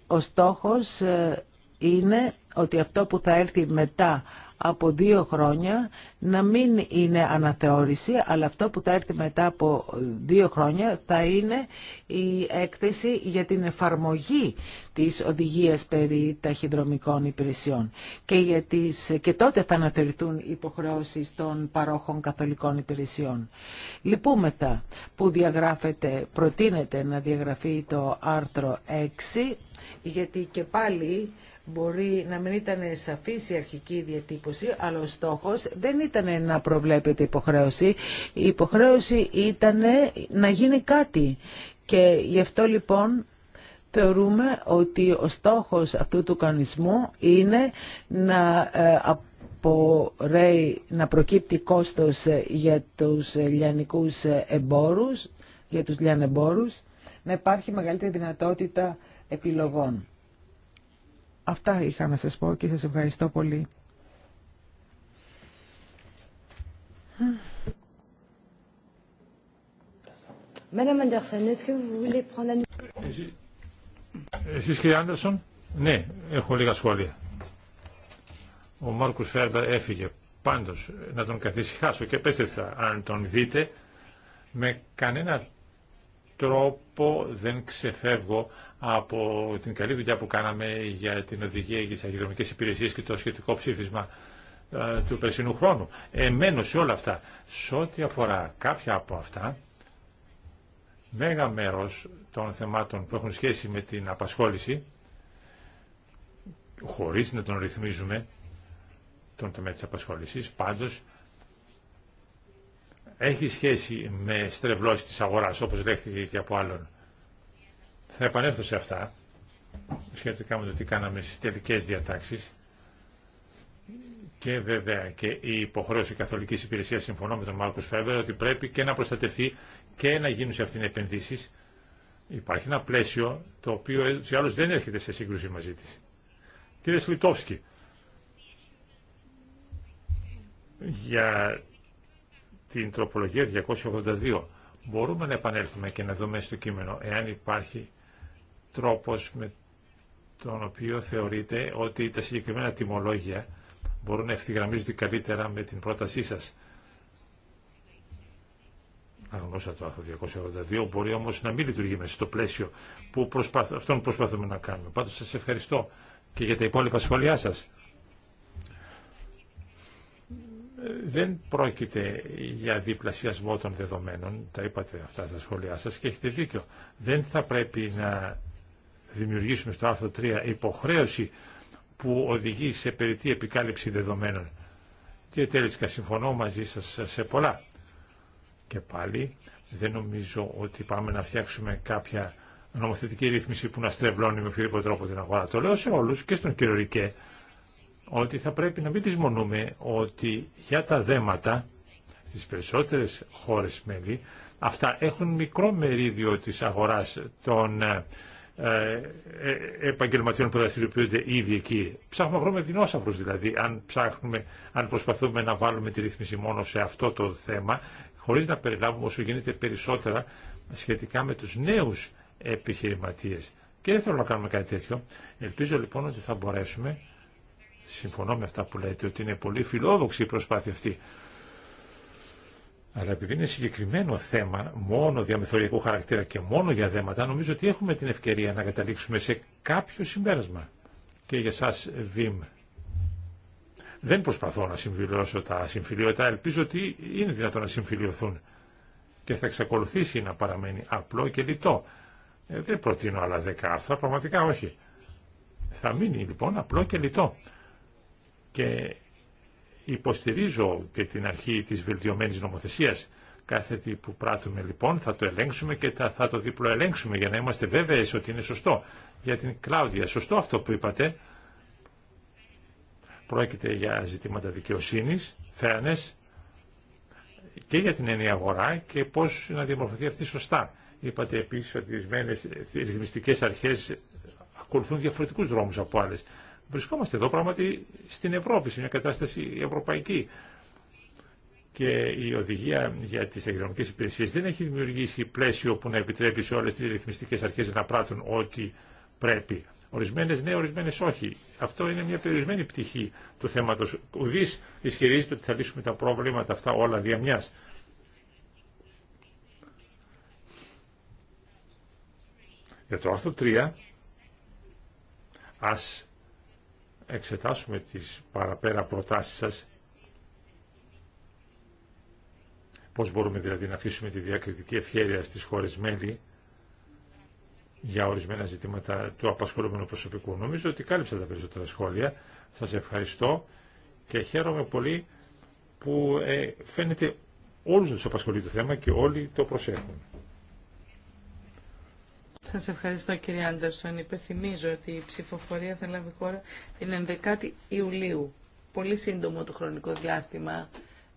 ο στόχος ε, είναι ότι αυτό που θα έρθει μετά από δύο χρόνια να μην είναι αναθεώρηση, αλλά αυτό που θα έρθει μετά από δύο χρόνια θα είναι η έκθεση για την εφαρμογή της οδηγίας περί ταχυδρομικών υπηρεσιών. Και, για τις, και τότε θα αναθεωρηθούν οι υποχρεώσεις των παρόχων καθολικών υπηρεσιών. Λυπούμεθα που διαγράφεται, προτείνεται να διαγραφεί το άρθρο 6, γιατί και πάλι Μπορεί να μην ήταν σαφή η αρχική διατύπωση, αλλά ο στόχο δεν ήταν να προβλέπεται υποχρέωση. Η υποχρέωση ήταν να γίνει κάτι. Και γι' αυτό λοιπόν θεωρούμε ότι ο στόχος αυτού του κανονισμού είναι να ε, απορρέει, να προκύπτει κόστος ε, για τους ε, λιανικούς εμπόρους, για τους λιανεμπόρους, να υπάρχει μεγαλύτερη δυνατότητα επιλογών. Αυτά είχα να σας πω και σας ευχαριστώ πολύ. Εσείς, κύριε Άντερσον, ναι, έχω λίγα σχόλια. Ο Μάρκος Φέρντα έφυγε. Πάντως, να τον καθησυχάσω και πέστε αν τον δείτε, με κανένα τρόπο δεν ξεφεύγω από την καλή δουλειά που κάναμε για την οδηγία για τις αγιδρομικές υπηρεσίες και το σχετικό ψήφισμα ε, του περσινού χρόνου. Εμένω σε όλα αυτά. Σε ό,τι αφορά κάποια από αυτά, μέγα μέρος των θεμάτων που έχουν σχέση με την απασχόληση, χωρίς να τον ρυθμίζουμε, τον τομέα της απασχόλησης, πάντως έχει σχέση με στρεβλώσεις της αγοράς, όπως λέχθηκε και από άλλον. Θα επανέλθω σε αυτά, σχετικά με το τι κάναμε στις τελικές διατάξεις. Και βέβαια και η υποχρέωση καθολικής υπηρεσίας, συμφωνώ με τον Μάρκος Φέβερ ότι πρέπει και να προστατευτεί και να γίνουν σε αυτήν επενδύσεις. Υπάρχει ένα πλαίσιο το οποίο έτσι ή δεν έρχεται σε σύγκρουση μαζί της. Κύριε Σλιτόφσκι, για την τροπολογία 282. Μπορούμε να επανέλθουμε και να δούμε στο κείμενο εάν υπάρχει τρόπος με τον οποίο θεωρείτε ότι τα συγκεκριμένα τιμολόγια μπορούν να ευθυγραμμίζονται καλύτερα με την πρότασή σας. Αγνώσα το 282, μπορεί όμως να μην λειτουργεί μέσα στο πλαίσιο που προσπαθ, αυτόν προσπαθούμε να κάνουμε. Πάντως σας ευχαριστώ και για τα υπόλοιπα σχόλιά σας. δεν πρόκειται για διπλασιασμό των δεδομένων, τα είπατε αυτά στα σχόλιά σας και έχετε δίκιο. Δεν θα πρέπει να δημιουργήσουμε στο άρθρο 3 υποχρέωση που οδηγεί σε περιττή επικάλυψη δεδομένων. Και να συμφωνώ μαζί σας σε πολλά. Και πάλι δεν νομίζω ότι πάμε να φτιάξουμε κάποια νομοθετική ρύθμιση που να στρεβλώνει με οποιοδήποτε τρόπο την αγορά. Το λέω σε όλους και στον κύριο Ρικέ ότι θα πρέπει να μην δυσμονούμε ότι για τα δέματα στις περισσότερες χώρες μέλη αυτά έχουν μικρό μερίδιο της αγοράς των ε, ε, ε, επαγγελματιών που δραστηριοποιούνται ήδη εκεί. Ψάχνουμε να βρούμε δεινόσαυρους δηλαδή, αν, ψάχνουμε, αν προσπαθούμε να βάλουμε τη ρύθμιση μόνο σε αυτό το θέμα, χωρίς να περιλάβουμε όσο γίνεται περισσότερα σχετικά με τους νέους επιχειρηματίες. Και δεν θέλω να κάνουμε κάτι τέτοιο. Ελπίζω λοιπόν ότι θα μπορέσουμε Συμφωνώ με αυτά που λέτε ότι είναι πολύ φιλόδοξη η προσπάθεια αυτή. Αλλά επειδή είναι συγκεκριμένο θέμα, μόνο διαμεθοριακού χαρακτήρα και μόνο για δέματα, νομίζω ότι έχουμε την ευκαιρία να καταλήξουμε σε κάποιο συμπέρασμα. Και για εσά, Βιμ, δεν προσπαθώ να συμβιλώσω τα συμφιλίωτα, ελπίζω ότι είναι δυνατόν να συμφιλειωθούν και θα εξακολουθήσει να παραμένει απλό και λιτό. Ε, δεν προτείνω άλλα δέκα άρθρα, πραγματικά όχι. Θα μείνει λοιπόν απλό και λιτό και υποστηρίζω και την αρχή της βελτιωμένης νομοθεσίας. Κάθε τι που πράττουμε λοιπόν θα το ελέγξουμε και θα, θα το διπλοελέγξουμε για να είμαστε βέβαιες ότι είναι σωστό. Για την Κλάουδια, σωστό αυτό που είπατε, πρόκειται για ζητήματα δικαιοσύνης, φέρνες και για την ενή αγορά και πώς να διαμορφωθεί αυτή σωστά. Είπατε επίσης ότι οι ρυθμιστικές αρχές ακολουθούν διαφορετικούς δρόμους από άλλες. Βρισκόμαστε εδώ πράγματι στην Ευρώπη, σε μια κατάσταση ευρωπαϊκή. Και η οδηγία για τι εκδρομικέ υπηρεσίε δεν έχει δημιουργήσει πλαίσιο που να επιτρέπει σε όλε τι ρυθμιστικέ αρχέ να πράττουν ό,τι πρέπει. Ορισμένε ναι, ορισμένε όχι. Αυτό είναι μια περιορισμένη πτυχή του θέματο. Ουδή ισχυρίζεται ότι θα λύσουμε τα προβλήματα αυτά όλα δια Για το άρθρο 3, ας εξετάσουμε τις παραπέρα προτάσεις σας, πώς μπορούμε δηλαδή να αφήσουμε τη διακριτική ευχέρεια στις χώρες μέλη για ορισμένα ζητήματα του απασχολούμενου προσωπικού. Νομίζω ότι κάλυψα τα περισσότερα σχόλια. Σας ευχαριστώ και χαίρομαι πολύ που ε, φαίνεται όλους τους απασχολεί το θέμα και όλοι το προσέχουν. Σας ευχαριστώ κύριε Άντερσον. Υπενθυμίζω ότι η ψηφοφορία θα λάβει χώρα την 11η Ιουλίου. Πολύ σύντομο το χρονικό διάστημα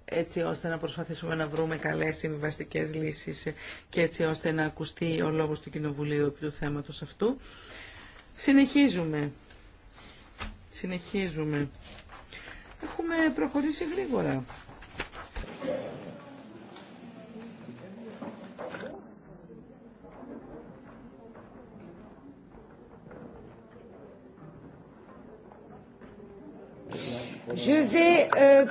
έτσι ώστε να προσπαθήσουμε να βρούμε καλές συμβιβαστικέ λύσεις και έτσι ώστε να ακουστεί ο λόγος του Κοινοβουλίου επί του θέματος αυτού. Συνεχίζουμε. Συνεχίζουμε. Έχουμε προχωρήσει γρήγορα. Euh,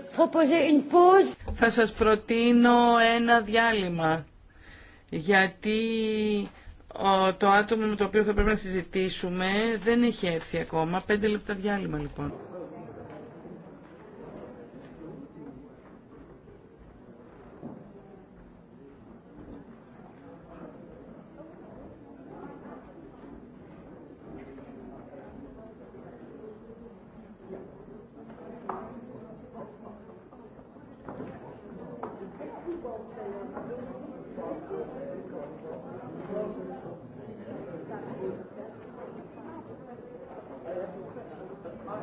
θα σας προτείνω ένα διάλειμμα, γιατί το άτομο με το οποίο θα πρέπει να συζητήσουμε δεν έχει έρθει ακόμα. Πέντε λεπτά διάλειμμα λοιπόν.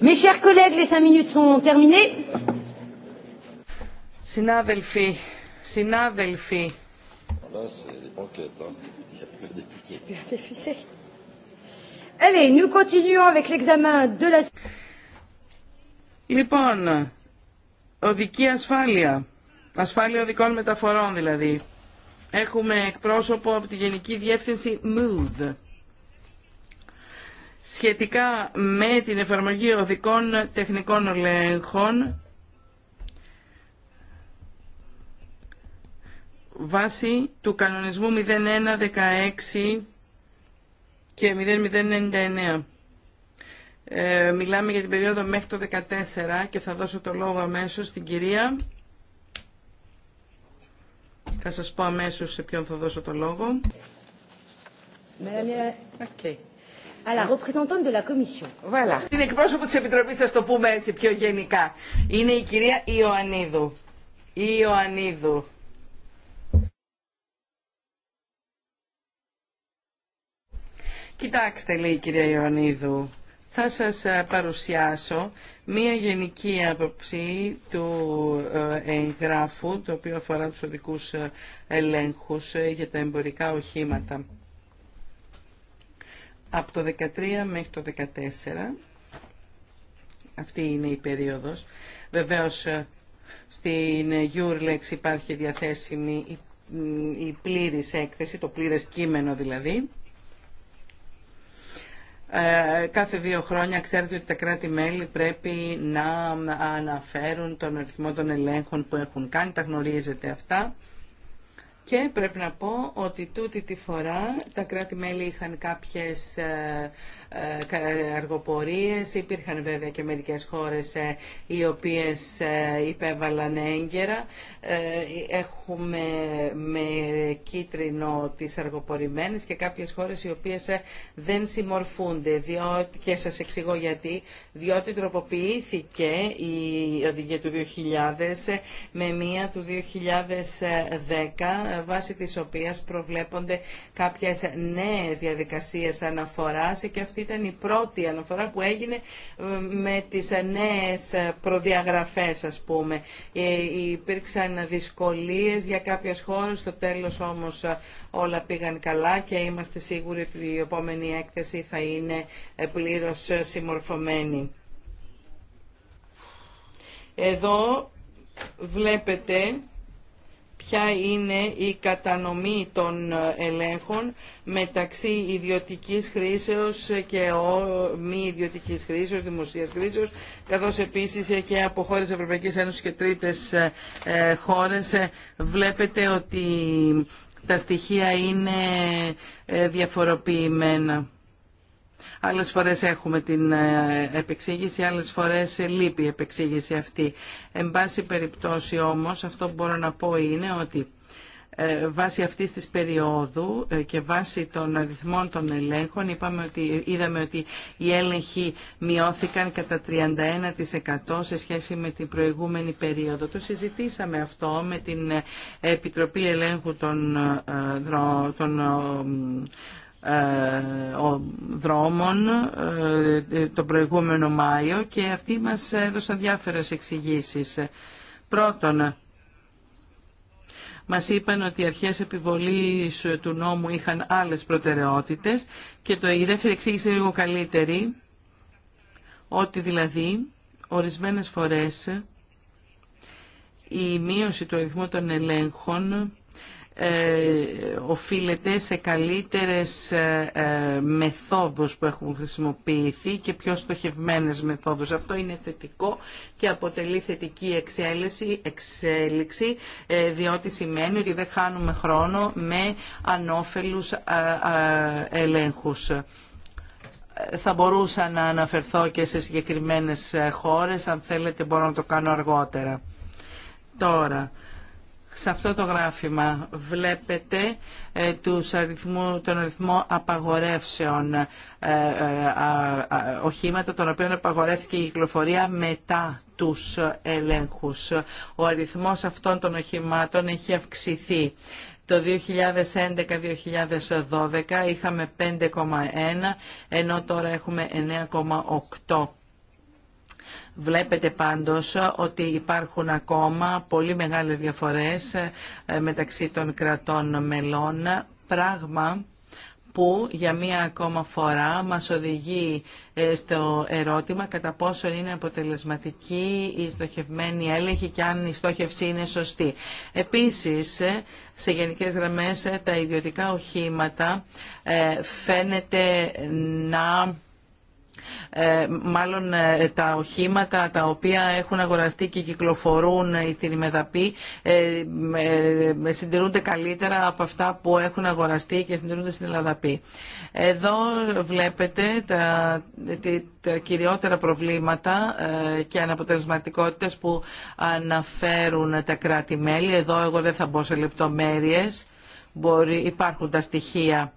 Λοιπόν, οδική ασφάλεια. Ασφάλεια οδικών μεταφορών δηλαδή. Έχουμε εκπρόσωπο από τη Γενική Διεύθυνση MOVE σχετικά με την εφαρμογή οδικών τεχνικών ελέγχων βάσει του κανονισμού 0116 και 0099. Ε, μιλάμε για την περίοδο μέχρι το 14 και θα δώσω το λόγο αμέσως στην κυρία. Θα σας πω αμέσως σε ποιον θα δώσω το λόγο. Okay. Είναι εκπρόσωπο της Επιτροπής, σας το πούμε έτσι πιο γενικά. Είναι η κυρία Ιωαννίδου. Ιωαννίδου. Κοιτάξτε, λέει η κυρία Ιωαννίδου, θα σας ε, παρουσιάσω μία γενική άποψη του ε, εγγράφου, το οποίο αφορά τους οδικούς ε, ελέγχους για τα εμπορικά οχήματα από το 13 μέχρι το 14 αυτή είναι η περίοδος βεβαίως ε, στην Eurlex υπάρχει διαθέσιμη η πλήρης έκθεση, το πλήρες κείμενο δηλαδή ε, κάθε δύο χρόνια ξέρετε ότι τα κράτη-μέλη πρέπει να αναφέρουν τον αριθμό των ελέγχων που έχουν κάνει, τα γνωρίζετε αυτά και πρέπει να πω ότι τούτη τη φορά τα κράτη-μέλη είχαν κάποιες ε, ε, αργοπορίες. Υπήρχαν βέβαια και μερικές χώρες ε, οι οποίες ε, υπέβαλαν έγκαιρα. Έχουμε με κίτρινο τις αργοπορημένες και κάποιες χώρες οι οποίες δεν συμμορφούνται. Διότι, και σας εξηγώ γιατί. Διότι τροποποιήθηκε η οδηγία του 2000 με μία του 2010 βάσει της οποίας προβλέπονται κάποιες νέες διαδικασίες αναφοράς και αυτή ήταν η πρώτη αναφορά που έγινε ε, με τις ε, νέες ε, προδιαγραφές ας πούμε. Υπήρξαν δυσκολίες για κάποιες χώρες, στο τέλος όμως όλα πήγαν καλά και είμαστε σίγουροι ότι η επόμενη έκθεση θα είναι πλήρως συμμορφωμένη. Εδώ βλέπετε ποια είναι η κατανομή των ελέγχων μεταξύ ιδιωτικής χρήσεως και μη ιδιωτικής χρήσεως, δημοσίας χρήσεως, καθώς επίσης και από χώρες Ευρωπαϊκής Ένωσης και τρίτες ε, χώρες βλέπετε ότι τα στοιχεία είναι ε, διαφοροποιημένα. Άλλε φορέ έχουμε την ε, επεξήγηση, άλλες φορές λείπει η επεξήγηση αυτή. Εν πάση περιπτώσει όμως, αυτό που μπορώ να πω είναι ότι ε, βάσει αυτής της περίοδου ε, και βάσει των αριθμών των ελέγχων είπαμε ότι, είδαμε ότι οι έλεγχοι μειώθηκαν κατά 31% σε σχέση με την προηγούμενη περίοδο. Το συζητήσαμε αυτό με την Επιτροπή Ελέγχου των, των ε, δρόμων ε, ε, το προηγούμενο Μάιο και αυτοί μας έδωσαν διάφορες εξηγήσεις. Πρώτον, μας είπαν ότι οι αρχές επιβολής του νόμου είχαν άλλες προτεραιότητες και το, η δεύτερη εξήγηση είναι λίγο καλύτερη, ότι δηλαδή ορισμένες φορές η μείωση του αριθμού των ελέγχων ε, οφείλεται σε καλύτερες ε, ε, μεθόδους που έχουν χρησιμοποιηθεί και πιο στοχευμένες μεθόδους. Αυτό είναι θετικό και αποτελεί θετική εξέλιξη, εξέλιξη διότι σημαίνει ότι δεν χάνουμε χρόνο με ανώφελους ελέγχους θα μπορούσα να αναφερθώ και σε συγκεκριμένες χώρες, αν θέλετε μπορώ να το κάνω αργότερα. Τώρα, σε αυτό το γράφημα βλέπετε ε, τους αριθμού, τον αριθμό απαγορεύσεων ε, ε, οχήματα των οποίων απαγορεύτηκε η κυκλοφορία μετά τους ελέγχους. Ο αριθμός αυτών των οχημάτων έχει αυξηθεί. Το 2011-2012 είχαμε 5,1 ενώ τώρα έχουμε 9,8 Βλέπετε πάντως ότι υπάρχουν ακόμα πολύ μεγάλες διαφορές ε, μεταξύ των κρατών μελών, πράγμα που για μία ακόμα φορά μας οδηγεί ε, στο ερώτημα κατά πόσο είναι αποτελεσματική η στοχευμένη έλεγχη και αν η στόχευση είναι σωστή. Επίσης, ε, σε γενικές γραμμές τα ιδιωτικά οχήματα φαίνεται να ε, μάλλον ε, τα οχήματα τα οποία έχουν αγοραστεί και κυκλοφορούν ε, στην ημεδαπή συντηρούνται καλύτερα από αυτά που έχουν αγοραστεί και συντηρούνται στην ελλαδαπή. Εδώ βλέπετε τα, τα κυριότερα προβλήματα και αναποτελεσματικότητες που αναφέρουν τα κράτη-μέλη. Εδώ εγώ δεν θα μπω σε λεπτομέρειες. Μπορεί, υπάρχουν τα στοιχεία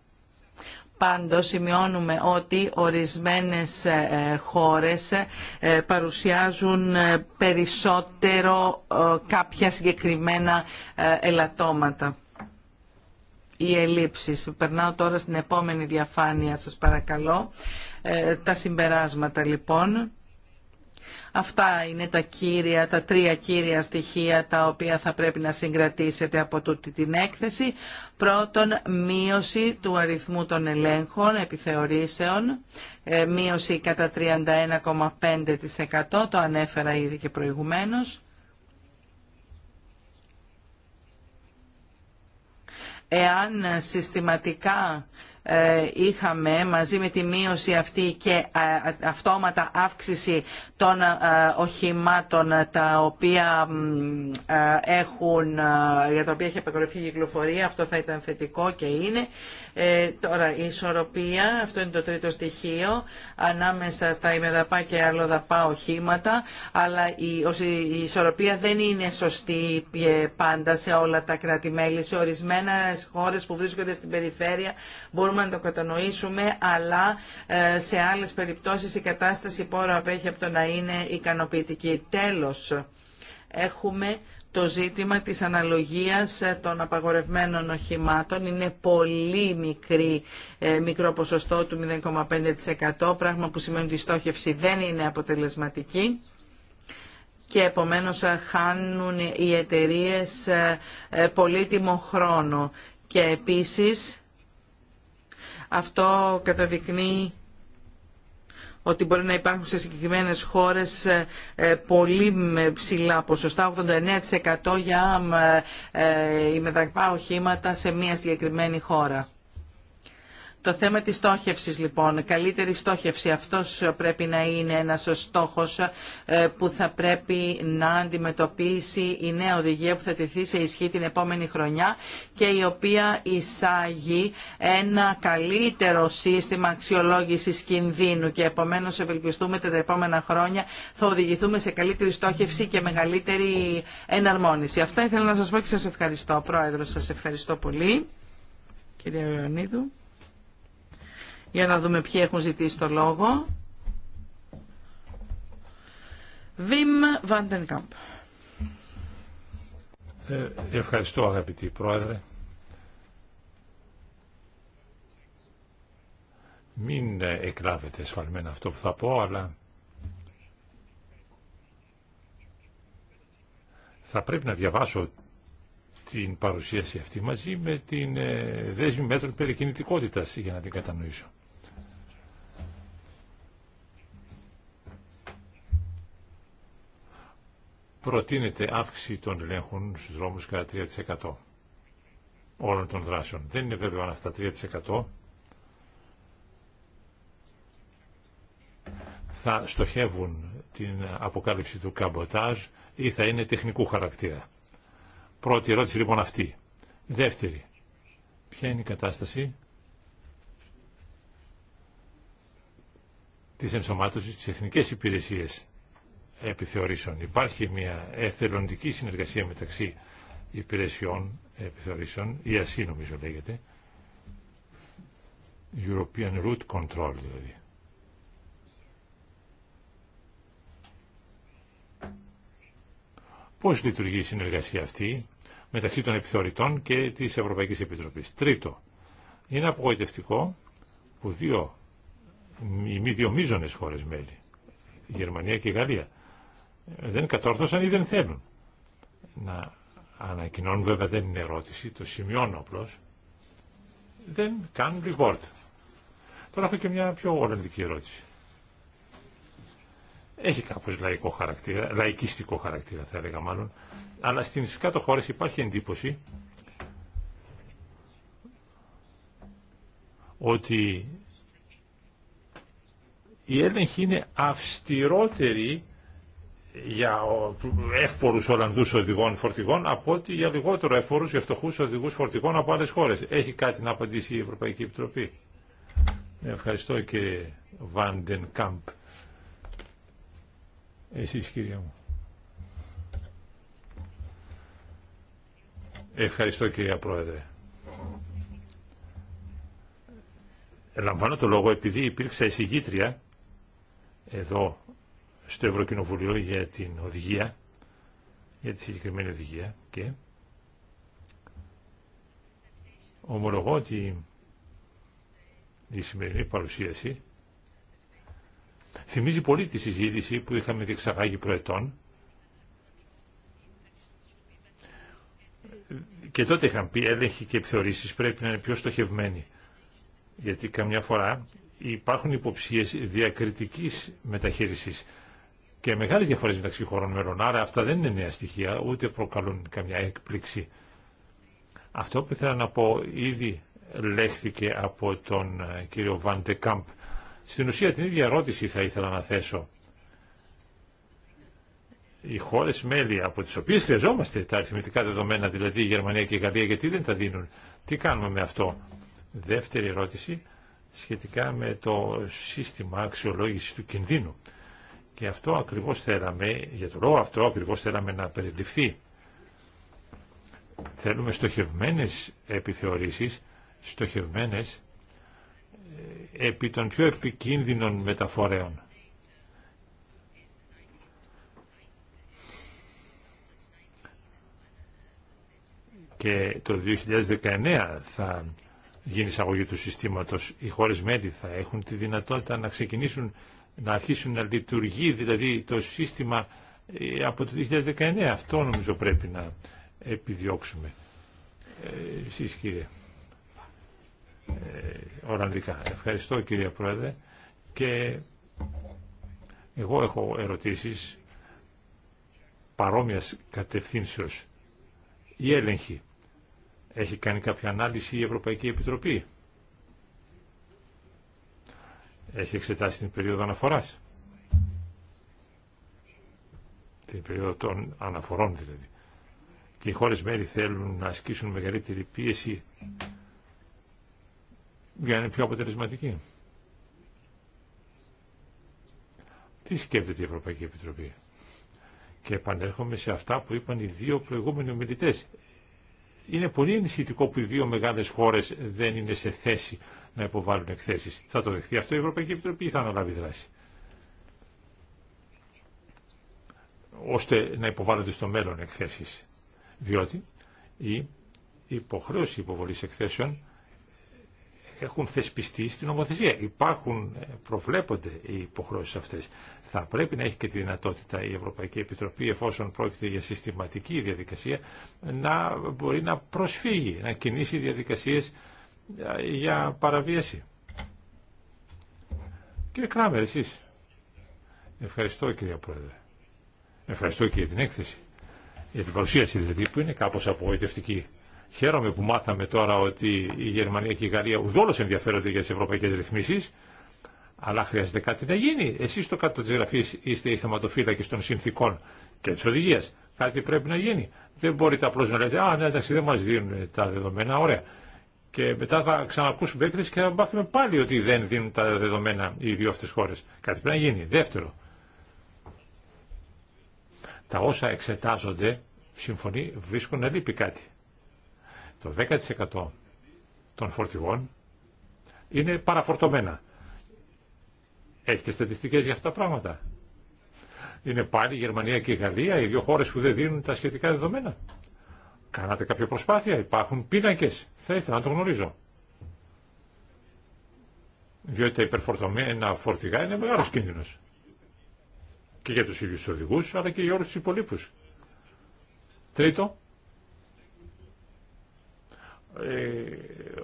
Πάντως σημειώνουμε ότι ορισμένες ε, χώρες ε, παρουσιάζουν ε, περισσότερο κάποια συγκεκριμένα ελαττώματα ή ελλείψεις. Περνάω τώρα στην επόμενη διαφάνεια σας παρακαλώ. Τα συμπεράσματα λοιπόν. Αυτά είναι τα κύρια, τα τρία κύρια στοιχεία τα οποία θα πρέπει να συγκρατήσετε από τούτη την έκθεση. Πρώτον, μείωση του αριθμού των ελέγχων επιθεωρήσεων, ε, μείωση κατά 31,5%, το ανέφερα ήδη και προηγουμένως. Εάν συστηματικά ε, είχαμε μαζί με τη μείωση αυτή και ε, αυτόματα αύξηση των ε, οχημάτων τα οποία έχουν, για τα οποία έχει απεκορυφθεί η κυκλοφορία, αυτό θα ήταν θετικό και είναι. Τώρα η ισορροπία, αυτό είναι το τρίτο στοιχείο, ανάμεσα στα ημεδαπά και αλλοδαπά οχήματα, αλλά η ισορροπία δεν είναι σωστή πάντα σε όλα τα κράτη-μέλη, σε ορισμένες χώρες που βρίσκονται στην περιφέρεια μπορούμε να το κατανοήσουμε, αλλά ε, σε άλλες περιπτώσεις η κατάσταση πόρο απέχει από το να είναι ικανοποιητική. Τέλος, έχουμε το ζήτημα της αναλογίας ε, των απαγορευμένων οχημάτων είναι πολύ μικρή, ε, μικρό ποσοστό του 0,5%, πράγμα που σημαίνει ότι η στόχευση δεν είναι αποτελεσματική και επομένως χάνουν οι εταιρείες πολύτιμο χρόνο. Και επίσης αυτό καταδεικνύει ότι μπορεί να υπάρχουν σε συγκεκριμένες χώρες ε, ε, πολύ ψηλά ποσοστά, 89% για ε, μεταγράφα οχήματα σε μια συγκεκριμένη χώρα. Το θέμα της στόχευσης λοιπόν, καλύτερη στόχευση, αυτός πρέπει να είναι ένας στόχος ε, που θα πρέπει να αντιμετωπίσει η νέα οδηγία που θα τεθεί σε ισχύ την επόμενη χρονιά και η οποία εισάγει ένα καλύτερο σύστημα αξιολόγησης κινδύνου και επομένως ευελπιστούμε τα επόμενα χρόνια θα οδηγηθούμε σε καλύτερη στόχευση και μεγαλύτερη εναρμόνιση. Αυτά ήθελα να σας πω και σας ευχαριστώ. πρόεδρο, σας ευχαριστώ πολύ. κύριε Ιωαννίδου. Για να δούμε ποιοι έχουν ζητήσει το λόγο. Βιμ Βαντενκάμπ. Ε, ευχαριστώ αγαπητή Πρόεδρε. Μην ε, εκλάβετε εσφαλμένα αυτό που θα πω, αλλά θα πρέπει να διαβάσω την παρουσίαση αυτή μαζί με την ε, δέσμη μέτρων περικινητικότητας για να την κατανοήσω. προτείνεται αύξηση των ελέγχων στους δρόμους κατά 3% όλων των δράσεων. Δεν είναι βέβαιο αν αυτά 3% θα στοχεύουν την αποκάλυψη του καμποτάζ ή θα είναι τεχνικού χαρακτήρα. Πρώτη ερώτηση λοιπόν αυτή. Δεύτερη. Ποια είναι η κατάσταση της ενσωμάτωσης της εθνικές υπηρεσίες επιθεωρήσεων. Υπάρχει μια εθελοντική συνεργασία μεταξύ υπηρεσιών επιθεωρήσεων, η e ΑΣΥ νομίζω λέγεται, European Route Control δηλαδή. Πώς λειτουργεί η συνεργασία αυτή μεταξύ των επιθεωρητών και της Ευρωπαϊκής Επιτροπής. Τρίτο, είναι απογοητευτικό που δύο, οι μη δύο μείζονες χώρες μέλη, η Γερμανία και η Γαλλία, ε, δεν κατόρθωσαν ή δεν θέλουν να ανακοινώνουν, βέβαια δεν είναι ερώτηση, το σημειώνω απλώ δεν κάνουν report. Τώρα έχω και μια πιο ολλανδική ερώτηση. Έχει κάπως λαϊκό χαρακτήρα, λαϊκίστικο χαρακτήρα θα έλεγα μάλλον, αλλά στις κάτω χώρε υπάρχει εντύπωση ότι η έλεγχη είναι αυστηρότερη για εύπορους Ολλανδούς οδηγών φορτηγών από ότι για λιγότερο εύπορους και φτωχούς οδηγούς φορτηγών από άλλες χώρες. Έχει κάτι να απαντήσει η Ευρωπαϊκή Επιτροπή. Ευχαριστώ και Βάντεν Κάμπ. Εσείς κυρία μου. Ευχαριστώ κυρία Πρόεδρε. Ελαμβάνω το λόγο επειδή υπήρξα εισηγήτρια εδώ στο Ευρωκοινοβουλίο για την οδηγία, για τη συγκεκριμένη οδηγία και ομολογώ ότι η σημερινή παρουσίαση θυμίζει πολύ τη συζήτηση που είχαμε διεξαγάγει προετών και τότε είχαν πει έλεγχοι και επιθεωρήσεις πρέπει να είναι πιο στοχευμένοι γιατί καμιά φορά υπάρχουν υποψίες διακριτικής μεταχείρισης και μεγάλες διαφορές μεταξύ χωρών μελών. Άρα αυτά δεν είναι νέα στοιχεία, ούτε προκαλούν καμιά έκπληξη. Αυτό που ήθελα να πω ήδη λέχθηκε από τον ε, κύριο Βάντε Κάμπ. Στην ουσία την ίδια ερώτηση θα ήθελα να θέσω. Οι χώρες μέλη από τις οποίες χρειαζόμαστε τα αριθμητικά δεδομένα, δηλαδή η Γερμανία και η Γαλλία, γιατί δεν τα δίνουν. Τι κάνουμε με αυτό. Δεύτερη ερώτηση σχετικά με το σύστημα αξιολόγησης του κινδύνου. Και αυτό ακριβώς θέλαμε, για το λόγο αυτό ακριβώς θέλαμε να περιληφθεί. Θέλουμε στοχευμένες επιθεωρήσεις, στοχευμένες ε, επί των πιο επικίνδυνων μεταφορέων. Και το 2019 θα γίνει εισαγωγή του συστήματος. Οι χώρες μέλη θα έχουν τη δυνατότητα να ξεκινήσουν να αρχίσουν να λειτουργεί δηλαδή το σύστημα ε, από το 2019. Αυτό νομίζω πρέπει να επιδιώξουμε. Ε, εσείς κύριε ε, Ολλανδικά. Ευχαριστώ κύριε Πρόεδρε και εγώ έχω ερωτήσεις παρόμοιας κατευθύνσεως. Η έλεγχη. Έχει κάνει κάποια ανάλυση η Ευρωπαϊκή Επιτροπή έχει εξετάσει την περίοδο αναφοράς. Την περίοδο των αναφορών δηλαδή. Και οι χώρες μέρη θέλουν να ασκήσουν μεγαλύτερη πίεση για να είναι πιο αποτελεσματική. Τι σκέφτεται η Ευρωπαϊκή Επιτροπή. Και επανέρχομαι σε αυτά που είπαν οι δύο προηγούμενοι ομιλητέ. Είναι πολύ ενισχυτικό που οι δύο μεγάλες χώρες δεν είναι σε θέση να υποβάλουν εκθέσεις. Θα το δεχθεί αυτό η Ευρωπαϊκή Επιτροπή ή θα αναλάβει δράση. ώστε να υποβάλλονται στο μέλλον εκθέσεις. Διότι η υποχρέωση υποβολής εκθέσεων έχουν θεσπιστεί στην νομοθεσία. Υπάρχουν, ε, προβλέπονται οι υποχρεώσεις αυτές. Θα πρέπει να έχει και τη δυνατότητα η Ευρωπαϊκή Επιτροπή, εφόσον πρόκειται για συστηματική διαδικασία, να μπορεί να προσφύγει, να κινήσει διαδικασίες για παραβίαση. Κύριε Κράμερ, εσείς. Ευχαριστώ κύριε Πρόεδρε. Ευχαριστώ και για την έκθεση. Για την παρουσίαση δηλαδή που είναι κάπως απογοητευτική. Χαίρομαι που μάθαμε τώρα ότι η Γερμανία και η Γαλλία ουδόλως ενδιαφέρονται για τις ευρωπαϊκές ρυθμίσεις, αλλά χρειάζεται κάτι να γίνει. Εσείς στο κάτω της γραφής είστε οι θεματοφύλακες των συνθήκων και της οδηγίας. Κάτι πρέπει να γίνει. Δεν μπορείτε απλώς να λέτε, α, ναι, εντάξει, δεν μας δίνουν τα δεδομένα, ωραία και μετά θα ξανακούσουμε έκκληση και θα μάθουμε πάλι ότι δεν δίνουν τα δεδομένα οι δύο αυτές χώρες. Κάτι πρέπει να γίνει. Δεύτερο, τα όσα εξετάζονται, συμφωνεί, βρίσκουν να λείπει κάτι. Το 10% των φορτηγών είναι παραφορτωμένα. Έχετε στατιστικές για αυτά τα πράγματα. Είναι πάλι η Γερμανία και η Γαλλία οι δύο χώρε που δεν δίνουν τα σχετικά δεδομένα. Κάνατε κάποια προσπάθεια, υπάρχουν πίνακες. Θα ήθελα να το γνωρίζω. Διότι τα υπερφορτωμένα φορτηγά είναι μεγάλος κίνδυνος. Και για τους ίδιους αλλά και για όλους τους υπολείπους. Τρίτο, ε,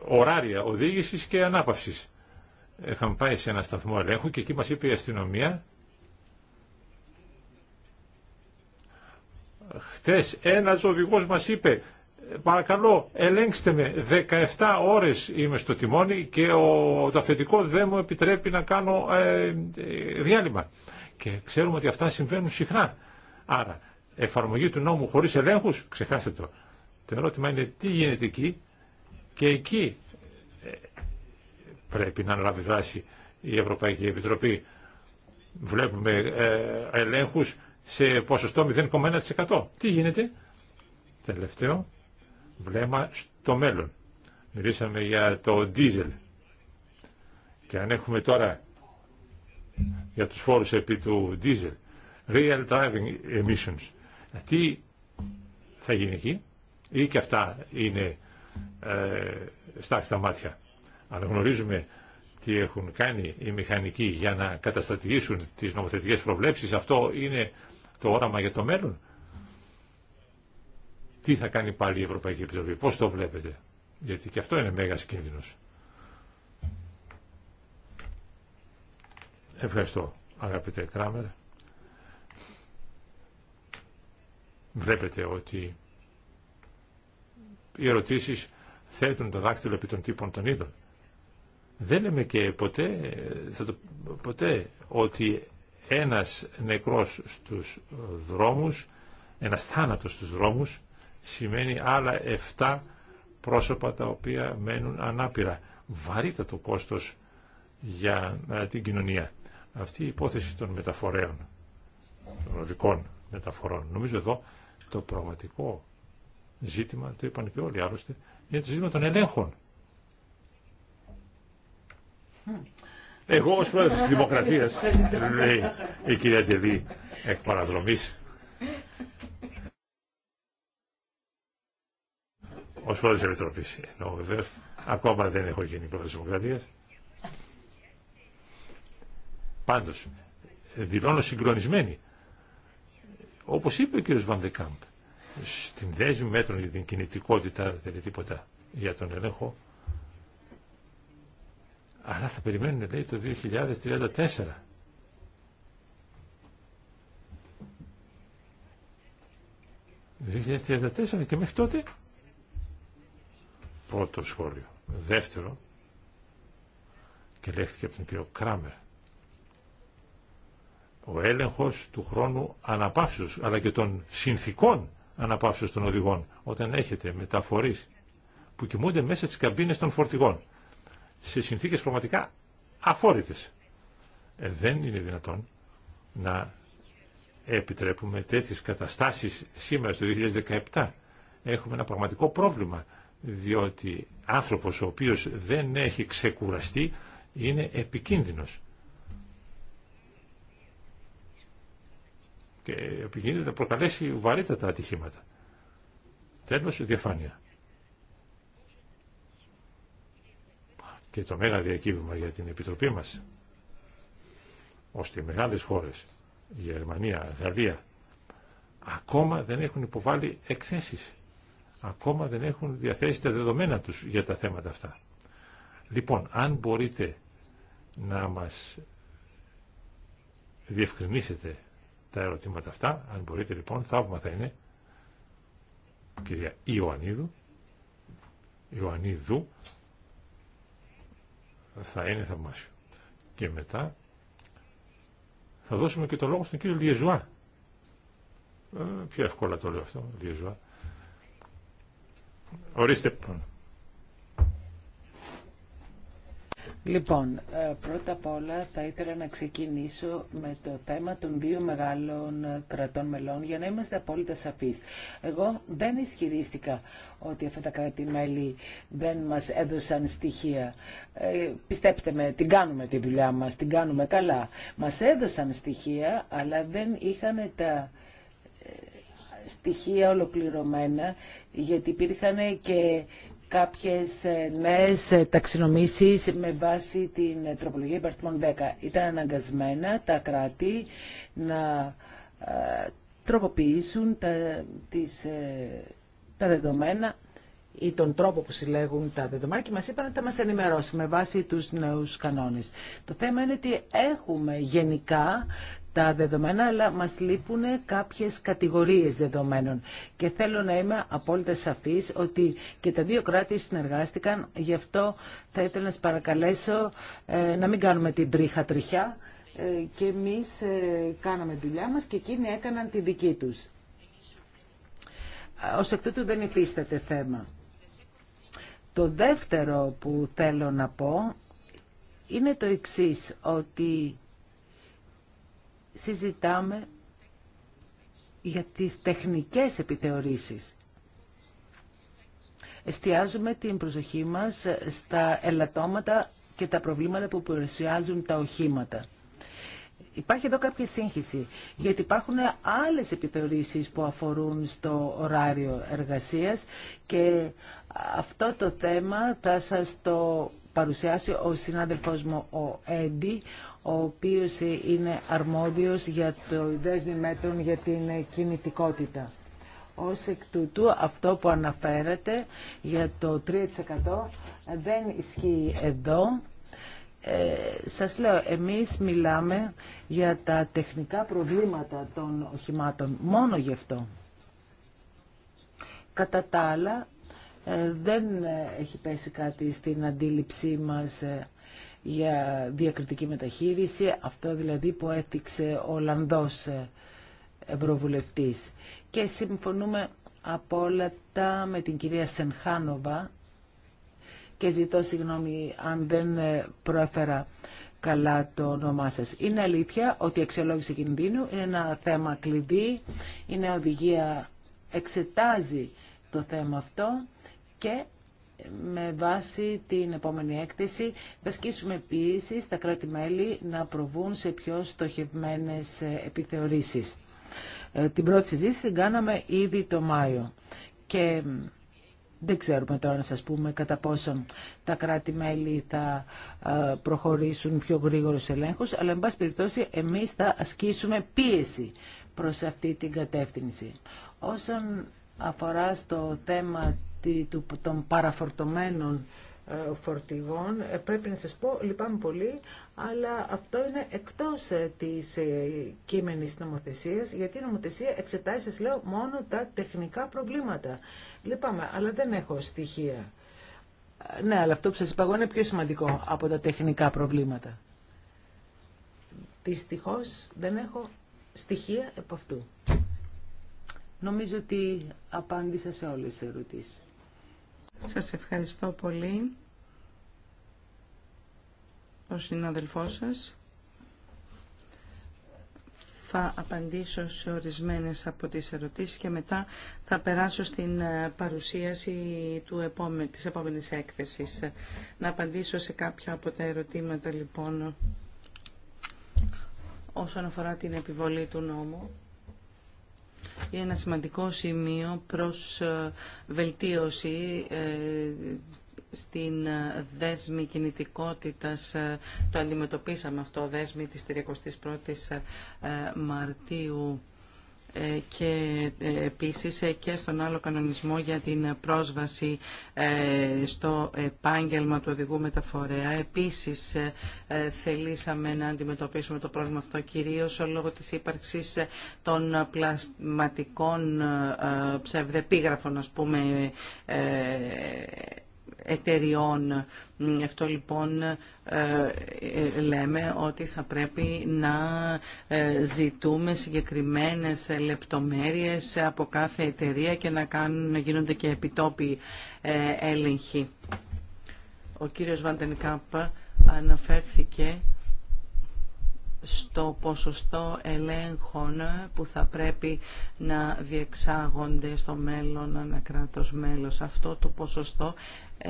ωράρια οδήγησης και ανάπαυσης. Είχαμε πάει σε ένα σταθμό ελέγχου και εκεί μας είπε η αστυνομία Χτες ένας οδηγός μας είπε παρακαλώ ελέγξτε με 17 ώρες είμαι στο τιμόνι και ο, το αφεντικό δεν μου επιτρέπει να κάνω ε, ε, διάλειμμα. Και ξέρουμε ότι αυτά συμβαίνουν συχνά. Άρα εφαρμογή του νόμου χωρίς ελέγχους, ξεχάστε το. Το ερώτημα είναι τι γίνεται εκεί και εκεί ε, πρέπει να αναλάβει δράση η Ευρωπαϊκή Επιτροπή. Βλέπουμε ε, ελέγχους σε ποσοστό 0,1%. Τι γίνεται, τελευταίο βλέμμα στο μέλλον. Μιλήσαμε για το ντίζελ. Και αν έχουμε τώρα για τους φόρους επί του diesel, real driving emissions, τι θα γίνει εκεί ή και αυτά είναι ε, στα μάτια. Αλλά γνωρίζουμε τι έχουν κάνει οι μηχανικοί για να καταστατηγήσουν τις νομοθετικές προβλέψεις. Αυτό είναι το όραμα για το μέλλον. Τι θα κάνει πάλι η Ευρωπαϊκή Επιτροπή, πώς το βλέπετε. Γιατί και αυτό είναι μέγας κίνδυνος. Ευχαριστώ αγαπητέ Κράμερ. Βλέπετε ότι οι ερωτήσεις θέτουν το δάκτυλο επί των τύπων των είδων. Δεν λέμε και ποτέ, θα το, ποτέ ότι ένας νεκρός στους δρόμους, ένας θάνατος στους δρόμους, σημαίνει άλλα 7 πρόσωπα τα οποία μένουν ανάπηρα. Βαρύτατο κόστος για ε, την κοινωνία. Αυτή η υπόθεση των μεταφορέων, των οδικών μεταφορών. Νομίζω εδώ το πραγματικό ζήτημα, το είπαν και όλοι άλλωστε, είναι το ζήτημα των ελέγχων. Εγώ ως πρόεδρος της Δημοκρατίας, λέει η κυρία Τελή, εκ παραδρομής. Ως πρόεδρος της Επιτροπής, εννοώ βεβαίως. Ακόμα δεν έχω γίνει πρόεδρος της Δημοκρατίας. Πάντως, δηλώνω συγκλονισμένη. Όπως είπε ο κύριος Βαντεκάμπ, στην δέσμη μέτρων για την κινητικότητα δεν είναι τίποτα για τον έλεγχο αλλά θα περιμένουν λέει το 2034. 2034 και μέχρι τότε πρώτο σχόλιο. Δεύτερο και λέχθηκε από τον κύριο Κράμερ ο έλεγχος του χρόνου αναπαύσεως αλλά και των συνθήκων αναπαύσεως των οδηγών όταν έχετε μεταφορείς που κοιμούνται μέσα στις καμπίνες των φορτηγών σε συνθήκες πραγματικά αφόρητες. Ε, δεν είναι δυνατόν να επιτρέπουμε τέτοιες καταστάσεις σήμερα στο 2017. Έχουμε ένα πραγματικό πρόβλημα, διότι άνθρωπος ο οποίος δεν έχει ξεκουραστεί είναι επικίνδυνος. Και επικίνδυνο να προκαλέσει βαρύτατα ατυχήματα. Τέλος, διαφάνεια. και το μέγα διακύβημα για την Επιτροπή μας, ώστε οι μεγάλες χώρες, Γερμανία, Γαλλία, ακόμα δεν έχουν υποβάλει εκθέσεις, ακόμα δεν έχουν διαθέσει τα δεδομένα τους για τα θέματα αυτά. Λοιπόν, αν μπορείτε να μας διευκρινίσετε τα ερωτήματα αυτά, αν μπορείτε λοιπόν, θαύμα θα είναι, κυρία Ιωαννίδου, Ιωαννίδου, θα είναι θαυμάσιο. Και μετά θα δώσουμε και το λόγο στον κύριο Λιεζουά. Ε, πιο εύκολα το λέω αυτό, Λιεζουά. Ορίστε, Λοιπόν, ε, πρώτα απ' όλα θα ήθελα να ξεκινήσω με το θέμα των δύο μεγάλων ε, κρατών μελών για να είμαστε απόλυτα σαφείς. Εγώ δεν ισχυρίστηκα ότι αυτά τα κράτη-μέλη δεν μας έδωσαν στοιχεία. Ε, πιστέψτε με, την κάνουμε τη δουλειά μας, την κάνουμε καλά. Μας έδωσαν στοιχεία, αλλά δεν είχαν τα στοιχεία ολοκληρωμένα, γιατί υπήρχαν και κάποιες ε, νέες ε, ταξινομήσεις με βάση την ε, τροπολογία υπαρτιμών 10. Ήταν αναγκασμένα τα κράτη να τροποποιήσουν τα, τις, τα δεδομένα ή τον τρόπο που συλλέγουν τα δεδομένα και μας είπαν ότι θα μας ενημερώσουν με βάση τους νέους κανόνες. Το θέμα είναι ότι έχουμε γενικά τα δεδομένα, αλλά μας λείπουν κάποιες κατηγορίες δεδομένων. Και θέλω να είμαι απόλυτα σαφής ότι και τα δύο κράτη συνεργάστηκαν, γι' αυτό θα ήθελα να σας παρακαλέσω ε, να μην κάνουμε την τρίχα τριχιά ε, και εμείς ε, κάναμε τη δουλειά μας και εκείνοι έκαναν τη δική τους. Ως εκ τούτου δεν υφίσταται θέμα. Το δεύτερο που θέλω να πω είναι το εξής, ότι συζητάμε για τις τεχνικές επιθεωρήσεις. Εστιάζουμε την προσοχή μας στα ελαττώματα και τα προβλήματα που παρουσιάζουν τα οχήματα. Υπάρχει εδώ κάποια σύγχυση, γιατί υπάρχουν άλλες επιθεωρήσεις που αφορούν στο ωράριο εργασίας και αυτό το θέμα θα σας το παρουσιάσει ο συνάδελφός μου ο Έντι, ο οποίος είναι αρμόδιος για το δέσμι μέτρων για την κινητικότητα. Ως εκ τούτου αυτό που αναφέρατε για το 3% δεν ισχύει εδώ. Ε, σας λέω, εμείς μιλάμε για τα τεχνικά προβλήματα των οχημάτων, μόνο γι' αυτό. Κατά τα ε, δεν ε, έχει πέσει κάτι στην αντίληψή μας ε, για διακριτική μεταχείριση, αυτό δηλαδή που έθιξε ο Ολλανδός Ευρωβουλευτής. Και συμφωνούμε τα με την κυρία Σενχάνοβα και ζητώ συγγνώμη αν δεν προέφερα καλά το όνομά σας. Είναι αλήθεια ότι η αξιολόγηση κινδύνου είναι ένα θέμα κλειδί, είναι οδηγία εξετάζει το θέμα αυτό και με βάση την επόμενη έκθεση θα ασκήσουμε πίεση στα κράτη-μέλη να προβούν σε πιο στοχευμένες επιθεωρήσεις. Ε, την πρώτη συζήτηση την κάναμε ήδη το Μάιο και δεν ξέρουμε τώρα να σας πούμε κατά πόσον τα κράτη-μέλη θα ε, προχωρήσουν πιο γρήγορους ελέγχους, αλλά εν πάση περιπτώσει εμείς θα ασκήσουμε πίεση προς αυτή την κατεύθυνση. Όσον αφορά στο θέμα των παραφορτωμένων ε, φορτηγών. Ε, πρέπει να σας πω, λυπάμαι πολύ, αλλά αυτό είναι εκτός ε, της κείμενης νομοθεσίας, γιατί η νομοθεσία εξετάζει, λέω, μόνο τα τεχνικά προβλήματα. Λυπάμαι, αλλά δεν έχω στοιχεία. Ναι, αλλά αυτό που σας είπα εγώ είναι πιο σημαντικό από τα τεχνικά προβλήματα. Δυστυχώ δεν έχω στοιχεία από αυτού. Νομίζω ότι απάντησα σε όλες τις ερωτήσεις. Σας ευχαριστώ πολύ ο συναδελφό σας. Θα απαντήσω σε ορισμένες από τις ερωτήσεις και μετά θα περάσω στην ε, παρουσίαση του επόμε... της επόμενης έκθεσης. Να απαντήσω σε κάποια από τα ερωτήματα λοιπόν όσον αφορά την επιβολή του νόμου είναι ένα σημαντικό σημείο προς ε, βελτίωση ε, στην ε, δέσμη κινητικότητας. Το αντιμετωπίσαμε αυτό, δέσμη της 31ης Μαρτίου. Ε, και ε, επίσης ε, και στον άλλο κανονισμό για την πρόσβαση στο επάγγελμα του οδηγού μεταφορέα. Επίσης θελήσαμε να αντιμετωπίσουμε το πρόβλημα αυτό κυρίως λόγω της ύπαρξης των πλασματικών ψευδεπίγραφων ας πούμε εταιριών. Γι' αυτό λοιπόν ε, ε, λέμε ότι θα πρέπει να ε, ζητούμε συγκεκριμένες λεπτομέρειες από κάθε εταιρεία και να, κάνουν, γίνονται και επιτόπιοι έλεγχοι. Ο κύριος Βαντενκάπ αναφέρθηκε στο ποσοστό ελέγχων που θα πρέπει να διεξάγονται στο μέλλον ανακράτος μέλος. Αυτό το ποσοστό ε,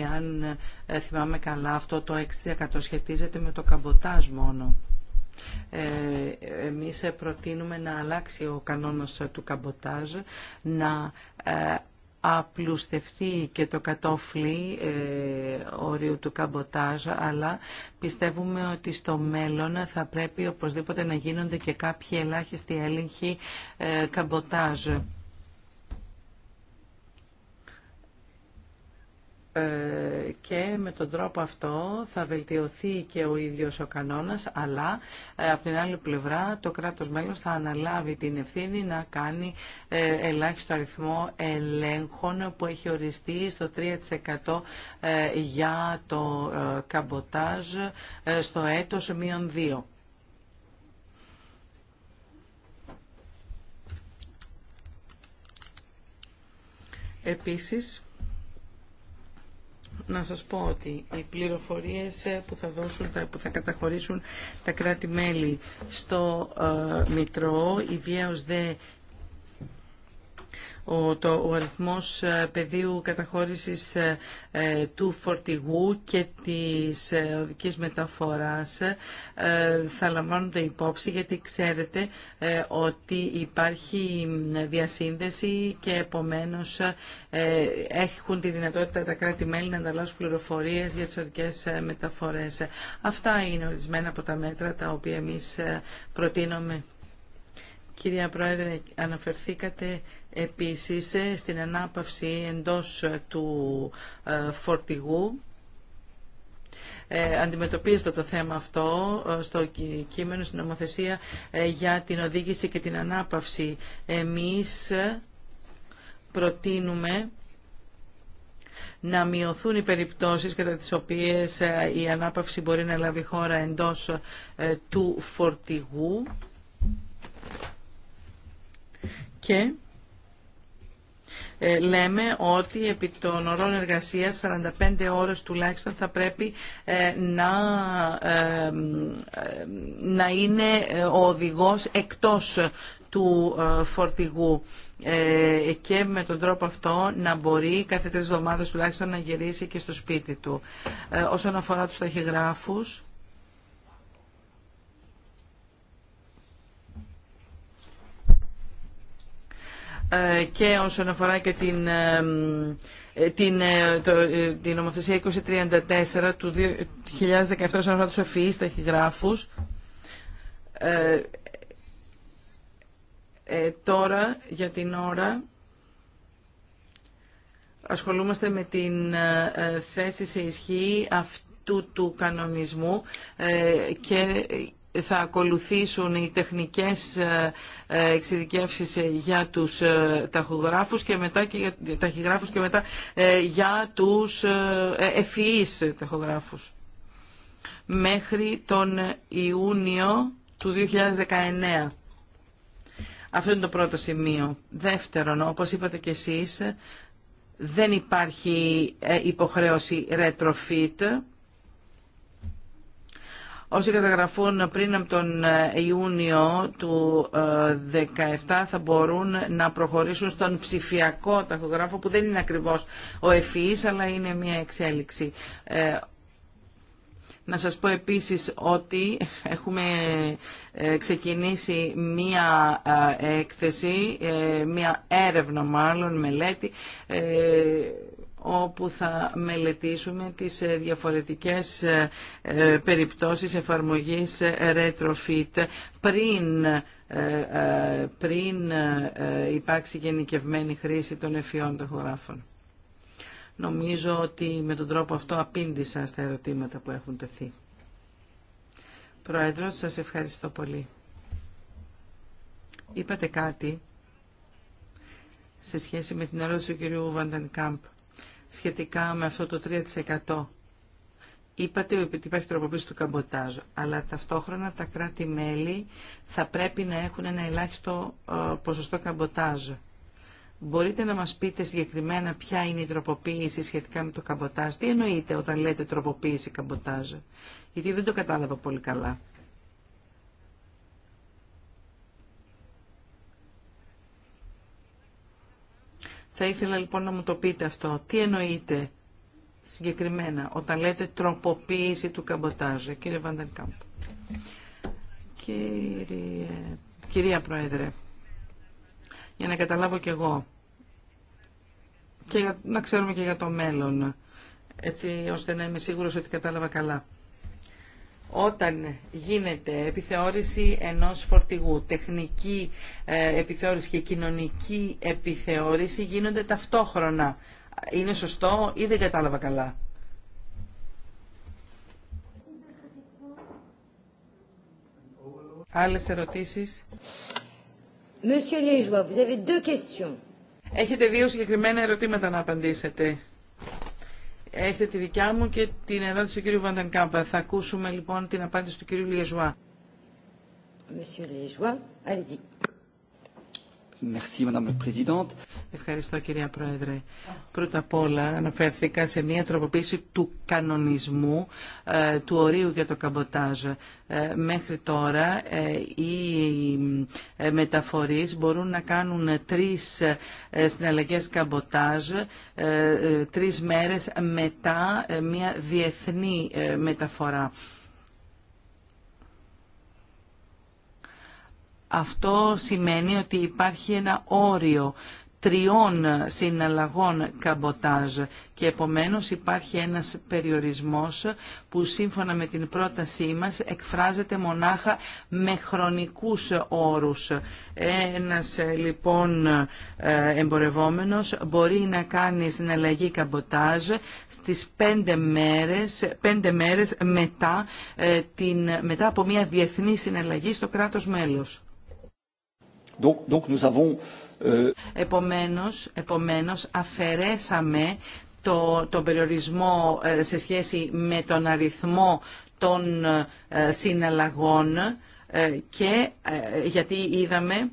εάν ε, θυμάμαι καλά αυτό το 6% σχετίζεται με το καμποτάζ μόνο. Ε, εμείς ε, προτείνουμε να αλλάξει ο κανόνας του καμποτάζ, να απλουστευτεί και το κατόφλι όριου του καμποτάζ, αλλά πιστεύουμε ότι στο μέλλον θα πρέπει οπωσδήποτε να γίνονται και κάποιοι ελάχιστοι έλεγχοι ε, καμποτάζ. Ε, και με τον τρόπο αυτό θα βελτιωθεί και ο ίδιος ο κανόνας, αλλά ε, από την άλλη πλευρά το κράτος μέλος θα αναλάβει την ευθύνη να κάνει ε, ελάχιστο αριθμό ελέγχων που έχει οριστεί στο 3% για το καμποτάζ στο έτος μείον 2. Επίσης, να σας πω ότι οι πληροφορίες που θα, δώσουν, που θα καταχωρήσουν τα κράτη-μέλη στο ε, Μητρό, ιδίω δε ο, το, ο αριθμός ε, πεδίου καταχώρησης ε, ε, του φορτηγού και της οδικής μεταφοράς θα λαμβάνονται υπόψη γιατί ξέρετε ότι υπάρχει διασύνδεση και επομένως έχουν τη δυνατότητα τα κράτη-μέλη να ανταλλάσσουν πληροφορίες για τις οδικές μεταφορές. Αυτά είναι ορισμένα από τα μέτρα τα οποία εμείς προτείνουμε. Κυρία Πρόεδρε, αναφερθήκατε Επίσης, ε, στην ανάπαυση εντός ε, του ε, φορτηγού αντιμετωπίζεται το θέμα αυτό στο κείμενο, στην νομοθεσία για την οδήγηση και την ανάπαυση. Εμείς προτείνουμε να μειωθούν οι περιπτώσεις κατά τις οποίες η ανάπαυση μπορεί να λάβει χώρα εντός του φορτηγού και ε, λέμε ότι επί των ωρών εργασίας 45 ώρες τουλάχιστον θα πρέπει ε, να, ε, να είναι ο οδηγός εκτός του φορτηγού και με τον τρόπο αυτό να μπορεί κάθε τρεις εβδομάδες τουλάχιστον να γυρίσει και στο σπίτι του. Όσον αφορά τους ταχυγράφους, Ε, και όσον αφορά και την, ε, ε, την, το, την νομοθεσία 2034 του 2017 όσον αφορά τους ευφυείς ταχυγράφους τώρα για την ώρα ασχολούμαστε με την θέση σε ισχύ αυτού του κανονισμού και θα ακολουθήσουν οι τεχνικές ε, ε, εξειδικεύσεις για τους ε, ταχυγράφους και μετά και για, ταχυγράφους και μετά για τους ευφυείς ταχυγράφους Μέχρι τον Ιούνιο του 2019. Αυτό είναι το πρώτο σημείο. Δεύτερον, όπως είπατε και εσείς, δεν υπάρχει υποχρέωση retrofit Όσοι καταγραφούν πριν από τον ε, Ιούνιο του 2017 ε, θα μπορούν να προχωρήσουν στον ψηφιακό ταχογράφο που δεν είναι ακριβώς ο εφής αλλά είναι μια εξέλιξη. Ε, να σας πω επίσης ότι έχουμε ξεκινήσει μία έκθεση, μία έρευνα μάλλον, μελέτη, όπου θα μελετήσουμε τις ε, διαφορετικές ε, ε, περιπτώσεις εφαρμογής retrofit πριν πριν υπάρξει γενικευμένη χρήση των εφιών των Νομίζω ότι με τον τρόπο αυτό απήντησα στα ερωτήματα που έχουν τεθεί. Πρόεδρος, σας ευχαριστώ πολύ. Είπατε κάτι σε σχέση με την ερώτηση του κυρίου Βαντανκάμπ σχετικά με αυτό το 3%. Είπατε ότι υπάρχει τροποποίηση του καμποτάζ, αλλά ταυτόχρονα τα κράτη-μέλη θα πρέπει να έχουν ένα ελάχιστο ε, ποσοστό καμποτάζ. Μπορείτε να μας πείτε συγκεκριμένα ποια είναι η τροποποίηση σχετικά με το καμποτάζ. Τι εννοείτε όταν λέτε τροποποίηση καμποτάζ. Γιατί δεν το κατάλαβα πολύ καλά. Θα ήθελα λοιπόν να μου το πείτε αυτό. Τι εννοείτε συγκεκριμένα όταν λέτε τροποποίηση του καμποτάζου, κύριε Βαντενκάμπ. Κύριε... Κυρία Πρόεδρε, για να καταλάβω κι εγώ και να ξέρουμε και για το μέλλον, έτσι ώστε να είμαι σίγουρος ότι κατάλαβα καλά όταν γίνεται επιθεώρηση ενός φορτηγού, τεχνική ε, επιθεώρηση και κοινωνική επιθεώρηση γίνονται ταυτόχρονα. Είναι σωστό ή δεν κατάλαβα καλά. Άλλες ερωτήσεις. Monsieur Liégeois, vous avez deux questions. Έχετε δύο συγκεκριμένα ερωτήματα να απαντήσετε. Έχετε τη δικιά μου και την ερώτηση του κύριου Βαντανκάμπα. Θα ακούσουμε λοιπόν την απάντηση του κύριου Λιεζουά. Ευχαριστώ κυρία Πρόεδρε. Πρώτα απ' όλα αναφέρθηκα σε μια τροποποίηση του κανονισμού ε, του ορίου για το καμποτάζ. Ε, μέχρι τώρα ε, οι μεταφορείς μπορούν να κάνουν τρεις συναλλαγές καμποτάζ τρεις μέρες μετά μια διεθνή μεταφορά. Αυτό σημαίνει ότι υπάρχει ένα όριο τριών συναλλαγών καμποτάζ και επομένως υπάρχει ένας περιορισμός που σύμφωνα με την πρότασή μας εκφράζεται μονάχα με χρονικούς όρους. Ένας λοιπόν ε, εμπορευόμενος μπορεί να κάνει συναλλαγή καμποτάζ στις πέντε μέρες, πέντε μέρες μετά, ε, την, μετά από μια διεθνή συναλλαγή στο κράτος μέλος. Euh, επομένως, επομένως, αφαιρέσαμε το, τον περιορισμό ε, σε σχέση με τον αριθμό των ε, συναλλαγών ε, και γιατί είδαμε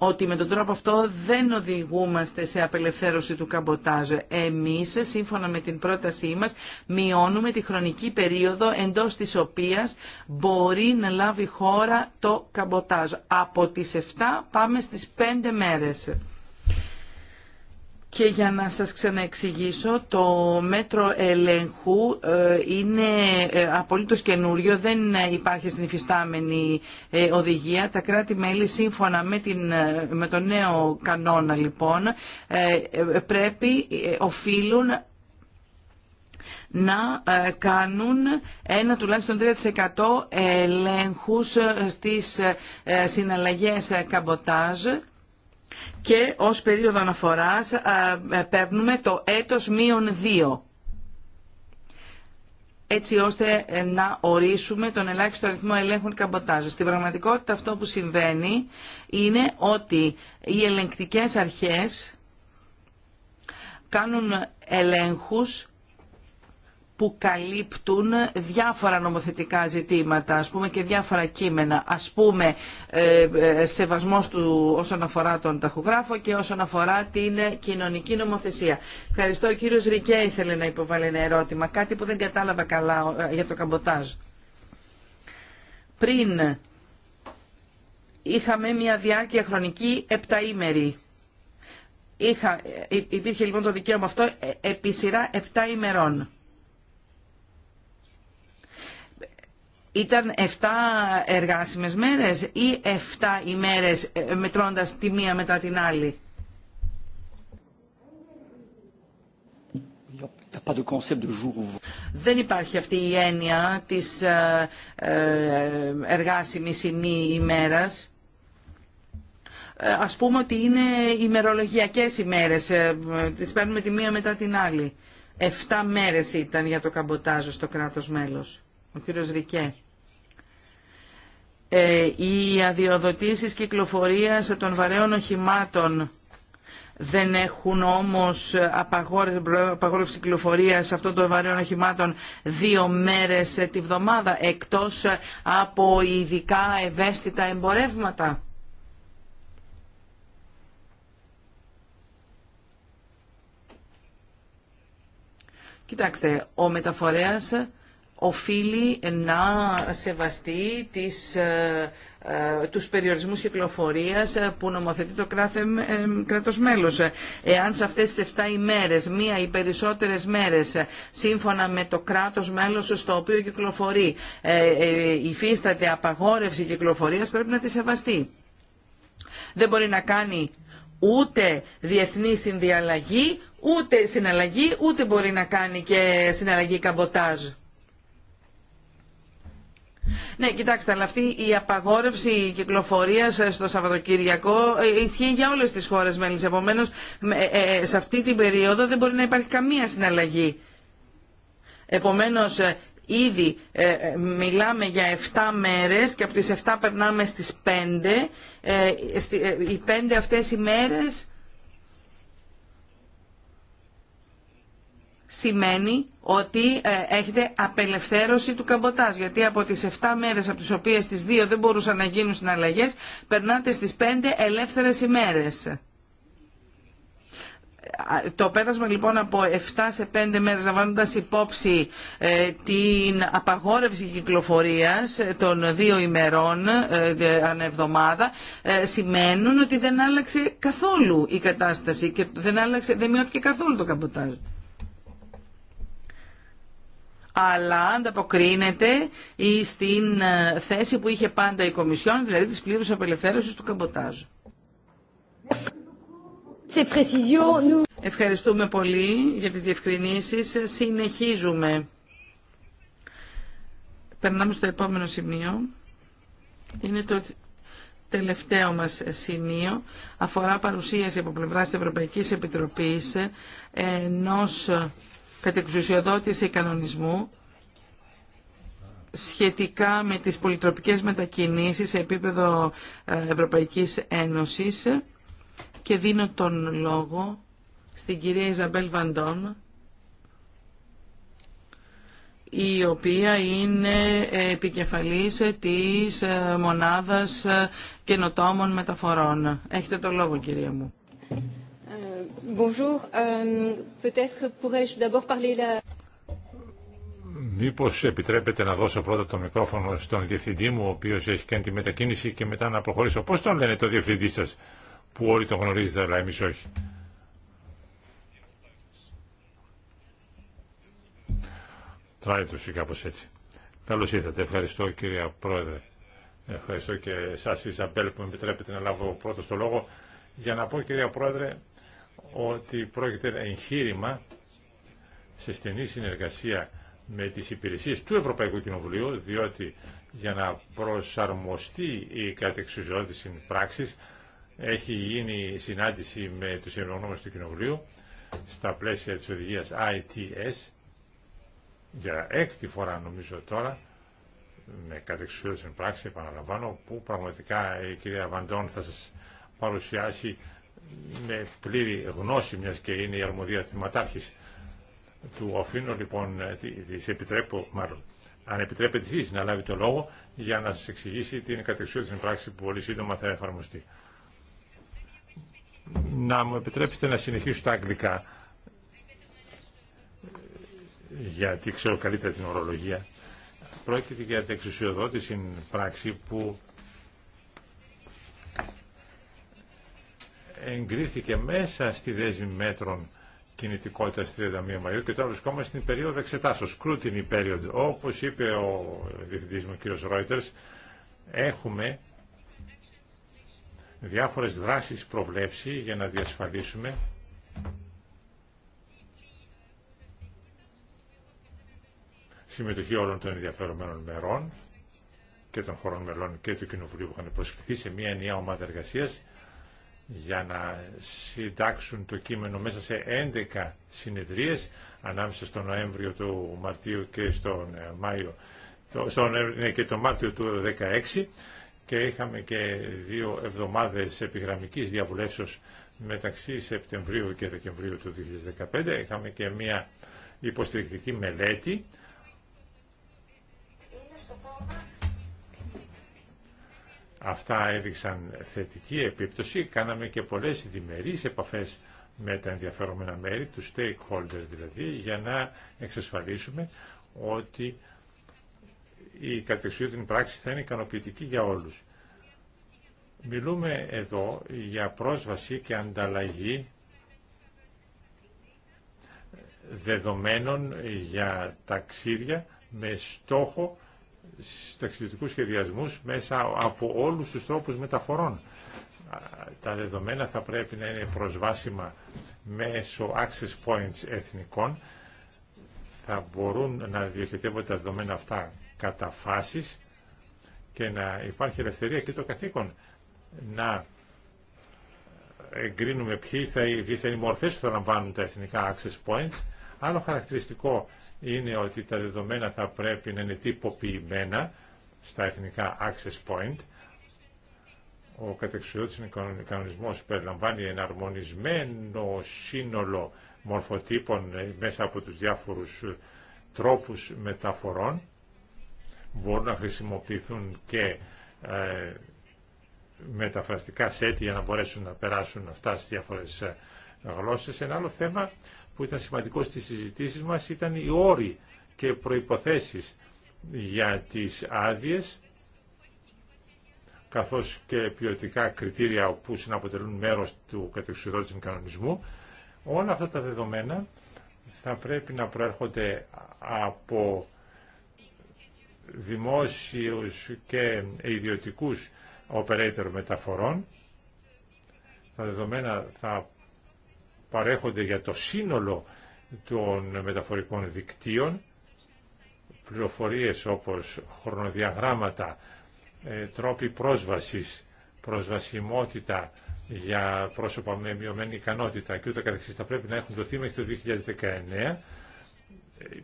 ότι με τον τρόπο αυτό δεν οδηγούμαστε σε απελευθέρωση του καμποτάζ. Εμείς, σύμφωνα με την πρότασή μας, μειώνουμε τη χρονική περίοδο εντός της οποίας μπορεί να λάβει χώρα το καμποτάζ. Από τις 7 πάμε στις 5 μέρες. Και για να σας ξαναεξηγήσω, το μέτρο ελέγχου ε, είναι ε, απολύτως καινούριο, δεν υπάρχει στην υφιστάμενη ε, οδηγία. Τα κράτη-μέλη σύμφωνα με, την, με τον νέο κανόνα λοιπόν πρέπει, οφείλουν να κάνουν ένα τουλάχιστον 3% ελέγχους στις συναλλαγές καμποτάζ και ως περίοδο αναφοράς ε, παίρνουμε το έτος μείον 2 έτσι ώστε ε, να ορίσουμε τον ελάχιστο αριθμό ελέγχων καμποτάζ. Στην πραγματικότητα αυτό που συμβαίνει είναι ότι οι ελεγκτικές αρχές κάνουν ελέγχους που καλύπτουν διάφορα νομοθετικά ζητήματα, ας πούμε και διάφορα κείμενα, ας πούμε ε, ε, σεβασμός του όσον αφορά τον ταχογράφο και όσον αφορά την κοινωνική νομοθεσία. Ευχαριστώ. Ο κύριος Ρικέ ήθελε να υποβάλει ένα ερώτημα, κάτι που δεν κατάλαβα καλά ε, για το καμποτάζ. Πριν είχαμε μια διάρκεια χρονική επταήμερη. Είχα, υπήρχε λοιπόν το δικαίωμα αυτό επί σειρά 7 ημερών. ήταν 7 εργάσιμες μέρες ή 7 ημέρες ε, μετρώντας τη μία μετά την άλλη. Δεν υπάρχει αυτή η έννοια της ε, ε, εργάσιμης ή μη ημέρας. Ας πούμε ότι είναι ημερολογιακές ημέρες, τις παίρνουμε τη μία μετά την άλλη. εργασιμης η ημερας ας πουμε οτι μέρες ήταν για το καμποτάζο στο κράτος μέλος. Ο κύριος Ρικέ. Ε, οι αδειοδοτήσεις κυκλοφορίας των βαρέων οχημάτων δεν έχουν όμως απαγόρευση κυκλοφορίας αυτών των βαρέων οχημάτων δύο μέρες τη βδομάδα εκτός από ειδικά ευαίσθητα εμπορεύματα. Κοιτάξτε, ο μεταφορέας οφείλει να σεβαστεί τις, ε, ε, τους περιορισμούς κυκλοφορίας που νομοθετεί το κράθε, κράτος μέλος. Εάν σε αυτές τις 7 ημέρες, μία ή περισσότερες μέρες, σύμφωνα με το κράτος μέλος στο οποίο κυκλοφορεί, ε, υφίσταται απαγόρευση κυκλοφορίας, πρέπει να τη σεβαστεί. Δεν μπορεί να κάνει ούτε διεθνή συνδιαλλαγή, ούτε συναλλαγή, ούτε μπορεί να κάνει και συναλλαγή καμποτάζ. Ναι, κοιτάξτε, αλλά αυτή η απαγόρευση κυκλοφορία ε, στο Σαββατοκύριακο ε, ισχύει για όλε τι χώρε μέλη. Επομένω, ε, σε αυτή την περίοδο δεν μπορεί να υπάρχει καμία συναλλαγή. Επομένω, ήδη μιλάμε για 7 μέρε και από τι 7 περνάμε στι 5. οι 5 αυτέ οι μέρε. σημαίνει ότι ε, έχετε απελευθέρωση του καμποτάζ. Γιατί από τις 7 μέρες από τις οποίες τις 2 δεν μπορούσαν να γίνουν συναλλαγές, περνάτε στις 5 ελεύθερες ημέρες. Το πέρασμα λοιπόν από 7 σε 5 μέρες, λαμβάνοντα υπόψη ε, την απαγόρευση κυκλοφορίας ε, των δύο ημερών ανά εβδομάδα, σημαίνουν ότι δεν άλλαξε καθόλου η κατάσταση και δεν, άλλαξε, δεν μειώθηκε καθόλου το καμποτάζ αλλά ανταποκρίνεται στην ε, θέση που είχε πάντα η Κομισιόν, δηλαδή της πλήρους απελευθέρωσης του καμποτάζου. Ευχαριστούμε πολύ για τις διευκρινήσεις. Συνεχίζουμε. Περνάμε στο επόμενο σημείο. Είναι το τελευταίο μας σημείο. Αφορά παρουσίαση από πλευράς της Ευρωπαϊκής Επιτροπής ενός κατεξουσιοδότηση κανονισμού σχετικά με τις πολυτροπικές μετακινήσεις σε επίπεδο ε, Ευρωπαϊκής Ένωσης και δίνω τον λόγο στην κυρία Ιζαμπέλ Βαντών η οποία είναι επικεφαλής της ε, μονάδας ε, καινοτόμων μεταφορών. Έχετε τον λόγο κυρία μου. Bonjour. Euh, peut-être pourrais-je d'abord parler la... επιτρέπετε να δώσω πρώτα το μικρόφωνο στον διευθυντή μου, ο οποίος έχει κάνει τη μετακίνηση και μετά να προχωρήσω. Πώ τον λένε το διευθυντή σα που όλοι τον γνωρίζετε, αλλά εμείς όχι. Τράιτος ή κάπω έτσι. Καλώ ήρθατε. Ευχαριστώ κύριε Πρόεδρε. Ευχαριστώ και εσάς Ισαμπέλ που με επιτρέπετε να λάβω πρώτο το λόγο. Για να πω κυρία Πρόεδρε ότι πρόκειται ένα εγχείρημα σε στενή συνεργασία με τις υπηρεσίες του Ευρωπαϊκού Κοινοβουλίου, διότι για να προσαρμοστεί η κατεξουζότηση πράξης έχει γίνει συνάντηση με τους εμπειρογνώμες του Κοινοβουλίου στα πλαίσια της οδηγίας ITS για έκτη φορά νομίζω τώρα με κατεξουζότηση πράξη επαναλαμβάνω που πραγματικά η κυρία Βαντών θα σας παρουσιάσει με πλήρη γνώση μιας και είναι η αρμοδία θεματάρχης του αφήνω λοιπόν, ε, της επιτρέπω μάλλον, αν επιτρέπετε εσεί να λάβει το λόγο για να σα εξηγήσει την κατεξοχή πράξη που πολύ σύντομα θα εφαρμοστεί. Να μου επιτρέψετε να συνεχίσω τα αγγλικά γιατί ξέρω καλύτερα την ορολογία. Πρόκειται για την εξουσιοδότηση πράξη που εγκρίθηκε μέσα στη δέσμη μέτρων κινητικότητα 31 Μαΐου και τώρα βρισκόμαστε στην περίοδο εξετάσεω, scrutiny period. Όπως είπε ο διευθυντή μου, ο έχουμε διάφορες δράσεις προβλέψει για να διασφαλίσουμε συμμετοχή όλων των ενδιαφερομένων μερών και των χωρών μελών και του Κοινοβουλίου που είχαν προσκληθεί σε μια νέα ομάδα εργασίας για να συντάξουν το κείμενο μέσα σε 11 συνεδρίες ανάμεσα στο Νοέμβριο του Μαρτίου και στον ε, Μάιο ε, ναι, το, Μάρτιο του 2016 και είχαμε και δύο εβδομάδες επιγραμμικής διαβουλεύσεως μεταξύ Σεπτεμβρίου και Δεκεμβρίου του 2015 είχαμε και μια υποστηρικτική μελέτη Αυτά έδειξαν θετική επίπτωση. Κάναμε και πολλές διμερείς επαφές με τα ενδιαφερόμενα μέρη, του stakeholders δηλαδή, για να εξασφαλίσουμε ότι η την πράξη θα είναι ικανοποιητική για όλους. Μιλούμε εδώ για πρόσβαση και ανταλλαγή δεδομένων για ταξίδια με στόχο ταξιδιωτικούς σχεδιασμούς μέσα από όλους τους τρόπους μεταφορών. Τα δεδομένα θα πρέπει να είναι προσβάσιμα μέσω access points εθνικών. Θα μπορούν να διοχετεύονται τα δεδομένα αυτά κατά φάσεις και να υπάρχει ελευθερία και το καθήκον να εγκρίνουμε ποιοι θα, ποιοι θα είναι οι μορφές που θα λαμβάνουν τα εθνικά access points. Άλλο χαρακτηριστικό είναι ότι τα δεδομένα θα πρέπει να είναι τυποποιημένα στα εθνικά access point. Ο κατεξουσιώτης κανονισμός περιλαμβάνει εναρμονισμένο σύνολο μορφοτύπων μέσα από τους διάφορους τρόπους μεταφορών. Μπορούν να χρησιμοποιηθούν και ε, μεταφραστικά σετ για να μπορέσουν να περάσουν αυτά στις διάφορες ε, γλώσσες. Ένα άλλο θέμα που ήταν σημαντικό στις συζητήσεις μας ήταν οι όροι και προϋποθέσεις για τις άδειε, καθώς και ποιοτικά κριτήρια που συναποτελούν μέρος του κατεξουδότησης κανονισμού. Όλα αυτά τα δεδομένα θα πρέπει να προέρχονται από δημόσιους και ιδιωτικούς operator μεταφορών. Τα δεδομένα θα παρέχονται για το σύνολο των μεταφορικών δικτύων, πληροφορίες όπως χρονοδιαγράμματα, ε, τρόποι πρόσβασης, προσβασιμότητα για πρόσωπα με μειωμένη ικανότητα και ούτω καθεξής θα πρέπει να έχουν δοθεί μέχρι το 2019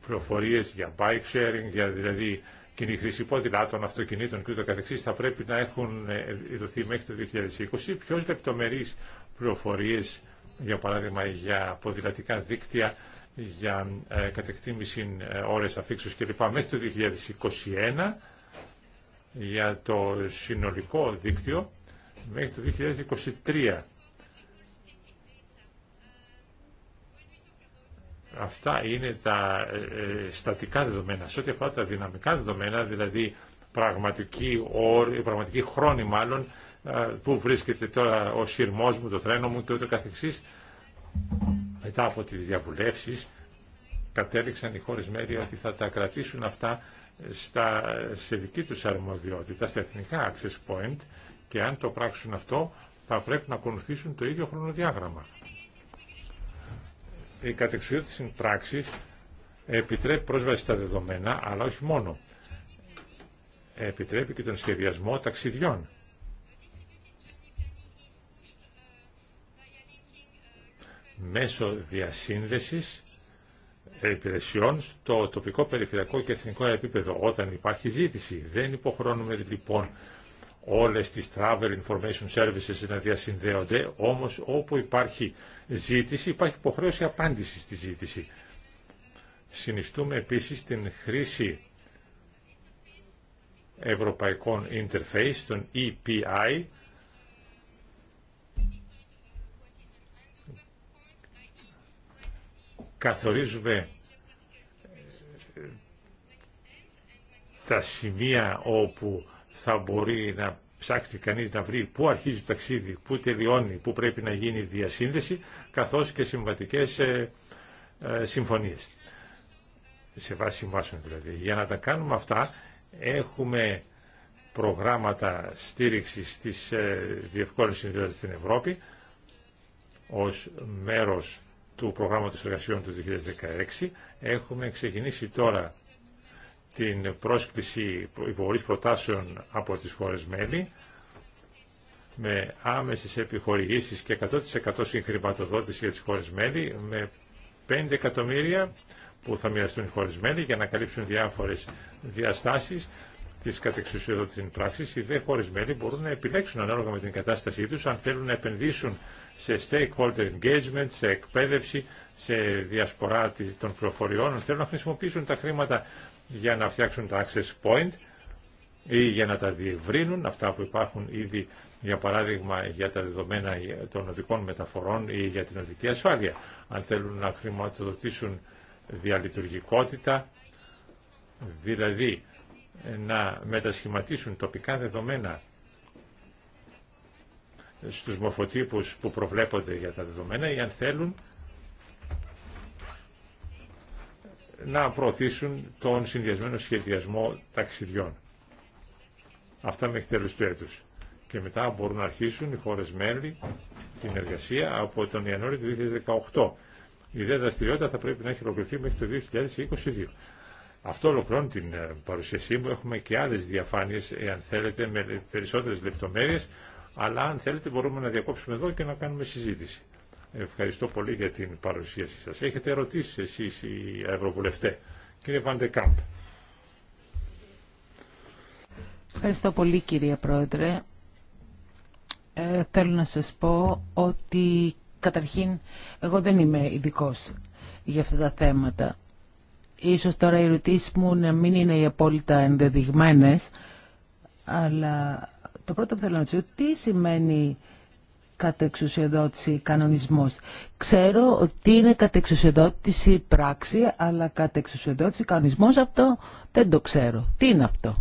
πληροφορίες για bike sharing, για δηλαδή κοινή χρήση των αυτοκινήτων και ούτω καθεξής θα πρέπει να έχουν ε, δοθεί μέχρι το 2020 πιο λεπτομερείς πληροφορίες για παράδειγμα για ποδηλατικά δίκτυα, για ε, κατεκτήμηση ε, ώρες αφήξεως κλπ. μέχρι το 2021 για το συνολικό δίκτυο μέχρι το 2023. Αυτά είναι τα ε, ε, στατικά δεδομένα. Σε ό,τι αφορά τα δυναμικά δεδομένα, δηλαδή πραγματική, πραγματική χρόνη μάλλον πού βρίσκεται τώρα ο σύρμος μου, το τρένο μου και ούτω καθεξής. Μετά από τις διαβουλεύσεις κατέληξαν οι χώρες μέρη ότι θα τα κρατήσουν αυτά στα, σε δική τους αρμοδιότητα, στα εθνικά access point και αν το πράξουν αυτό θα πρέπει να ακολουθήσουν το ίδιο χρονοδιάγραμμα. Η κατεξουσιώτηση πράξη επιτρέπει πρόσβαση στα δεδομένα, αλλά όχι μόνο. Επιτρέπει και τον σχεδιασμό ταξιδιών μέσω διασύνδεσης υπηρεσιών στο τοπικό, περιφερειακό και εθνικό επίπεδο όταν υπάρχει ζήτηση. Δεν υποχρώνουμε λοιπόν όλες τις Travel Information Services να διασυνδέονται, όμως όπου υπάρχει ζήτηση υπάρχει υποχρέωση απάντηση στη ζήτηση. Συνιστούμε επίσης την χρήση ευρωπαϊκών interface, των EPI, καθορίζουμε ε, τα σημεία όπου θα μπορεί να ψάξει κανείς να βρει πού αρχίζει το ταξίδι, πού τελειώνει, πού πρέπει να γίνει η διασύνδεση, καθώς και συμβατικές ε, ε, συμφωνίες. Σε βάση συμβάσεων δηλαδή. Για να τα κάνουμε αυτά έχουμε προγράμματα στήριξης της διευκόλυνσης δηλαδή, στην Ευρώπη ως μέρος του προγράμματος εργασιών του 2016. Έχουμε ξεκινήσει τώρα την πρόσκληση υποβολής προτάσεων από τις χώρες μέλη με άμεσες επιχορηγήσεις και 100% συγχρηματοδότηση για τις χώρες μέλη με 5 εκατομμύρια που θα μοιραστούν οι χώρες μέλη για να καλύψουν διάφορες διαστάσεις της κατεξουσιοδότησης πράξης. Οι δε χώρες μέλη μπορούν να επιλέξουν ανάλογα με την κατάστασή τους αν θέλουν να επενδύσουν σε stakeholder engagement, σε εκπαίδευση, σε διασπορά των πληροφοριών. Θέλουν να χρησιμοποιήσουν τα χρήματα για να φτιάξουν τα access point ή για να τα διευρύνουν, αυτά που υπάρχουν ήδη για παράδειγμα για τα δεδομένα των οδικών μεταφορών ή για την οδική ασφάλεια. Αν θέλουν να χρηματοδοτήσουν διαλειτουργικότητα, δηλαδή να μετασχηματίσουν τοπικά δεδομένα στους μορφοτύπους που προβλέπονται για τα δεδομένα ή αν θέλουν να προωθήσουν τον συνδυασμένο σχεδιασμό ταξιδιών. Αυτά μέχρι τέλος του έτου. Και μετά μπορούν να αρχίσουν οι χώρε μέλη την εργασία από τον Ιανουάριο του 2018. Η ιδέα δραστηριότητα θα πρέπει να έχει ολοκληρωθεί μέχρι το 2022. Αυτό ολοκληρώνει την ε, παρουσίασή μου. Έχουμε και άλλε διαφάνειε, εάν θέλετε, με περισσότερε λεπτομέρειε αλλά αν θέλετε μπορούμε να διακόψουμε εδώ και να κάνουμε συζήτηση. Ευχαριστώ πολύ για την παρουσίαση σας. Έχετε ερωτήσεις εσείς οι ευρωβουλευτέ. Κύριε Βαντεκάμπ. Ευχαριστώ πολύ κύριε Πρόεδρε. Ε, θέλω να σας πω ότι καταρχήν εγώ δεν είμαι ειδικό για αυτά τα θέματα. Ίσως τώρα οι ερωτήσει μου να μην είναι οι απόλυτα ενδεδειγμένες, αλλά το πρώτο που θέλω να ρωτήσω, τι σημαίνει κατεξουσιοδότηση κανονισμός. Ξέρω ότι είναι κατεξουσιοδότηση πράξη, αλλά κατεξουσιοδότηση κανονισμός αυτό δεν το ξέρω. Τι είναι αυτό.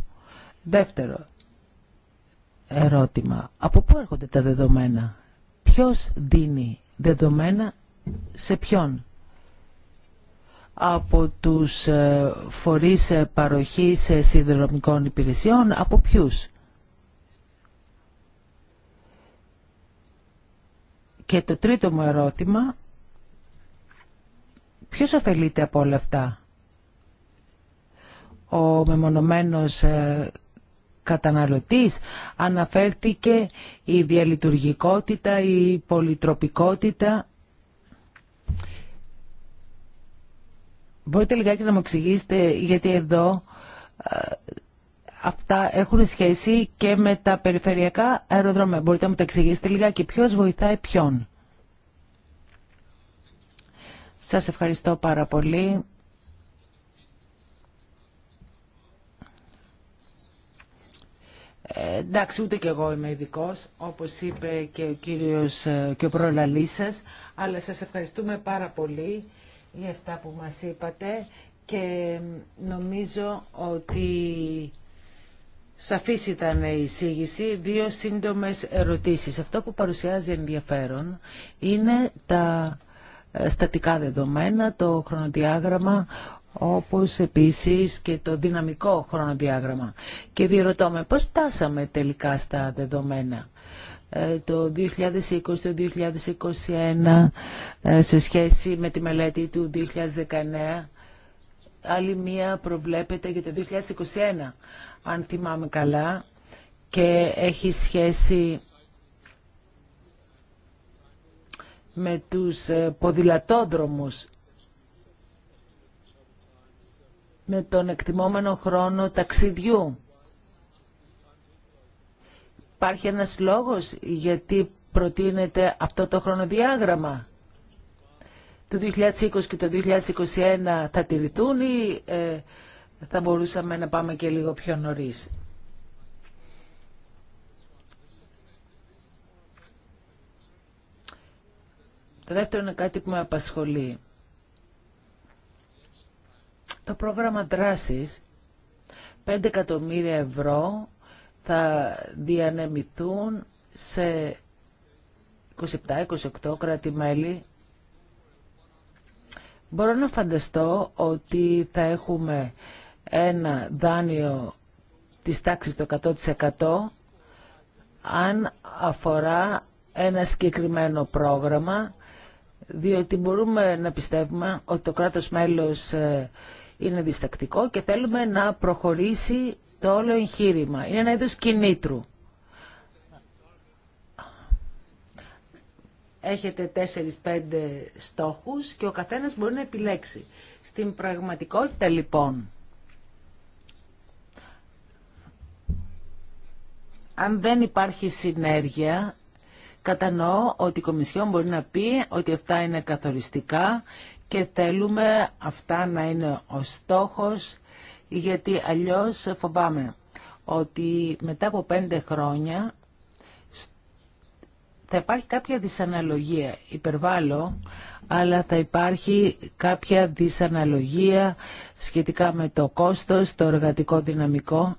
Δεύτερο ερώτημα. Από πού έρχονται τα δεδομένα. Ποιος δίνει δεδομένα σε ποιον. Από τους ε, φορείς ε, παροχής ε, σιδηροδρομικών υπηρεσιών, από ποιους. Και το τρίτο μου ερώτημα, ποιος ωφελείται από όλα αυτά. Ο μεμονωμένος ε, καταναλωτής αναφέρθηκε η διαλειτουργικότητα, η πολυτροπικότητα. Μπορείτε λιγάκι να μου εξηγήσετε γιατί εδώ ε, αυτά έχουν σχέση και με τα περιφερειακά αεροδρόμια. Μπορείτε να μου τα εξηγήσετε και ποιο βοηθάει ποιον. Σας ευχαριστώ πάρα πολύ. Ε, εντάξει, ούτε κι εγώ είμαι ειδικό, όπως είπε και ο κύριος ε, και ο προλαλής σας, αλλά σας ευχαριστούμε πάρα πολύ για αυτά που μας είπατε και ε, νομίζω ότι Σαφής ήταν η εισήγηση. Δύο σύντομες ερωτήσεις. Αυτό που παρουσιάζει ενδιαφέρον είναι τα ε, στατικά δεδομένα, το χρονοδιάγραμμα, όπως επίσης και το δυναμικό χρονοδιάγραμμα. Και διερωτώ με πώς φτάσαμε τελικά στα δεδομένα ε, το 2020, το 2021 ε, σε σχέση με τη μελέτη του 2019. Άλλη μία προβλέπεται για το 2021 αν θυμάμαι καλά, και έχει σχέση με τους ε, ποδηλατόδρομους με τον εκτιμόμενο χρόνο ταξιδιού. Υπάρχει ένας λόγος γιατί προτείνεται αυτό το χρονοδιάγραμμα. Το 2020 και το 2021 θα τηρηθούν ή ε, θα μπορούσαμε να πάμε και λίγο πιο νωρίς. Το δεύτερο είναι κάτι που με απασχολεί. Το πρόγραμμα δράσης 5 εκατομμύρια ευρώ θα διανεμηθούν σε 27-28 κράτη-μέλη. Μπορώ να φανταστώ ότι θα έχουμε ένα δάνειο της τάξης το 100% αν αφορά ένα συγκεκριμένο πρόγραμμα, διότι μπορούμε να πιστεύουμε ότι το κράτος μέλος ε, είναι διστακτικό και θέλουμε να προχωρήσει το όλο εγχείρημα. Είναι ένα είδος κινήτρου. Έχετε 4-5 στόχους και ο καθένας μπορεί να επιλέξει. Στην πραγματικότητα λοιπόν Αν δεν υπάρχει συνέργεια, κατανοώ ότι η Κομισιόν μπορεί να πει ότι αυτά είναι καθοριστικά και θέλουμε αυτά να είναι ο στόχος, γιατί αλλιώς φοβάμαι ότι μετά από πέντε χρόνια θα υπάρχει κάποια δυσαναλογία. Υπερβάλλω, αλλά θα υπάρχει κάποια δυσαναλογία σχετικά με το κόστος, το εργατικό δυναμικό.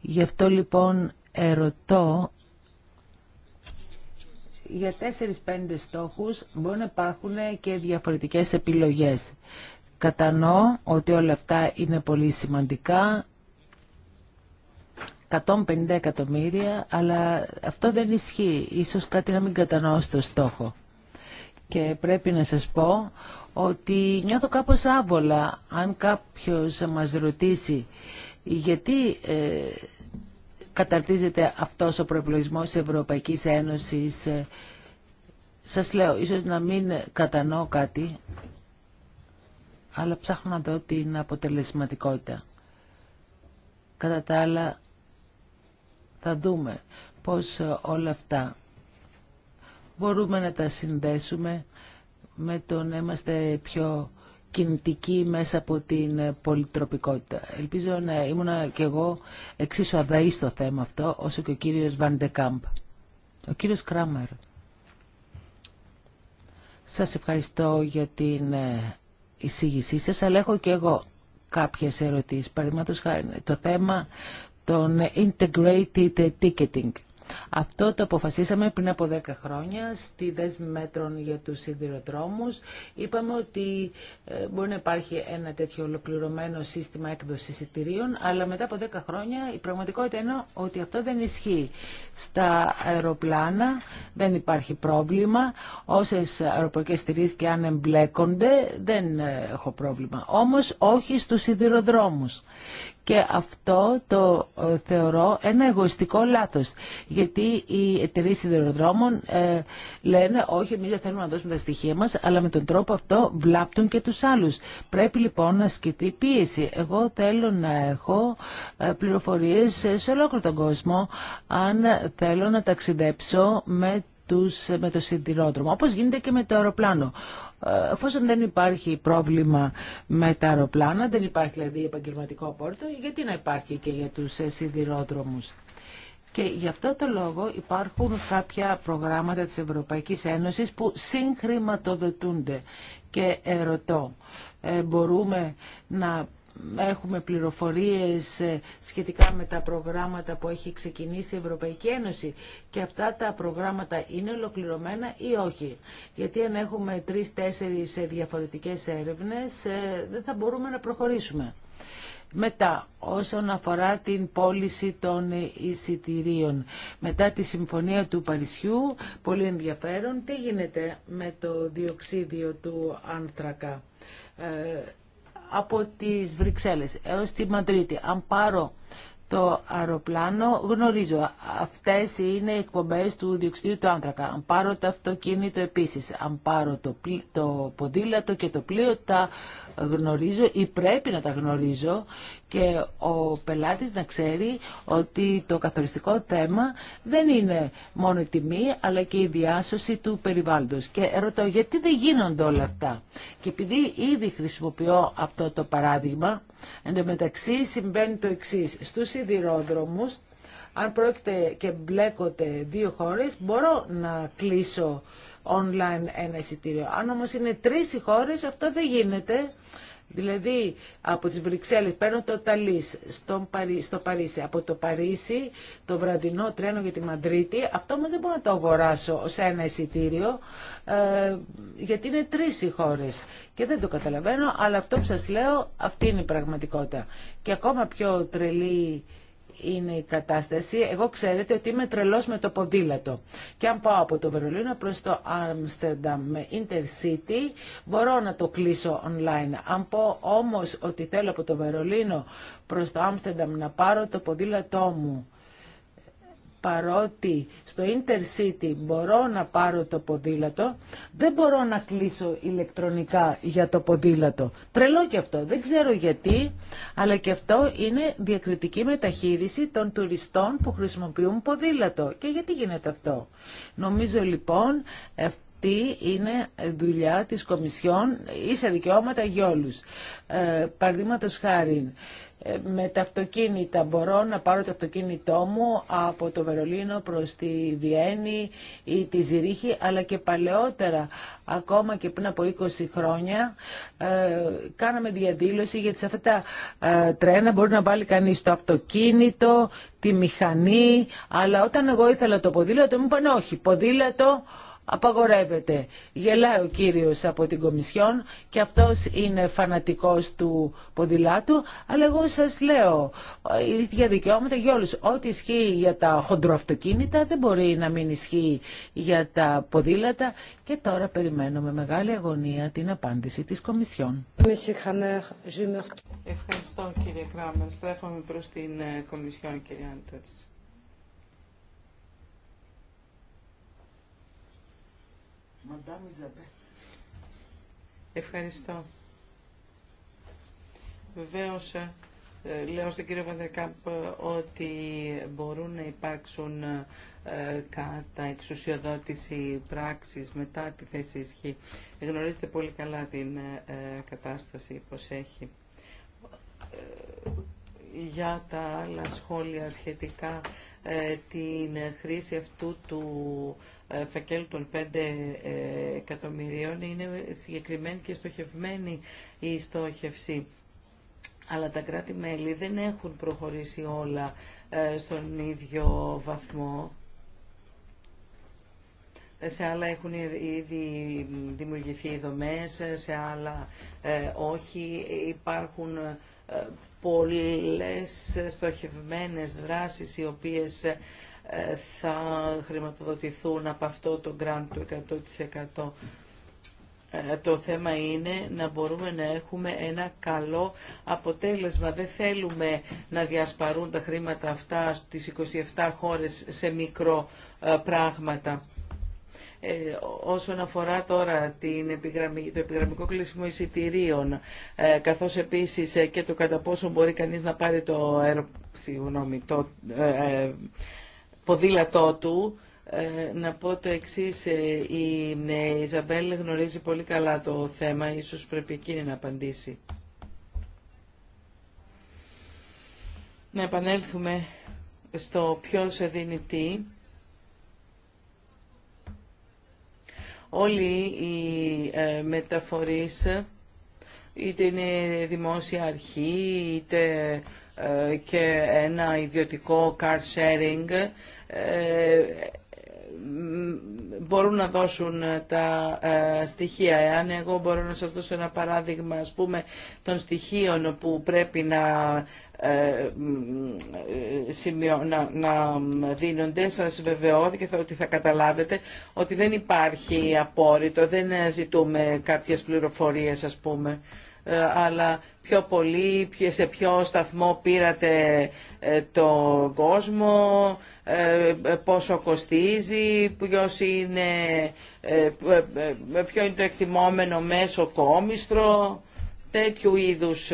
Γι' αυτό λοιπόν ερωτώ για 4-5 στόχους μπορεί να υπάρχουν και διαφορετικές επιλογές. Κατανοώ ότι όλα αυτά είναι πολύ σημαντικά, 150 εκατομμύρια, αλλά αυτό δεν ισχύει. Ίσως κάτι να μην κατανοώ στο στόχο. Και πρέπει να σας πω ότι νιώθω κάπως άβολα αν κάποιος μας ρωτήσει γιατί ε, καταρτίζεται αυτός ο προεπλογισμός της Ευρωπαϊκής Ένωσης. Ε, σας λέω, ίσως να μην κατανοώ κάτι, αλλά ψάχνω να δω την αποτελεσματικότητα. Κατά τα άλλα, θα δούμε πώς όλα αυτά μπορούμε να τα συνδέσουμε με το να είμαστε πιο κινητική μέσα από την ε, πολυτροπικότητα. Ελπίζω να ήμουν και εγώ εξίσου αδαή στο θέμα αυτό, όσο και ο κύριος Βαντεκάμπ. Ο κύριος Κράμερ. Σας ευχαριστώ για την ε, εισήγησή σας, αλλά έχω και εγώ κάποιες ερωτήσεις. Παραδείγματος χάρη, το θέμα των ε, integrated ticketing. Αυτό το αποφασίσαμε πριν από 10 χρόνια στη δέσμη μέτρων για τους σιδηροδρόμους. Είπαμε ότι ε, μπορεί να υπάρχει ένα τέτοιο ολοκληρωμένο σύστημα έκδοσης εισιτηρίων, αλλά μετά από 10 χρόνια η πραγματικότητα είναι ότι αυτό δεν ισχύει. Στα αεροπλάνα δεν υπάρχει πρόβλημα. Όσε αεροπορικέ εισιτηρίε και αν εμπλέκονται δεν ε, έχω πρόβλημα. Όμω όχι στου σιδηροδρόμους. Και αυτό το ε, θεωρώ ένα εγωιστικό λάθος. Γιατί οι εταιρείε σιδηροδρόμων ε, λένε όχι εμείς δεν θέλουμε να δώσουμε τα στοιχεία μας αλλά με τον τρόπο αυτό βλάπτουν και τους άλλους. Πρέπει λοιπόν να σκεφτεί πίεση. Εγώ θέλω να έχω ε, πληροφορίες σε ολόκληρο τον κόσμο αν θέλω να ταξιδέψω με τους, με το σιδηρόδρομο, όπως γίνεται και με το αεροπλάνο εφόσον δεν υπάρχει πρόβλημα με τα αεροπλάνα, δεν υπάρχει δηλαδή επαγγελματικό πόρτο, γιατί να υπάρχει και για τους ε, σιδηρόδρομους. Και γι' αυτό το λόγο υπάρχουν κάποια προγράμματα της Ευρωπαϊκής Ένωσης που συγχρηματοδοτούνται. Και ερωτώ, ε, μπορούμε να έχουμε πληροφορίες ε, σχετικά με τα προγράμματα που έχει ξεκινήσει η Ευρωπαϊκή Ένωση και αυτά τα προγράμματα είναι ολοκληρωμένα ή όχι. Γιατί αν έχουμε τρεις-τέσσερις ε, διαφορετικές έρευνες ε, δεν θα μπορούμε να προχωρήσουμε. Μετά, όσον αφορά την πώληση των εισιτηρίων, μετά τη Συμφωνία του Παρισιού, πολύ ενδιαφέρον, τι γίνεται με το διοξίδιο του άνθρακα από τις Βρυξέλλες έως τη Μαδρίτη. Αν πάρω το αεροπλάνο γνωρίζω. Αυτές είναι οι εκπομπές του διοξιδίου του άνθρακα. Αν πάρω το αυτοκίνητο επίσης, αν πάρω το, το ποδήλατο και το πλοίο τα γνωρίζω ή πρέπει να τα γνωρίζω και ο πελάτης να ξέρει ότι το καθοριστικό θέμα δεν είναι μόνο η τιμή αλλά και η διάσωση του περιβάλλοντος. Και ρωτώ γιατί δεν γίνονται όλα αυτά. Και επειδή ήδη χρησιμοποιώ αυτό το παράδειγμα, Εν τω μεταξύ συμβαίνει το εξή στου σιδηρόδρομου, αν πρόκειται και μπλέκονται δύο χώρε, μπορώ να κλείσω online ένα εισιτήριο. Αν όμω είναι τρει οι χώρες, αυτό δεν γίνεται. Δηλαδή από τις Βρυξέλλες παίρνω το Ταλής στο, στο Παρίσι, από το Παρίσι το βραδινό τρένο για τη Μαντρίτη. αυτό όμως δεν μπορώ να το αγοράσω σε ένα εισιτήριο ε, γιατί είναι τρεις οι χώρες και δεν το καταλαβαίνω, αλλά αυτό που σας λέω αυτή είναι η πραγματικότητα. Και ακόμα πιο τρελή είναι η κατάσταση. Εγώ ξέρετε ότι είμαι τρελός με το ποδήλατο. Και αν πάω από το Βερολίνο προς το Άμστερνταμ με Intercity, μπορώ να το κλείσω online. Αν πω όμως ότι θέλω από το Βερολίνο προς το Άμστερνταμ να πάρω το ποδήλατό μου παρότι στο Intercity μπορώ να πάρω το ποδήλατο, δεν μπορώ να κλείσω ηλεκτρονικά για το ποδήλατο. Τρελό και αυτό, δεν ξέρω γιατί, αλλά και αυτό είναι διακριτική μεταχείριση των τουριστών που χρησιμοποιούν ποδήλατο. Και γιατί γίνεται αυτό. Νομίζω λοιπόν αυτή είναι δουλειά της Κομισιόν ίσα δικαιώματα για όλους. Ε, Παραδείγματος χάρη, ε, με τα αυτοκίνητα. Μπορώ να πάρω το αυτοκίνητό μου από το Βερολίνο προς τη Βιέννη ή τη Ζηρίχη, αλλά και παλαιότερα, ακόμα και πριν από 20 χρόνια, ε, κάναμε διαδήλωση γιατί σε αυτά τα ε, τρένα μπορεί να βάλει κανείς το αυτοκίνητο, τη μηχανή, αλλά όταν εγώ ήθελα το ποδήλατο, μου είπαν όχι, ποδήλατο απαγορεύεται. Γελάει ο κύριος από την Κομισιόν και αυτός είναι φανατικός του ποδηλάτου, αλλά εγώ σας λέω, για ε, δικαιώματα για όλους, ό,τι ισχύει για τα χοντροαυτοκίνητα δεν μπορεί να μην ισχύει για τα ποδήλατα και τώρα περιμένω με μεγάλη αγωνία την απάντηση της Κομισιόν. Ευχαριστώ κύριε Κράμερ. Στρέφομαι προς την ε, Κομισιόν κύριε Αντέρση. Ευχαριστώ. Βεβαίω, ε, λέω στον κύριο Βαντεκάπ ε, ότι μπορούν να υπάρξουν ε, κατά εξουσιοδότηση πράξης μετά τη θέση ισχύ. Γνωρίζετε πολύ καλά την κατάσταση πως έχει. Για τα άλλα σχόλια σχετικά την χρήση αυτού του φακέλου των 5 ε, εκατομμυρίων είναι συγκεκριμένη και στοχευμένη η στόχευση. Αλλά τα κράτη-μέλη δεν έχουν προχωρήσει όλα ε, στον ίδιο βαθμό. Σε άλλα έχουν ήδη δημιουργηθεί οι δομές, σε άλλα ε, όχι. Υπάρχουν πολλές στοχευμένες δράσεις οι οποίες ε, θα χρηματοδοτηθούν από αυτό το grant του 100%. Ε, το θέμα είναι να μπορούμε να έχουμε ένα καλό αποτέλεσμα. Δεν θέλουμε να διασπαρούν τα χρήματα αυτά στις 27 χώρες σε μικρό ε, πράγματα. Ε, όσον αφορά τώρα την το επιγραμμικό κλείσιμο εισιτηρίων, καθώς επίσης και το κατά πόσο μπορεί κανείς να πάρει το, αερο, συγγνώμη, ποδήλατό του, ε, να πω το εξή ε, ε, η Ιζαμπέλ γνωρίζει πολύ καλά το θέμα, ίσως πρέπει εκείνη να απαντήσει. Να επανέλθουμε στο πιο δίνει τι. Όλοι οι μεταφορείς, είτε είναι δημόσια αρχή, είτε και ένα ιδιωτικό car sharing, ε, μπορούν να δώσουν τα ε, στοιχεία. Εάν εγώ μπορώ να σας δώσω ένα παράδειγμα, ας πούμε, των στοιχείων που πρέπει να ε, να, δίνονται. Σας βεβαιώθηκε ότι θα καταλάβετε ότι δεν υπάρχει απόρριτο, δεν ζητούμε κάποιες πληροφορίες ας πούμε. Ε, αλλά πιο πολύ, σε ποιο σταθμό πήρατε ε, το κόσμο, ε, πόσο κοστίζει, ποιος είναι, ποιο είναι το εκτιμόμενο μέσο κόμιστρο, τέτοιου είδους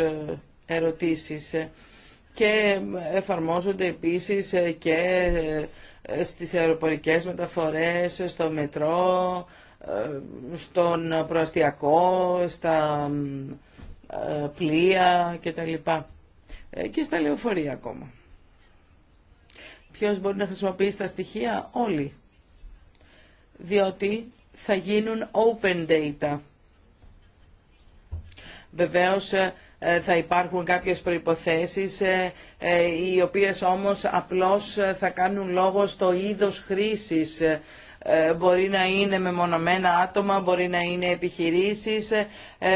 ερωτήσεις. Και εφαρμόζονται επίσης και στις αεροπορικές μεταφορές, στο μετρό, στον προαστιακό, στα ε, πλοία λοιπά. Ε, και στα λεωφορεία ακόμα. Ποιος μπορεί να χρησιμοποιήσει τα στοιχεία? Όλοι. Διότι θα γίνουν open data. Βεβαίως ε, θα υπάρχουν κάποιες προϋποθέσεις οι οποίες όμως απλώς θα κάνουν λόγο στο είδος χρήσης ε, μπορεί να είναι μεμονωμένα άτομα, μπορεί να είναι επιχειρήσεις, ε,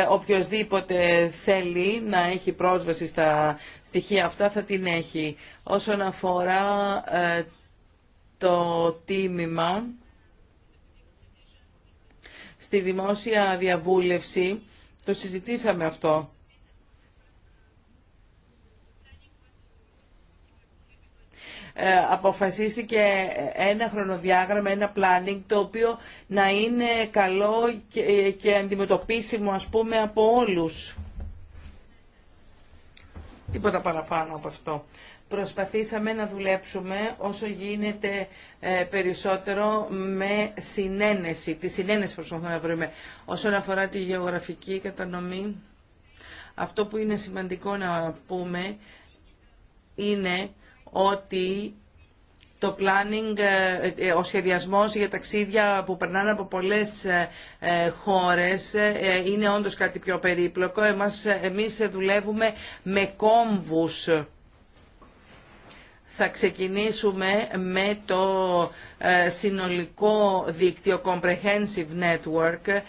οποιοδήποτε θέλει να έχει πρόσβαση στα στοιχεία αυτά θα την έχει. Όσον αφορά ε, το τίμημα, στη δημόσια διαβούλευση το συζητήσαμε αυτό Ε, αποφασίστηκε ένα χρονοδιάγραμμα, ένα planning το οποίο να είναι καλό και αντιμετωπίσιμο ας πούμε από όλους. Τίποτα παραπάνω από αυτό. Προσπαθήσαμε να δουλέψουμε όσο γίνεται ε, περισσότερο με συνένεση. Τη συνένεση προσπαθούμε να βρούμε. Όσον αφορά τη γεωγραφική κατανομή, αυτό που είναι σημαντικό να πούμε είναι ότι το planning, ε, ε, ο σχεδιασμός για ταξίδια που περνάνε από πολλές ε, χώρες είναι όντως κάτι πιο περίπλοκο. Εμάς, εμείς δουλεύουμε με κόμβους. Θα ξεκινήσουμε με το συνολικό δίκτυο Comprehensive Network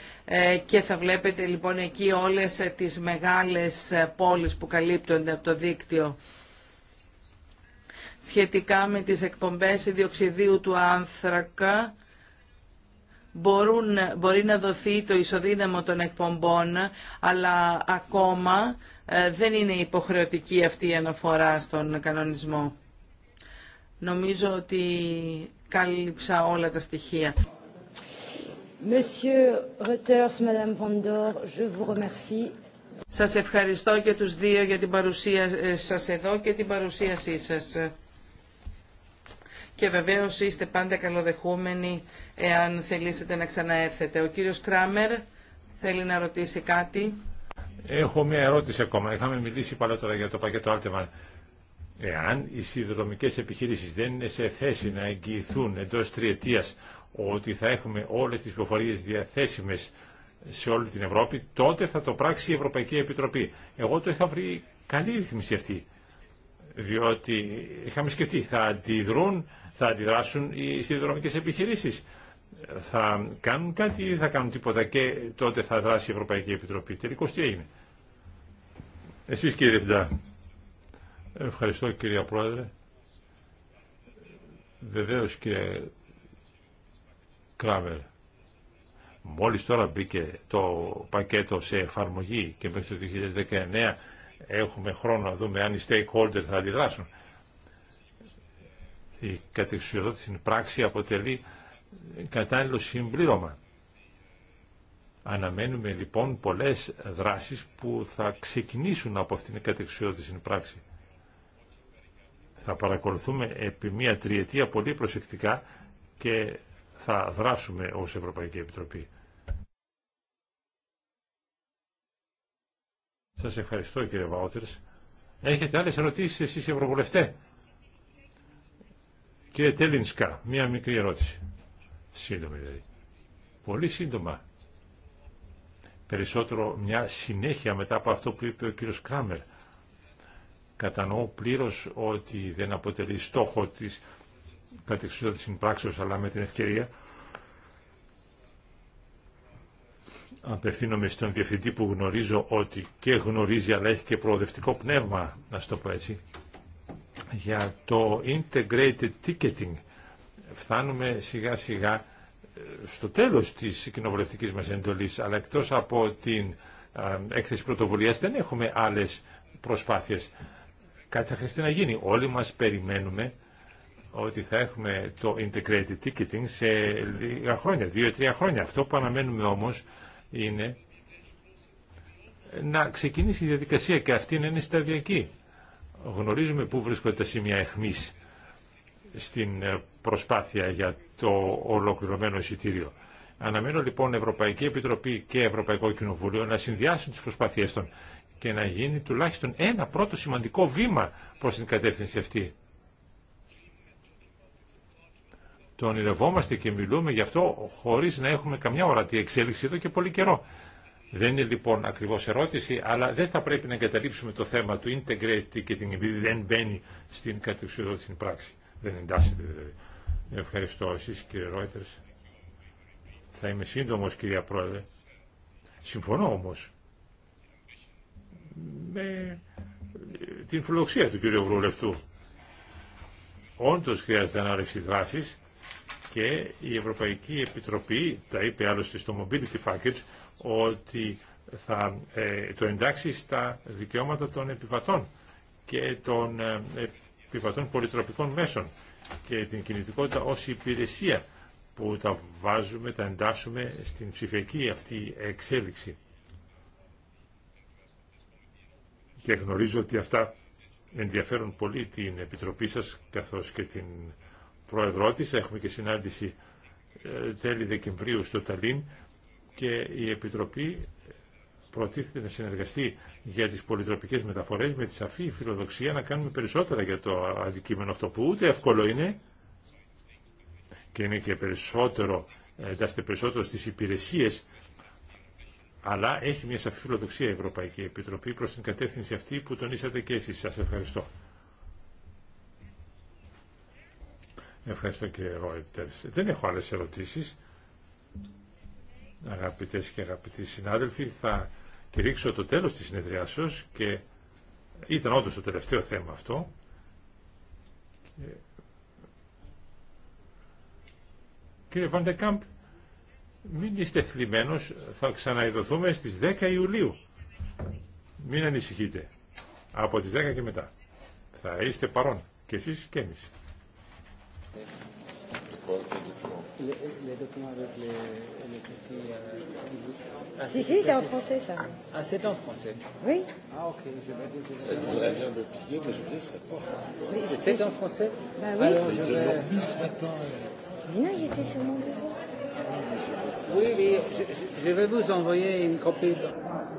και θα βλέπετε λοιπόν εκεί όλες τις μεγάλες πόλεις που καλύπτονται από το δίκτυο σχετικά με τις εκπομπές διοξιδίου του άνθρακα μπορούν, μπορεί να δοθεί το ισοδύναμο των εκπομπών, αλλά ακόμα ε, δεν είναι υποχρεωτική αυτή η αναφορά στον κανονισμό. Νομίζω ότι κάλυψα όλα τα στοιχεία. Monsieur Reuters, Madame je vous Σας ευχαριστώ και τους δύο για την παρουσία ε, σας εδώ και την παρουσίασή σας και βεβαίως είστε πάντα καλοδεχούμενοι εάν θελήσετε να ξαναέρθετε. Ο κύριος Κράμερ θέλει να ρωτήσει κάτι. Έχω μια ερώτηση ακόμα. Είχαμε μιλήσει παλαιότερα για το πακέτο Αλτεμαν. Εάν οι συνδρομικές επιχείρησεις δεν είναι σε θέση να εγγυηθούν εντός τριετίας ότι θα έχουμε όλες τις πληροφορίες διαθέσιμες σε όλη την Ευρώπη, τότε θα το πράξει η Ευρωπαϊκή Επιτροπή. Εγώ το είχα βρει καλή ρυθμίση αυτή διότι είχαμε σκεφτεί θα αντιδρούν, θα αντιδράσουν οι σιδηροδρομικές επιχειρήσεις. Θα κάνουν κάτι ή θα κάνουν τίποτα και τότε θα δράσει η Ευρωπαϊκή Επιτροπή. Τελικώς τι έγινε. Εσείς κύριε Διευθυντά. Ευχαριστώ κύριε Πρόεδρε. Βεβαίως κύριε Κράμερ. Μόλις τώρα μπήκε το πακέτο σε εφαρμογή και μέχρι το 2019 έχουμε χρόνο να δούμε αν οι stakeholders θα αντιδράσουν. Η κατεξουσιοδότηση στην πράξη αποτελεί κατάλληλο συμπλήρωμα. Αναμένουμε λοιπόν πολλές δράσεις που θα ξεκινήσουν από αυτήν την κατεξουσιοδότηση στην πράξη. Θα παρακολουθούμε επί μία τριετία πολύ προσεκτικά και θα δράσουμε ως Ευρωπαϊκή Επιτροπή. Σας ευχαριστώ κύριε Βάουτερς. Έχετε άλλες ερωτήσεις εσείς οι ευρωβουλευτέ. Κύριε Τέλινσκα, μία μικρή ερώτηση. Σύντομη δηλαδή. Πολύ σύντομα. Περισσότερο μια συνέχεια μετά από αυτό που είπε ο κύριος Κράμερ. Κατανοώ πλήρως ότι δεν αποτελεί στόχο της κατεξουσία της συμπράξεως αλλά με την ευκαιρία απευθύνομαι στον διευθυντή που γνωρίζω ότι και γνωρίζει αλλά έχει και προοδευτικό πνεύμα, να στο πω έτσι, για το integrated ticketing. Φτάνουμε σιγά σιγά ε, στο τέλος της κοινοβουλευτική μας εντολής, αλλά εκτός από την ε, έκθεση πρωτοβουλίας δεν έχουμε άλλες προσπάθειες. Κάτι θα χρειαστεί να γίνει. Όλοι μας περιμένουμε ότι θα έχουμε το integrated ticketing σε λίγα χρόνια, δύο-τρία χρόνια. Αυτό που αναμένουμε όμως είναι να ξεκινήσει η διαδικασία και αυτή να είναι σταδιακή. Γνωρίζουμε πού βρίσκονται τα σημεία εχμής στην ε, προσπάθεια για το ολοκληρωμένο εισιτήριο. Αναμένω λοιπόν Ευρωπαϊκή Επιτροπή και Ευρωπαϊκό Κοινοβούλιο να συνδυάσουν τις προσπάθειές των και να γίνει τουλάχιστον ένα πρώτο σημαντικό βήμα προς την κατεύθυνση αυτή. Το ονειρευόμαστε και μιλούμε γι' αυτό χωρίς να έχουμε καμιά ορατή εξέλιξη εδώ και πολύ καιρό. Δεν είναι λοιπόν ακριβώς ερώτηση, αλλά δεν θα πρέπει να εγκαταλείψουμε το θέμα του integrate και την επειδή δεν μπαίνει στην κατεξουδότηση στην πράξη. Δεν εντάσσεται δηλαδή. Ευχαριστώ εσείς κύριε Ρόιτερς. Θα είμαι σύντομος κυρία Πρόεδρε. Συμφωνώ όμως με ε, την φιλοξία του κύριου Βουλευτού. Όντως χρειάζεται ανάρρευση δράσης και η Ευρωπαϊκή Επιτροπή, τα είπε άλλωστε στο Mobility Package, ότι θα ε, το εντάξει στα δικαιώματα των επιβατών και των ε, επιβατών πολυτροπικών μέσων και την κινητικότητα ως υπηρεσία που τα βάζουμε, τα εντάσσουμε στην ψηφιακή αυτή εξέλιξη. Και γνωρίζω ότι αυτά ενδιαφέρουν πολύ την Επιτροπή σας καθώς και την πρόεδρό Έχουμε και συνάντηση ε, τέλη Δεκεμβρίου στο Ταλίν και η Επιτροπή προτίθεται να συνεργαστεί για τις πολυτροπικές μεταφορές με τη σαφή φιλοδοξία να κάνουμε περισσότερα για το αντικείμενο αυτό που ούτε εύκολο είναι και είναι και περισσότερο, ε, εντάσσεται περισσότερο στις υπηρεσίες αλλά έχει μια σαφή φιλοδοξία η Ευρωπαϊκή Επιτροπή προς την κατεύθυνση αυτή που τονίσατε και εσείς. Σας ευχαριστώ. Ευχαριστώ κύριε Ρόιτερς. Δεν έχω άλλες ερωτήσεις. Αγαπητές και αγαπητοί συνάδελφοι, θα κηρύξω το τέλος της συνεδριάσεως και ήταν όντως το τελευταίο θέμα αυτό. Κύριε Βαντεκάμπ, μην είστε θλιμμένος, θα ξαναειδωθούμε στις 10 Ιουλίου. Μην ανησυχείτε. Από τις 10 και μετά. Θα είστε παρόν. Και εσείς και εμείς. Les, les documents avec les, les petits. Euh, ah, si, si, c'est en français ça. Ah, c'est en français Oui. Ah, ok, je vais. Je voudrais bien le plier, mais je ne laisserai pas. C'est en français Bah oui. Alors, je vais... ce matin. Mais non, il était sur mon bureau. Oui, mais je, je vais vous envoyer une copie. De...